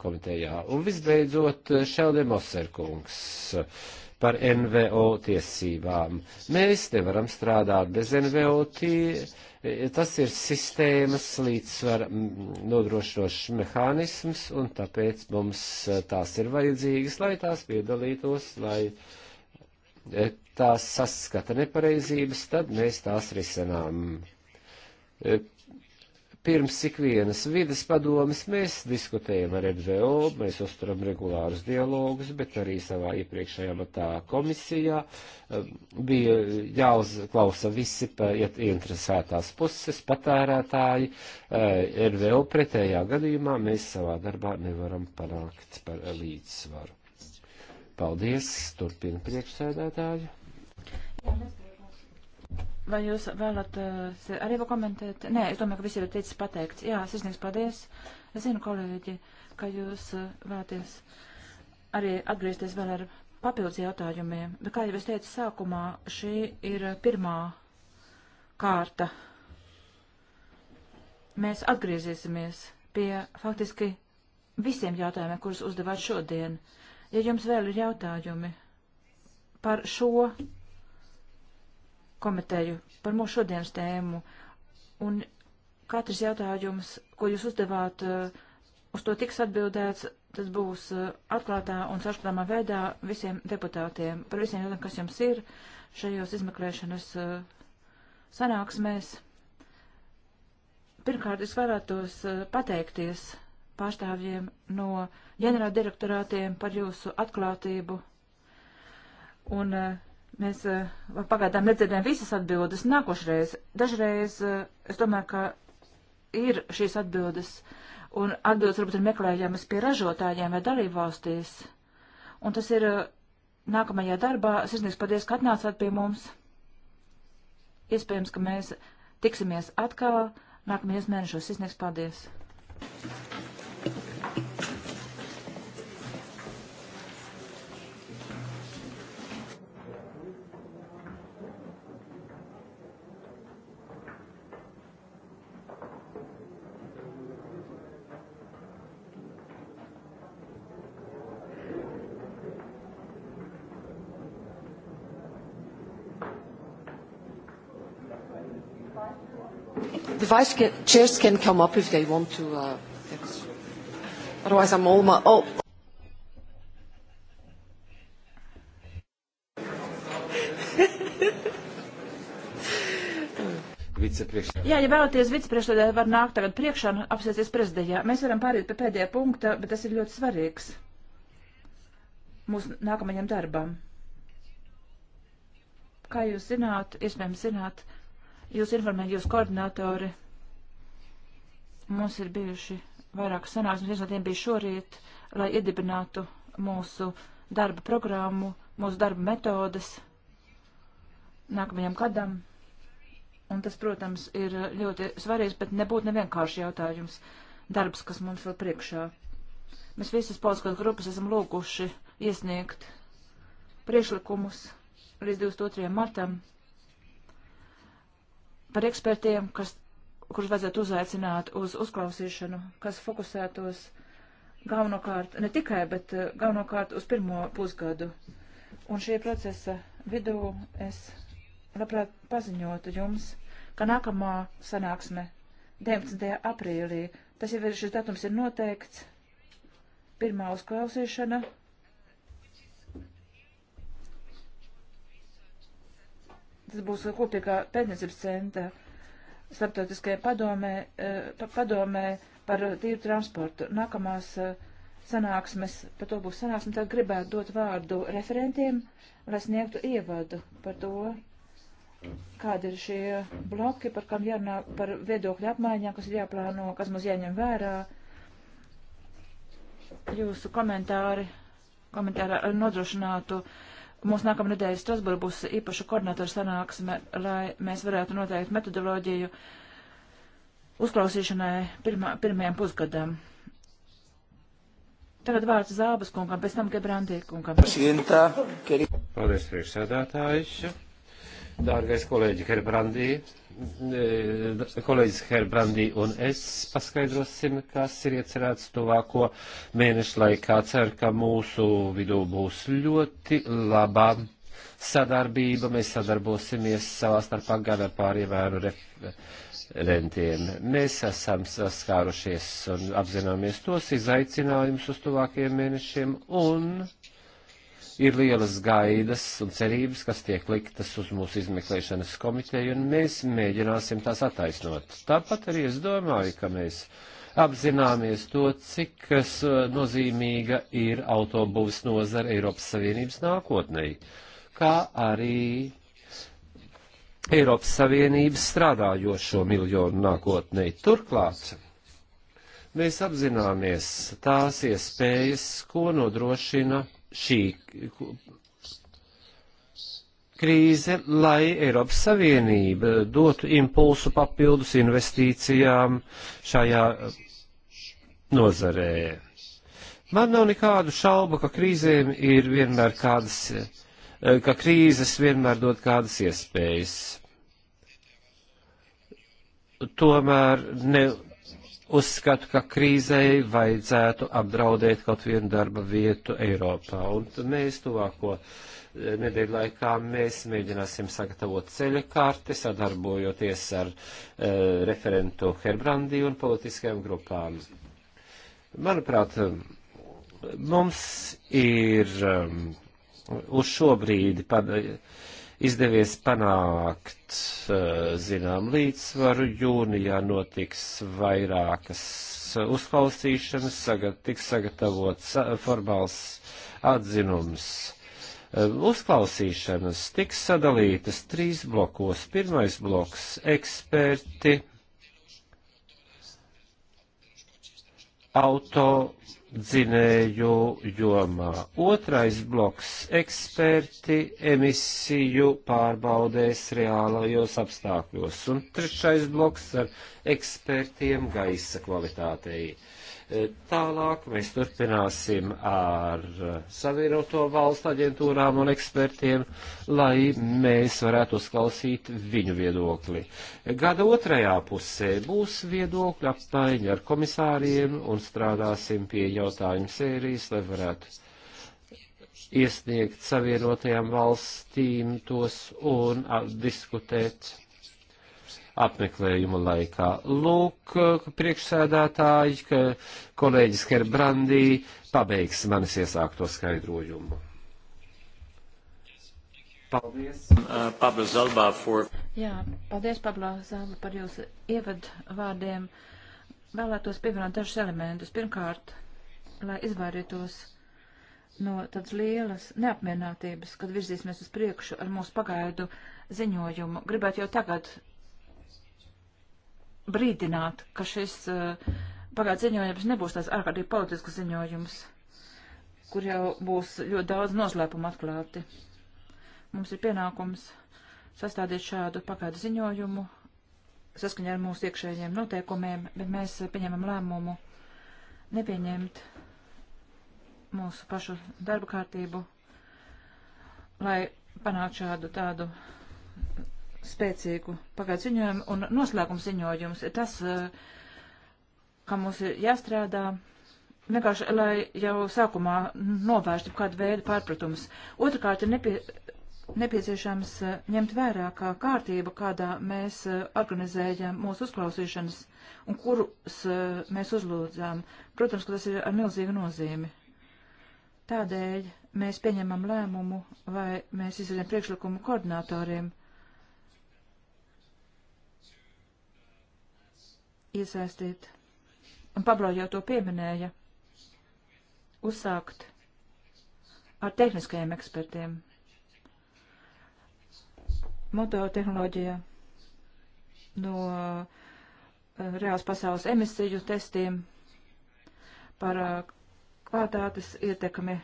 komitejā. Un visbeidzot, Šeldem Oserkungs. Uh, par NVO tiesībām. Mēs nevaram strādāt bez NVO tiesībām tas ir sistēmas līdzsvara nodrošinošs mehānisms, un tāpēc mums eh, tās ir vajadzīgas, lai tās piedalītos, lai eh, tās saskata nepareizības, tad mēs tās risinām. Eh, pirms ikvienas vidas padomas mēs diskutējam ar NVO, mēs uzturam regulārus dialogus, bet arī savā iepriekšējā matā komisijā um, bija jāuzklausa visi interesētās puses, patērētāji. Uh, NVO pretējā gadījumā mēs savā darbā nevaram panākt par līdzsvaru. Paldies, turpina priekšsēdētāju. Jā, mēs... Vai jūs vēlat uh, arī vēl komentēt? Nē, es domāju, ka viss ir teicis pateikts. Jā, sirsnīgs paldies. Es zinu, kolēģi, ka jūs uh, vēlaties arī atgriezties vēl ar papildus jautājumiem. Bet, kā jau es teicu sākumā, šī ir pirmā kārta. Mēs atgriezīsimies pie faktiski visiem jautājumiem, kurus uzdevāt šodien. Ja jums vēl ir jautājumi par šo komiteju par mūsu šodienas tēmu. Un katrs jautājums, ko jūs uzdevāt, eh, uz to tiks atbildēts, tas būs eh, atklātā un sašķelāmā veidā visiem deputātiem par visiem jautājumiem, kas jums ir šajos izmeklēšanas eh, sanāksmēs. Pirmkārt, es vēlētos pateikties pārstāvjiem no ģenerāldirektorātiem par jūsu atklātību un uh, Mēs uh, pagaidām nedzirdējām visas atbildes. Nākošreiz, dažreiz uh, es domāju, ka ir šīs atbildes, un atbildes varbūt ir meklējamas pie ražotājiem vai dalībvalstīs. Un tas ir uh, nākamajā darbā. Sirsnīgs paldies, ka atnācāt pie mums. Iespējams, ka mēs tiksimies atkal nākamajos mēnešos. Sirsnīgs paldies! Thank you. vice can, chairs can come up if they want to. Uh, otherwise, I'm all my. Oh. Jā, ja vēlaties vicepriekšsēdētāji, var nākt tagad priekšā un apsēsties prezidijā. Mēs varam pāriet pie pēdējā punkta, bet tas ir ļoti svarīgs mūsu nākamajam darbam. Kā jūs zināt, iespējams zināt, jūs informēja jūs koordinātori Mums ir bijuši vairākas sanāksmes, viens no tiem bija šorīt, lai iedibinātu mūsu darba programmu, mūsu darba metodas nākamajam gadam. Un tas, protams, ir ļoti svarīgs, bet nebūtu nevienkārši jautājums darbs, kas mums vēl priekšā. Mēs visas politiskās grupas esam lūguši iesniegt priešlikumus līdz 22. martam par ekspertiem, kas kurus vajadzētu uzaicināt uz uzklausīšanu, kas fokusētos galvenokārt, ne tikai, bet eh, galvenokārt uz pirmo pusgadu. Un šī procesa vidū es labprāt paziņotu jums, ka nākamā sanāksme 19. aprīlī, tas jau ir, šis datums ir noteikts, pirmā uzklausīšana tas būs kopīgā pētniecības centra starptautiskajai padomē, eh, padomē par tīru transportu. Nākamās eh, sanāksmes, par to būs sanāksme, tad gribētu dot vārdu referentiem, lai sniegtu ievadu par to, kādi ir šie bloki, par kam jārunā, par viedokļu apmaiņām, kas ir jāplāno, kas mums jāņem vērā. Jūsu komentāri, komentāri nodrošinātu uh, Mums nākamā nedēļa Strasbūra būs īpaša koordinatora sanāksme, lai mēs varētu noteikt metodoloģiju uzklausīšanai pirmā, pirmajam pusgadam. Tagad vārds Zābas kungam, pēc tam Gebrandī kungam. Paldies, priekšsēdētājs. Dārgais kolēģi Herbrandī, eh, kolēģis Herbrandī un es paskaidrosim, kas ir iecerēts tuvāko mēnešu laikā. Ceru, ka mūsu vidū būs ļoti labā sadarbība. Mēs sadarbosimies savā starpā gan ar pāriem vēru referentiem. Mēs esam saskārušies un apzināmies tos izaicinājumus uz tuvākajiem mēnešiem un ir lielas gaidas un cerības, kas tiek liktas uz mūsu izmeklēšanas komiteju, un mēs mēģināsim tās attaisnot. Tāpat arī es domāju, ka mēs apzināmies to, cik nozīmīga ir autobūvas nozara Eiropas Savienības nākotnei, kā arī Eiropas Savienības strādājošo miljonu nākotnei. Turklāt mēs apzināmies tās iespējas, ko nodrošina šī krīze, lai Eiropas Savienība dotu impulsu papildus investīcijām šajā nozarē. Man nav nekādu šaubu, ka krīzēm ir vienmēr kādas, ka krīzes vienmēr dod kādas iespējas. Tomēr ne, uzskatu, ka krīzei vajadzētu apdraudēt kaut vienu darba vietu Eiropā. Un mēs tuvāko eh, nedēļu laikā mēs mēģināsim sagatavot ceļa karti, sadarbojoties ar e, referentu Herbrandī un politiskajām grupām. Manuprāt, mums ir um, uz šo brīdi. Pad, e, izdevies panākt eh, zinām līdzsvaru. Jūnijā notiks vairākas uzklausīšanas, sagat, tiks sagatavots eh, formāls atzinums. Eh, uzklausīšanas tiks sadalītas trīs blokos. Pirmais bloks - eksperti, auto dzinēju jomā. Otrais bloks - eksperti emisiju pārbaudēs reālajos apstākļos. Un trešais bloks ar ekspertiem gaisa kvalitātei. Uh, E, tālāk mēs turpināsim ar e, Savienoto valstu aģentūrām un ekspertiem, lai mēs varētu uzklausīt viņu viedokli. E, gada otrajā pusē būs viedokļu apmaiņa ar komisāriem un strādāsim pie jautājumu sērijas, lai varētu iesniegt Savienotajām valstīm tos un diskutēt apmeklējumu laikā. Lūk, priekšsēdētāji, ka kolēģis Herbrandī pabeigs manis iesākto skaidrojumu. Paldies. Uh, Pablo Zalbā for. Jā, paldies Pablo Zalbā par jūsu ievadu vārdiem. Vēlētos pievienot dažus elementus. Pirmkārt, lai izvairītos no tādas lielas neapmierinātības, kad virzīsimies uz priekšu ar mūsu pagaidu ziņojumu. Gribētu jau tagad brīdināt, ka šis uh, eh, pagātnes ziņojums nebūs tāds ārkārtīgi politisks ziņojums, kur jau būs ļoti daudz noslēpumu atklāti. Mums ir pienākums sastādīt šādu pagātnes ziņojumu saskaņā ar mūsu iekšējiem noteikumiem, bet mēs eh, pieņemam lēmumu nepieņemt mūsu pašu darba kārtību, lai panāktu šādu tādu spēcīgu pagaidu ziņojumu, un noslēgums ziņojums ir tas, eh, kam mums ir jāstrādā. Vienkārši, lai jau sākumā novērstu kādu veidu pārpratumus. Otrakārt, ir nepie, nepieciešams eh, ņemt vērā, kā kārtība, kādā mēs eh, organizējam mūsu uzklausīšanas un kurus mēs uzlūdzām. Protams, ka tas ir ar milzīgu nozīmi. Tādēļ mēs pieņemam lēmumu vai mēs izdarām priekšlikumu koordinatoriem iesaistīt, un Pablo jau to pieminēja, uzsākt ar tehniskajiem ekspertiem. Mototehnoloģija no eh, reāls pasaules emisiju testiem par eh, kvalitātes ietekmi.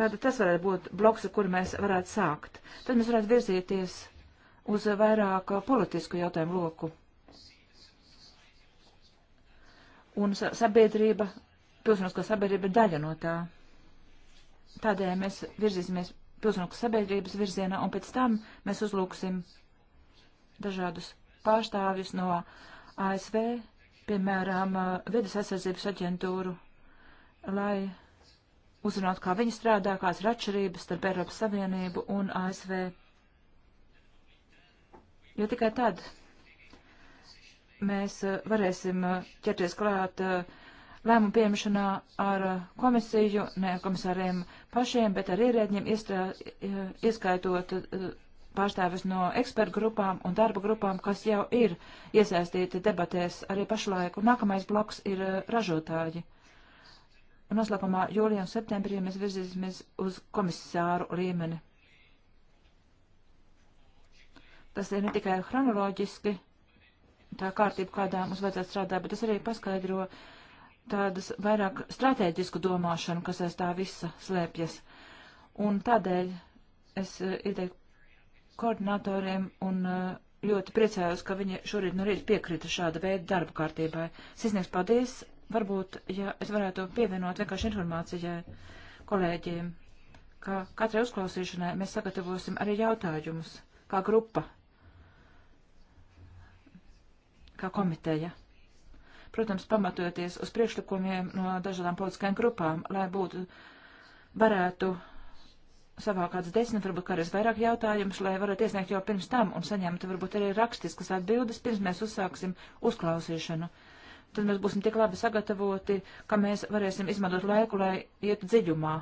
Tātad tas varētu būt bloks, ar kuru mēs varētu sākt. Tad mēs varētu virzīties uz vairāk eh, politisku jautājumu loku. un sabiedrība, pilsoniskā sabiedrība ir daļa no tā. Tādēļ mēs virzīsimies pilsoniskā sabiedrības virzienā, un pēc tam mēs uzlūksim dažādus pārstāvjus no ASV, piemēram, uh, vidas aizsardzības aģentūru, lai uzrunātu, kā viņi strādā, kādas ir atšķirības starp Eiropas Savienību un ASV. Jo tikai tad mēs eh, varēsim eh, ķerties klāt eh, lēmumu pieņemšanā ar komisiju, ne ar komisāriem pašiem, bet ar ierēģiem, iestrā, ieskaitot pārstāvis no ekspertu grupām un darba grupām, kas jau ir iesaistīti debatēs arī pašlaik. Un nākamais bloks ir ražotāji. Un noslēpumā jūlijā un septembrī mēs virzīsimies uz komisāru līmeni. Tas ir ne tikai chronoloģiski, tā kārtība, kādā mums vajadzētu strādāt, bet tas arī paskaidro tādas vairāk strateģisku domāšanu, kas aiz tā visa slēpjas. Un tādēļ es eh, ieteiktu koordinatoriem un eh, ļoti priecājos, ka viņi šorīt no rīta piekrita šāda veida darba kārtībai. Sisnieks, paldies! Varbūt, ja es varētu pievienot vienkārši informācijai kolēģiem, ka katrai uzklausīšanai mēs sagatavosim arī jautājumus, kā grupa kā komiteja. Protams, pamatojoties uz priekšlikumiem no dažādām politiskajām grupām, lai būtu varētu savā kāds desmit, varbūt kādreiz vairāk jautājumus, lai varētu iesniegt jau pirms tam un saņemt varbūt arī rakstiskas atbildes, pirms mēs uzsāksim uzklausīšanu. Tad mēs būsim tik labi sagatavoti, ka mēs varēsim izmantot laiku, lai iet dziļumā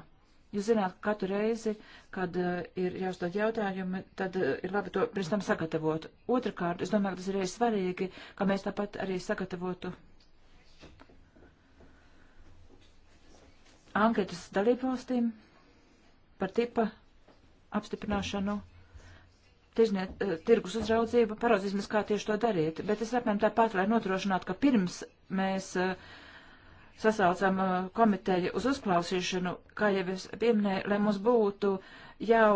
Jūs zināt, ka katru reizi, kad uh, ir jāuzdod jautājumi, tad uh, ir labi to pirms tam sagatavot. Otrakārt, es domāju, ka tas ir arī svarīgi, ka mēs tāpat arī sagatavotu anketas dalībvalstīm par tipa apstiprināšanu. Mm tirzniet, eh, tirgus uzraudzība, paraudzīsimies, kā tieši to darīt. Bet es apmēram tāpat, lai notrošinātu, ka pirms mēs uh, sasaucam uh, komiteju uz uzklausīšanu, kā jau es pieminēju, lai mums būtu jau,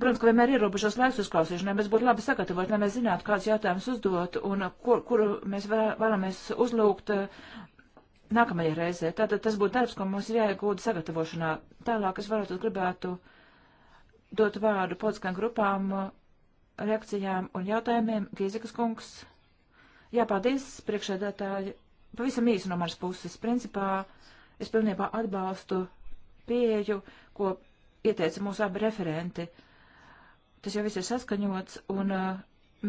protams, ka vienmēr ierobežos laiks uzklausīšanai, mēs būtu labi sagatavot, lai mēs zinātu, kādus jautājumus uzdot un uh, kur, kuru mēs vēlamies uzlūgt uh, nākamajā reizē. Tātad tas būtu darbs, ko mums jāiegūda sagatavošanā. Tālāk es varētu gribētu dot vārdu politiskām grupām, reakcijām un jautājumiem. Gīzikas kungs. Jā, paldies, priekšēdētāji. Pavisam īsi no manas puses. Principā es pilnībā atbalstu pieeju, ko ieteica mūsu abi referenti. Tas jau viss ir saskaņots, un uh,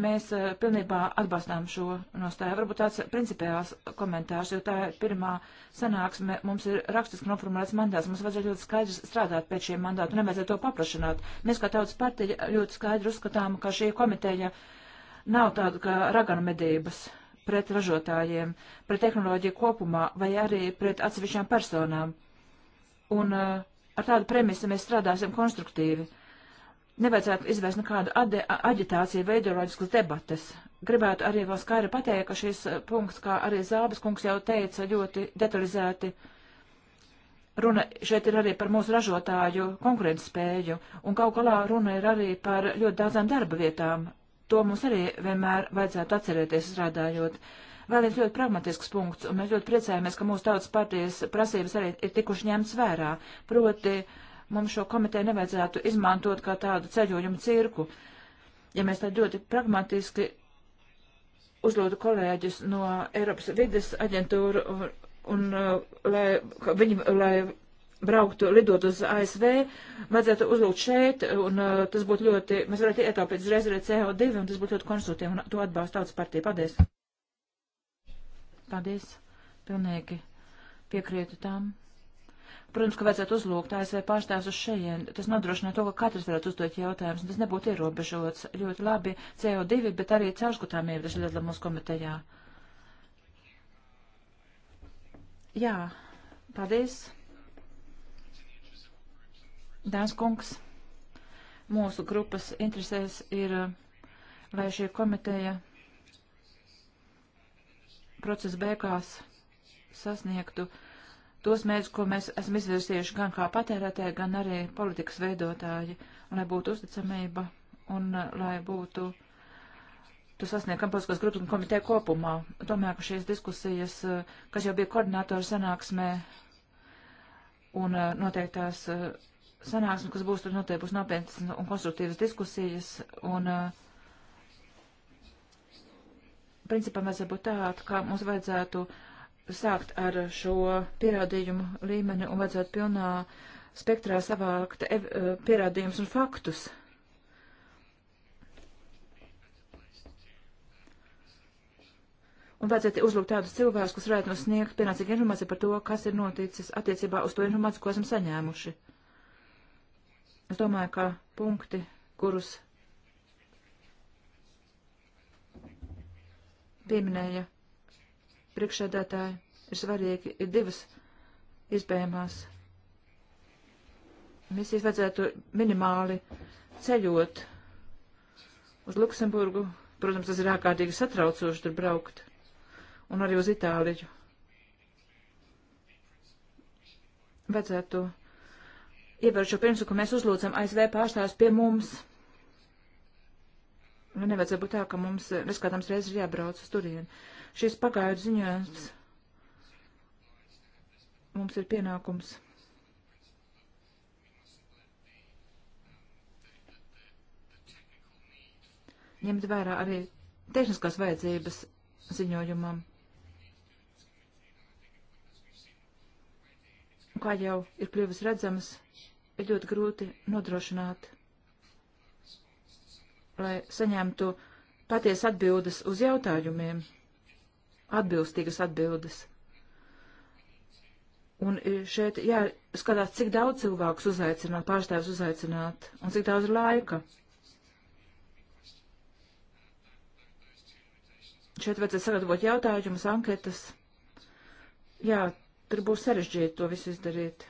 mēs uh, pilnībā atbalstām šo nostāju. Varbūt tāds principiāls komentārs, jo tā ir pirmā sanāksme. Mums ir rakstiski noformulēts mandāts. Mums vajadzētu ļoti skaidri strādāt pēc šiem mandātu, nevajadzētu to paplašināt. Mēs kā tautas partija ļoti skaidri uzskatām, ka šī komiteja nav tāda kā raganu medības pret ražotājiem, pret tehnoloģiju kopumā vai arī pret atsevišķām personām. Un uh, ar tādu premisu mēs strādāsim konstruktīvi. Nevajadzētu izvērst nekādu aģitāciju vai ideoloģiskas debates. Gribētu arī vēl skaidri pateikt, ka šis eh, punkts, kā arī Zābas kungs jau teica, ļoti detalizēti runa šeit ir arī par mūsu ražotāju konkurences spēju, un kaut galā runa ir arī par ļoti daudzām darba vietām to mums arī vienmēr vajadzētu atcerēties strādājot. Vēl viens ļoti pragmatisks punkts, un mēs ļoti priecājamies, ka mūsu tautas partijas prasības arī ir tikuši ņemts vērā. Proti, mums šo komiteju nevajadzētu izmantot kā tādu ceļojumu cirku. Ja mēs tā ļoti pragmatiski uzlūdu kolēģis no Eiropas vides aģentūra un, un lai, viņi, lai brauktu, lidot uz ASV, vajadzētu uzlūgt šeit, un uh, tas būtu ļoti, mēs varētu ietaupīt uzreiz arī CO2, un tas būtu ļoti konstruktīvi, un to atbalsta tautas partija. Paldies! Paldies! Pilnīgi piekrītu tam. Protams, ka vajadzētu uzlūgt ASV pārstāvs uz šejien. Tas nodrošina to, ka katrs varētu uzdot jautājumus, un tas nebūtu ierobežots ļoti labi CO2, bet arī caurskatāmība tas ļoti labi mūsu komitejā. Jā, paldies! Dāns kungs, mūsu grupas interesēs ir, lai šī komiteja procesa beigās sasniegtu tos mērķus, ko mēs esam izvirsījuši gan kā patērētāji, gan arī politikas veidotāji, un lai būtu uzticamība, un eh, lai būtu, tu sasniegt gan politiskos grupas un komiteju kopumā. Domāju, ka šīs diskusijas, eh, kas jau bija koordinātori sanāksmē, un eh, noteiktās sanāksmi, kas būs tur noteikti būs nopietnas un konstruktīvas diskusijas. Un, eh, principā mēs būtu tādi, ka mums vajadzētu sākt ar šo pierādījumu līmeni un vajadzētu pilnā spektrā savākt ev, eh, pierādījumus un faktus. Un vajadzētu uzlūgt tādus cilvēkus, kas varētu mums sniegt pienācīgu informāciju par to, kas ir noticis attiecībā uz to informāciju, ko esam saņēmuši. Es domāju, ka punkti, kurus pieminēja priekšsēdētāji, ir svarīgi, ir divas iespējamās misijas vajadzētu minimāli ceļot uz Luksemburgu. Protams, tas ir ārkārtīgi satraucoši tur braukt. Un arī uz Itāliju. Vajadzētu ievērt šo principu, ka mēs uzlūdzam ASV pārstāvjus pie mums. Nu, nevajadzētu būt tā, ka mums eh, neskatāms reizes ir jābrauc uz turieni. Šis pagaidu ziņojums mums ir pienākums. Ņemt vērā arī tehniskās vajadzības ziņojumam. kā jau ir kļuvis redzamas, ir ļoti grūti nodrošināt, lai saņemtu paties atbildes uz jautājumiem, atbilstīgas atbildes. Un šeit jāskatās, cik daudz cilvēkus uzaicināt, pārstāvs uzaicināt, un cik daudz laika. Šeit vajadzētu sagatavot jautājumus, anketas. Jā, tur būs sarežģīti to visu izdarīt.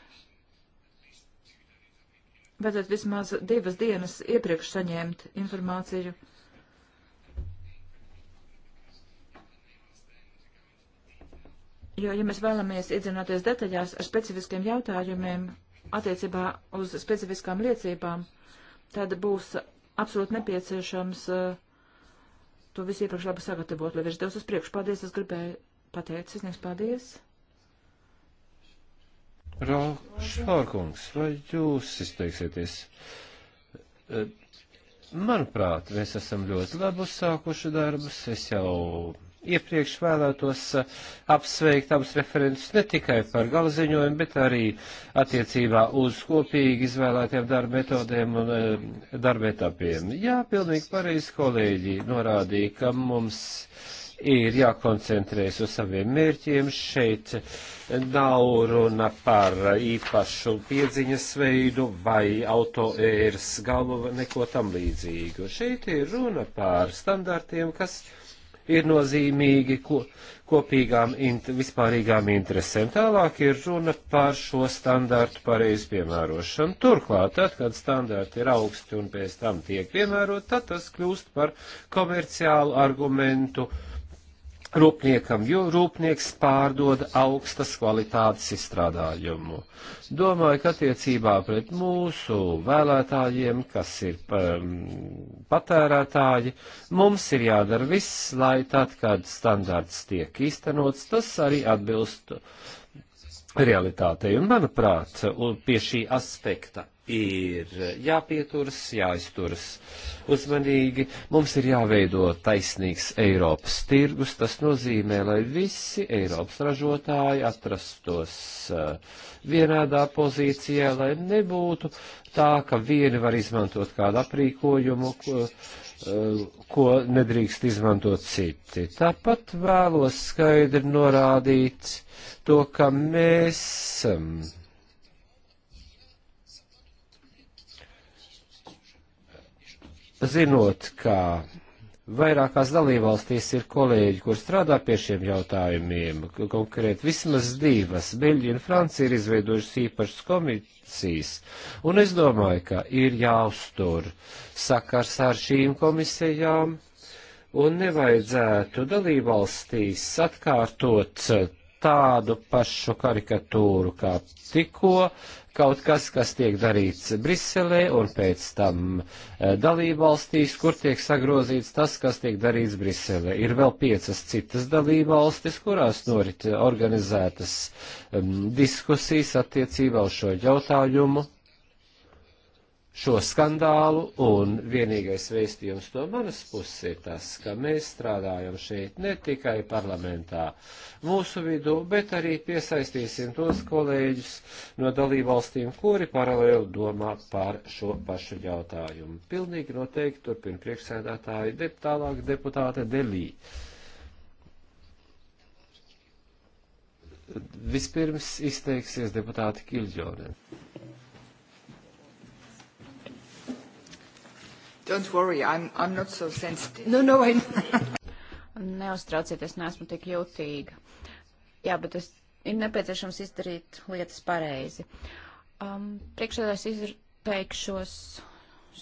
Vajadzētu vismaz divas dienas iepriekš saņemt informāciju. Jo, ja mēs vēlamies iedzināties detaļās ar specifiskiem jautājumiem attiecībā uz specifiskām liecībām, tad būs absolūti nepieciešams uh, to visu iepriekš labi sagatavot, lai virs devs uz priekšu. Paldies, es gribēju pateikt, sasniegs paldies. Rošforkungs, vai jūs izteiksieties? E, manuprāt, mēs esam ļoti labi uzsākuši darbus. Es jau iepriekš vēlētos e, apsveikt abus referentus ne tikai par galziņojumu, bet arī attiecībā uz kopīgi izvēlētiem darba metodēm un e, darba etapiem. Jā, pilnīgi pareizi kolēģi norādīja, ka mums ir jākoncentrēs uz saviem mērķiem. Šeit nav runa par īpašu piedziņas veidu vai autoēras galu vai neko tam līdzīgu. Šeit ir runa par standartiem, kas ir nozīmīgi ko, kopīgām int, vispārīgām interesēm. Tālāk ir runa par šo standārtu pareizu piemērošanu. Turklāt, tad, kad standārti ir augsti un pēc tam tiek piemērot, tad tas kļūst par komerciālu argumentu uh, rūpniekam, jo rūpnieks pārdod augstas kvalitātes izstrādājumu. Domāju, ka attiecībā pret mūsu vēlētājiem, kas ir um, patērētāji, mums ir jādara viss, lai tad, kad standarts tiek īstenots, tas arī atbilst realitātei. Un, manuprāt, pie šī aspekta ir jāpieturas, jāizturas uzmanīgi. Mums ir jāveido taisnīgs Eiropas tirgus. Tas nozīmē, lai visi Eiropas ražotāji atrastos eh, vienādā pozīcijā, lai nebūtu tā, ka vieni var izmantot kādu aprīkojumu, Eh, ko nedrīkst izmantot citi. Tāpat vēlos skaidri norādīt to, ka mēs zinot, ka Vairākās dalībvalstīs ir kolēģi, kur strādā pie šiem jautājumiem, konkrēti vismaz divas. Beļģija un Francija ir izveidojušas īpašas komisijas, un es domāju, ka ir jāuztur sakars ar šīm komisijām, un nevajadzētu dalībvalstīs atkārtot tādu pašu karikatūru kā tikko kaut kas, kas tiek darīts Briselē un pēc tam eh, dalībvalstīs, kur tiek sagrozīts tas, kas tiek darīts Briselē. Ir vēl piecas citas dalībvalstis, kurās norit organizētas um, diskusijas attiecībā uz šo jautājumu šo skandālu, un vienīgais vēstījums no manas puses ir tas, ka mēs strādājam šeit ne tikai parlamentā mūsu vidū, bet arī piesaistīsim tos kolēģus no dalībvalstīm, kuri paralēli domā par šo pašu jautājumu. Pilnīgi noteikti turpin priekšsēdētāji, de, tālāk deputāte Delī. Vispirms izteiksies deputāti Kilģonē. Don't worry, I'm, I'm not so sensitive. No, no, I... Neuztraucieties, neesmu tik jūtīga. Jā, bet es, ir nepieciešams izdarīt lietas pareizi. Um, Priekšsēdājs izteikšos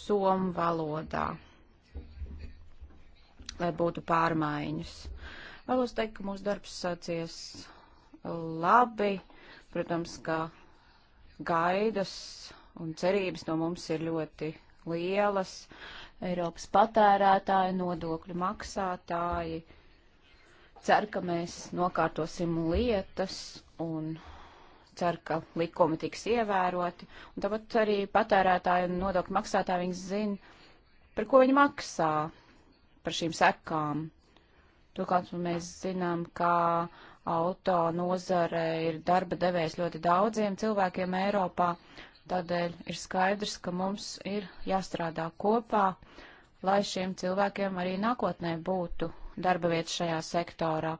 somu valodā, lai būtu pārmaiņas. Vēlos teikt, ka mūsu darbs sācies labi. Protams, ka gaidas un cerības no mums ir ļoti lielas, Eiropas patērētāji, nodokļu maksātāji. Ceru, ka mēs nokārtosim lietas un ceru, ka likumi tiks ievēroti. Un tāpat arī patērētāji un nodokļu maksātāji viņi zina, par ko viņi maksā, par šīm sekām. Turklāt mēs zinām, ka auto nozare ir darba devējs ļoti daudziem cilvēkiem Eiropā, Tādēļ ir skaidrs, ka mums ir jāstrādā kopā, lai šiem cilvēkiem arī nākotnē būtu darba vietas šajā sektorā.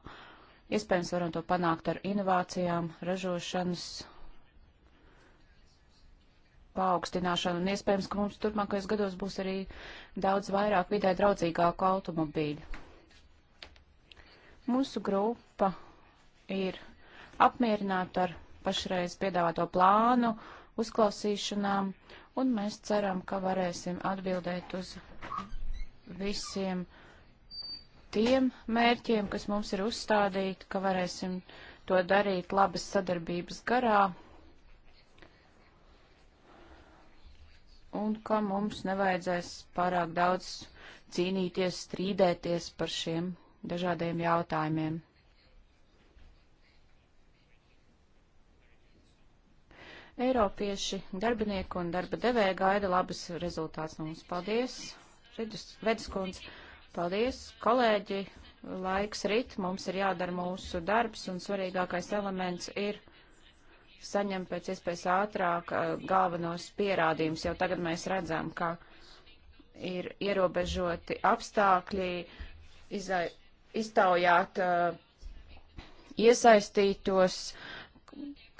Iespējams, varam to panākt ar inovācijām, ražošanas paaugstināšanu, un iespējams, ka mums turpmākajos gados būs arī daudz vairāk vidē draudzīgāku automobīļu. Mūsu grupa ir apmierināta ar pašreiz piedāvāto plānu, uzklausīšanām, un mēs ceram, ka varēsim atbildēt uz visiem tiem mērķiem, kas mums ir uzstādīti, ka varēsim to darīt labas sadarbības garā, un ka mums nevajadzēs pārāk daudz cīnīties, strīdēties par šiem dažādiem jautājumiem. Eiropieši, darbinieki un darba devēja gaida labus rezultātus no mums. Paldies, Redskundze, paldies, kolēģi, laiks rit, mums ir jādara mūsu darbs un svarīgākais elements ir saņemt pēc iespējas ātrāk eh, galvenos pierādījumus. Jau tagad mēs redzam, ka ir ierobežoti apstākļi, izai, iztaujāt uh, iesaistītos,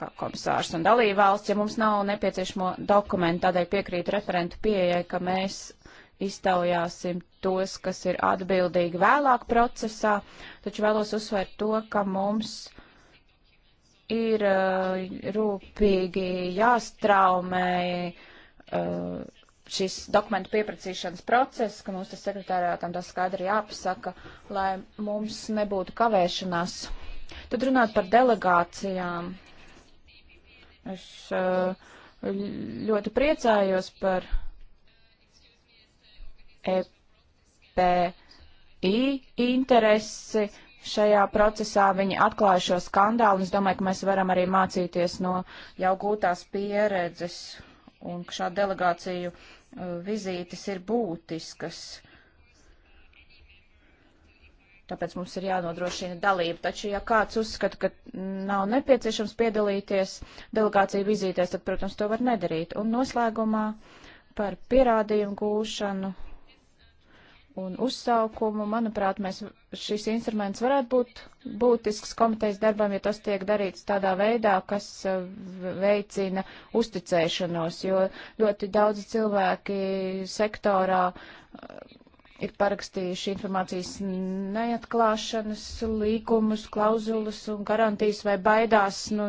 kā komisārs un dalībvalsts, ja mums nav nepieciešamo dokumentu, tādēļ piekrīt referentu pieejai, ka mēs iztaujāsim tos, kas ir atbildīgi vēlāk procesā, taču vēlos uzsvērt to, ka mums ir uh, rūpīgi jāstraumē uh, šis dokumentu piepracīšanas process, ka mums tas sekretārātam tas skaidri jāpasaka, lai mums nebūtu kavēšanās. Tad runāt par delegācijām. Es uh, ļoti priecājos par EPI interesi šajā procesā. Viņi atklāja šo skandālu, un es domāju, ka mēs varam arī mācīties no jau gūtās pieredzes, un šā delegāciju uh, vizītes ir būtiskas. Uh, tāpēc mums ir jānodrošina dalība. Taču, ja kāds uzskata, ka nav nepieciešams piedalīties delegāciju vizītēs, tad, protams, to var nedarīt. Un noslēgumā par pierādījumu gūšanu un uzsaukumu, manuprāt, mēs šis instruments varētu būt būtisks komitejas darbam, ja tas tiek darīts tādā veidā, kas eh, veicina uzticēšanos, jo ļoti daudzi cilvēki sektorā uh, ir parakstījuši informācijas neatklāšanas līkumus, klauzulas un garantijas vai baidās nu,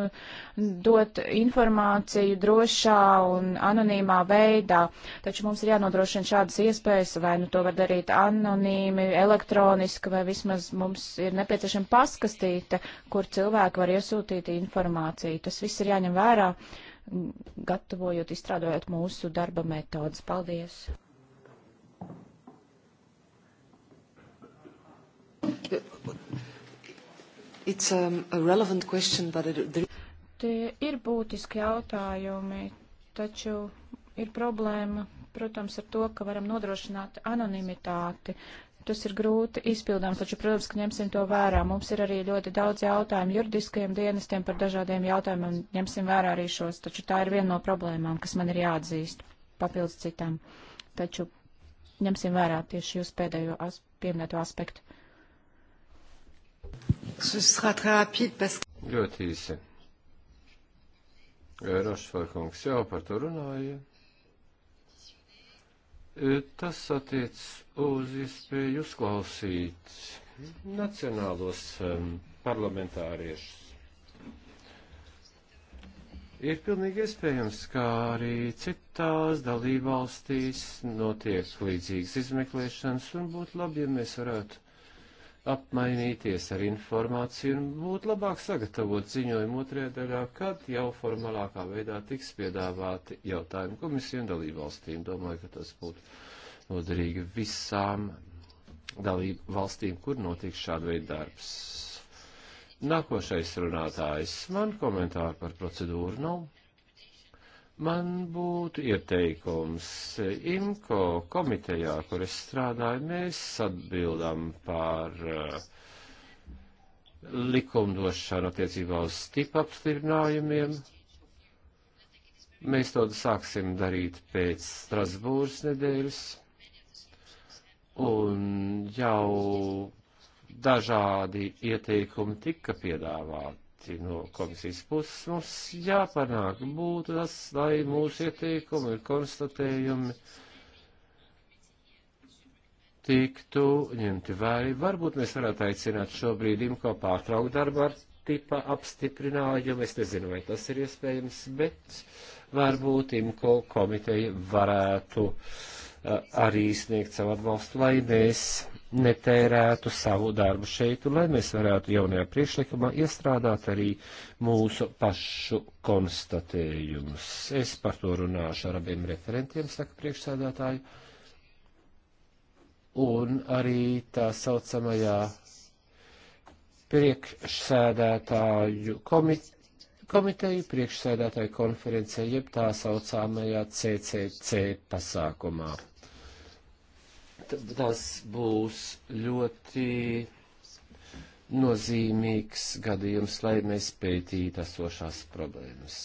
dot informāciju drošā un anonīmā veidā. Taču mums ir jānodrošina šādas iespējas, vai nu to var darīt anonīmi, elektroniski, vai vismaz mums ir nepieciešama paskastīte, kur cilvēki var iesūtīt informāciju. Tas viss ir jāņem vērā, gatavojot, izstrādājot mūsu darba metodas. Paldies! It's um, a relevant question, but it... Tie ir būtiski jautājumi, taču ir problēma, protams, ar to, ka varam nodrošināt anonimitāti. Tas ir grūti izpildāms, taču, protams, ka ņemsim to vērā. Mums ir arī ļoti daudz jautājumu juridiskajiem dienestiem par dažādiem jautājumiem, ņemsim vērā arī šos, taču tā ir viena no problēmām, kas man ir jāatzīst papildus citām. Taču ņemsim vērā tieši jūs pēdējo as pieminēto aspektu. Ļoti īsi. Rošforkungs jau par to runāja. E, tas attiec uz iespēju uzklausīt nacionālos um, parlamentāriešus. Ir pilnīgi iespējams, ka arī citās dalībvalstīs notiek līdzīgas izmeklēšanas un būtu labi, ja mēs varētu apmainīties ar informāciju un būt labāk sagatavot ziņojumu otrajā daļā, kad jau formālākā veidā tiks piedāvāti jautājumi komisiju un dalībvalstīm. Domāju, ka tas būtu noderīgi visām dalībvalstīm, kur notiek šāda veida darbs. Nākošais runātājs man komentāru par procedūru nav. Man būtu ieteikums IMCO komitejā, kur es strādāju, mēs atbildam par uh, likumdošanu attiecībā uz stipa apstiprinājumiem. Mēs to sāksim darīt pēc Strasbūras nedēļas. Un jau dažādi ieteikumi tika piedāvāti veikti no komisijas puses. Mums jāpanāk būtu tas, lai mūsu ieteikumi ir konstatējumi tiktu ņemti vērā. Varbūt mēs varētu aicināt šobrīd imko pārtraukt darbu ar tipa apstiprinājumu. Es nezinu, vai tas ir iespējams, bet varbūt imko komiteja varētu uh, arī sniegt savu atbalstu, lai mēs netērētu savu darbu šeit, un lai mēs varētu jaunajā priekšlikumā iestrādāt arī mūsu pašu konstatējumus. Es par to runāšu ar abiem referentiem, saka priekšsēdētāju, un arī tā saucamajā priekšsēdētāju komiteja komiteju priekšsēdētāju konferencē, jeb tā saucāmajā CCC pasākumā tas būs ļoti nozīmīgs gadījums, lai mēs pētītu esošās problēmas.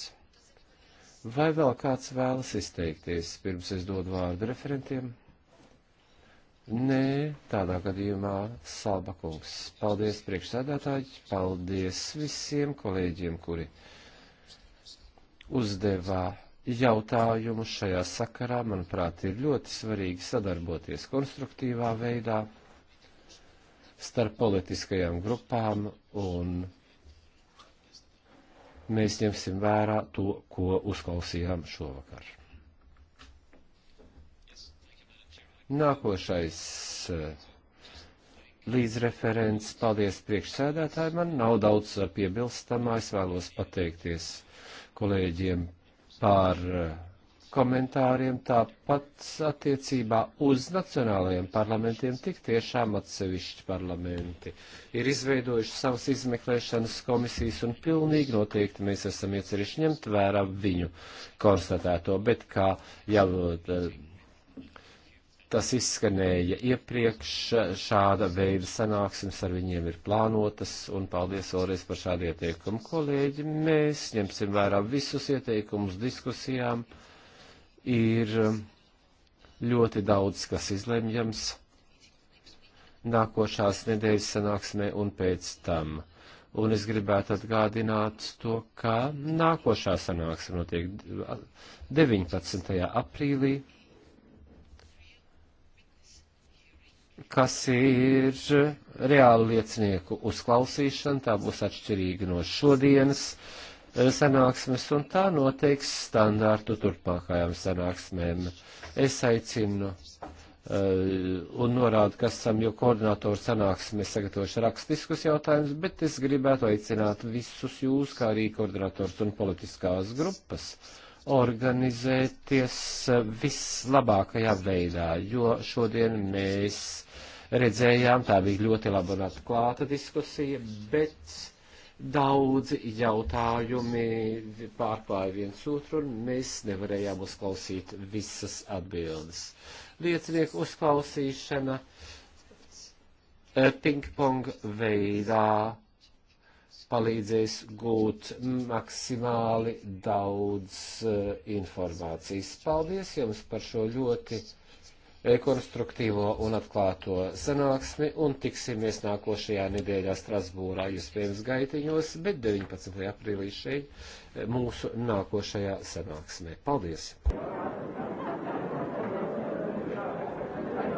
Vai vēl kāds vēlas izteikties, pirms es dodu vārdu referentiem? Nē, tādā gadījumā Salba kungs. Paldies priekšsēdētāji, paldies visiem kolēģiem, kuri uzdevā jautājumus šajā sakarā. Manuprāt, ir ļoti svarīgi sadarboties konstruktīvā veidā starp politiskajām grupām un mēs ņemsim vērā to, ko uzklausījām šovakar. Nākošais eh, līdzreferents. Paldies priekšsēdētāji. Man nav daudz eh, piebilstamā. Es vēlos pateikties kolēģiem par eh, komentāriem, tāpat attiecībā uz nacionālajiem parlamentiem tik tiešām atsevišķi parlamenti ir izveidojuši savas izmeklēšanas komisijas un pilnīgi noteikti mēs esam iecerīši ņemt vērā viņu konstatēto, bet kā jau eh, Tas izskanēja iepriekš, šāda veida sanāksmes ar viņiem ir plānotas, un paldies vēlreiz par šādu ieteikumu. Kolēģi, mēs ņemsim vērā visus ieteikumus diskusijām. Ir ļoti daudz, kas izlemjams nākošās nedēļas sanāksmē un pēc tam. Un es gribētu atgādināt to, ka nākošā sanāksme notiek 19. aprīlī kas ir reāli liecinieku uzklausīšana, tā būs atšķirīga no šodienas eh, sanāksmes, un tā noteiks standārtu turpmākajām sanāksmēm. Es aicinu uh, un norādu, ka esam jau koordinātoru sanāksmē sagatavojuši rakstiskus jautājumus, bet es gribētu aicināt visus jūs, kā arī koordinātors un politiskās grupas, organizēties eh, vislabākajā veidā, jo šodien mēs redzējām, tā bija ļoti laba un atklāta diskusija, bet daudzi jautājumi pārklāja viens otru, un mēs nevarējām uzklausīt visas atbildes. Liecinieku uzklausīšana eh, pingpong veidā palīdzēs gūt maksimāli daudz uh, informācijas. Paldies jums par šo ļoti konstruktīvo un atklāto sanāksmi un tiksimies nākošajā nedēļā Strasbūrā, iespējams, gaitiņos, bet 19. aprīlī šeit mūsu nākošajā sanāksmē. Paldies!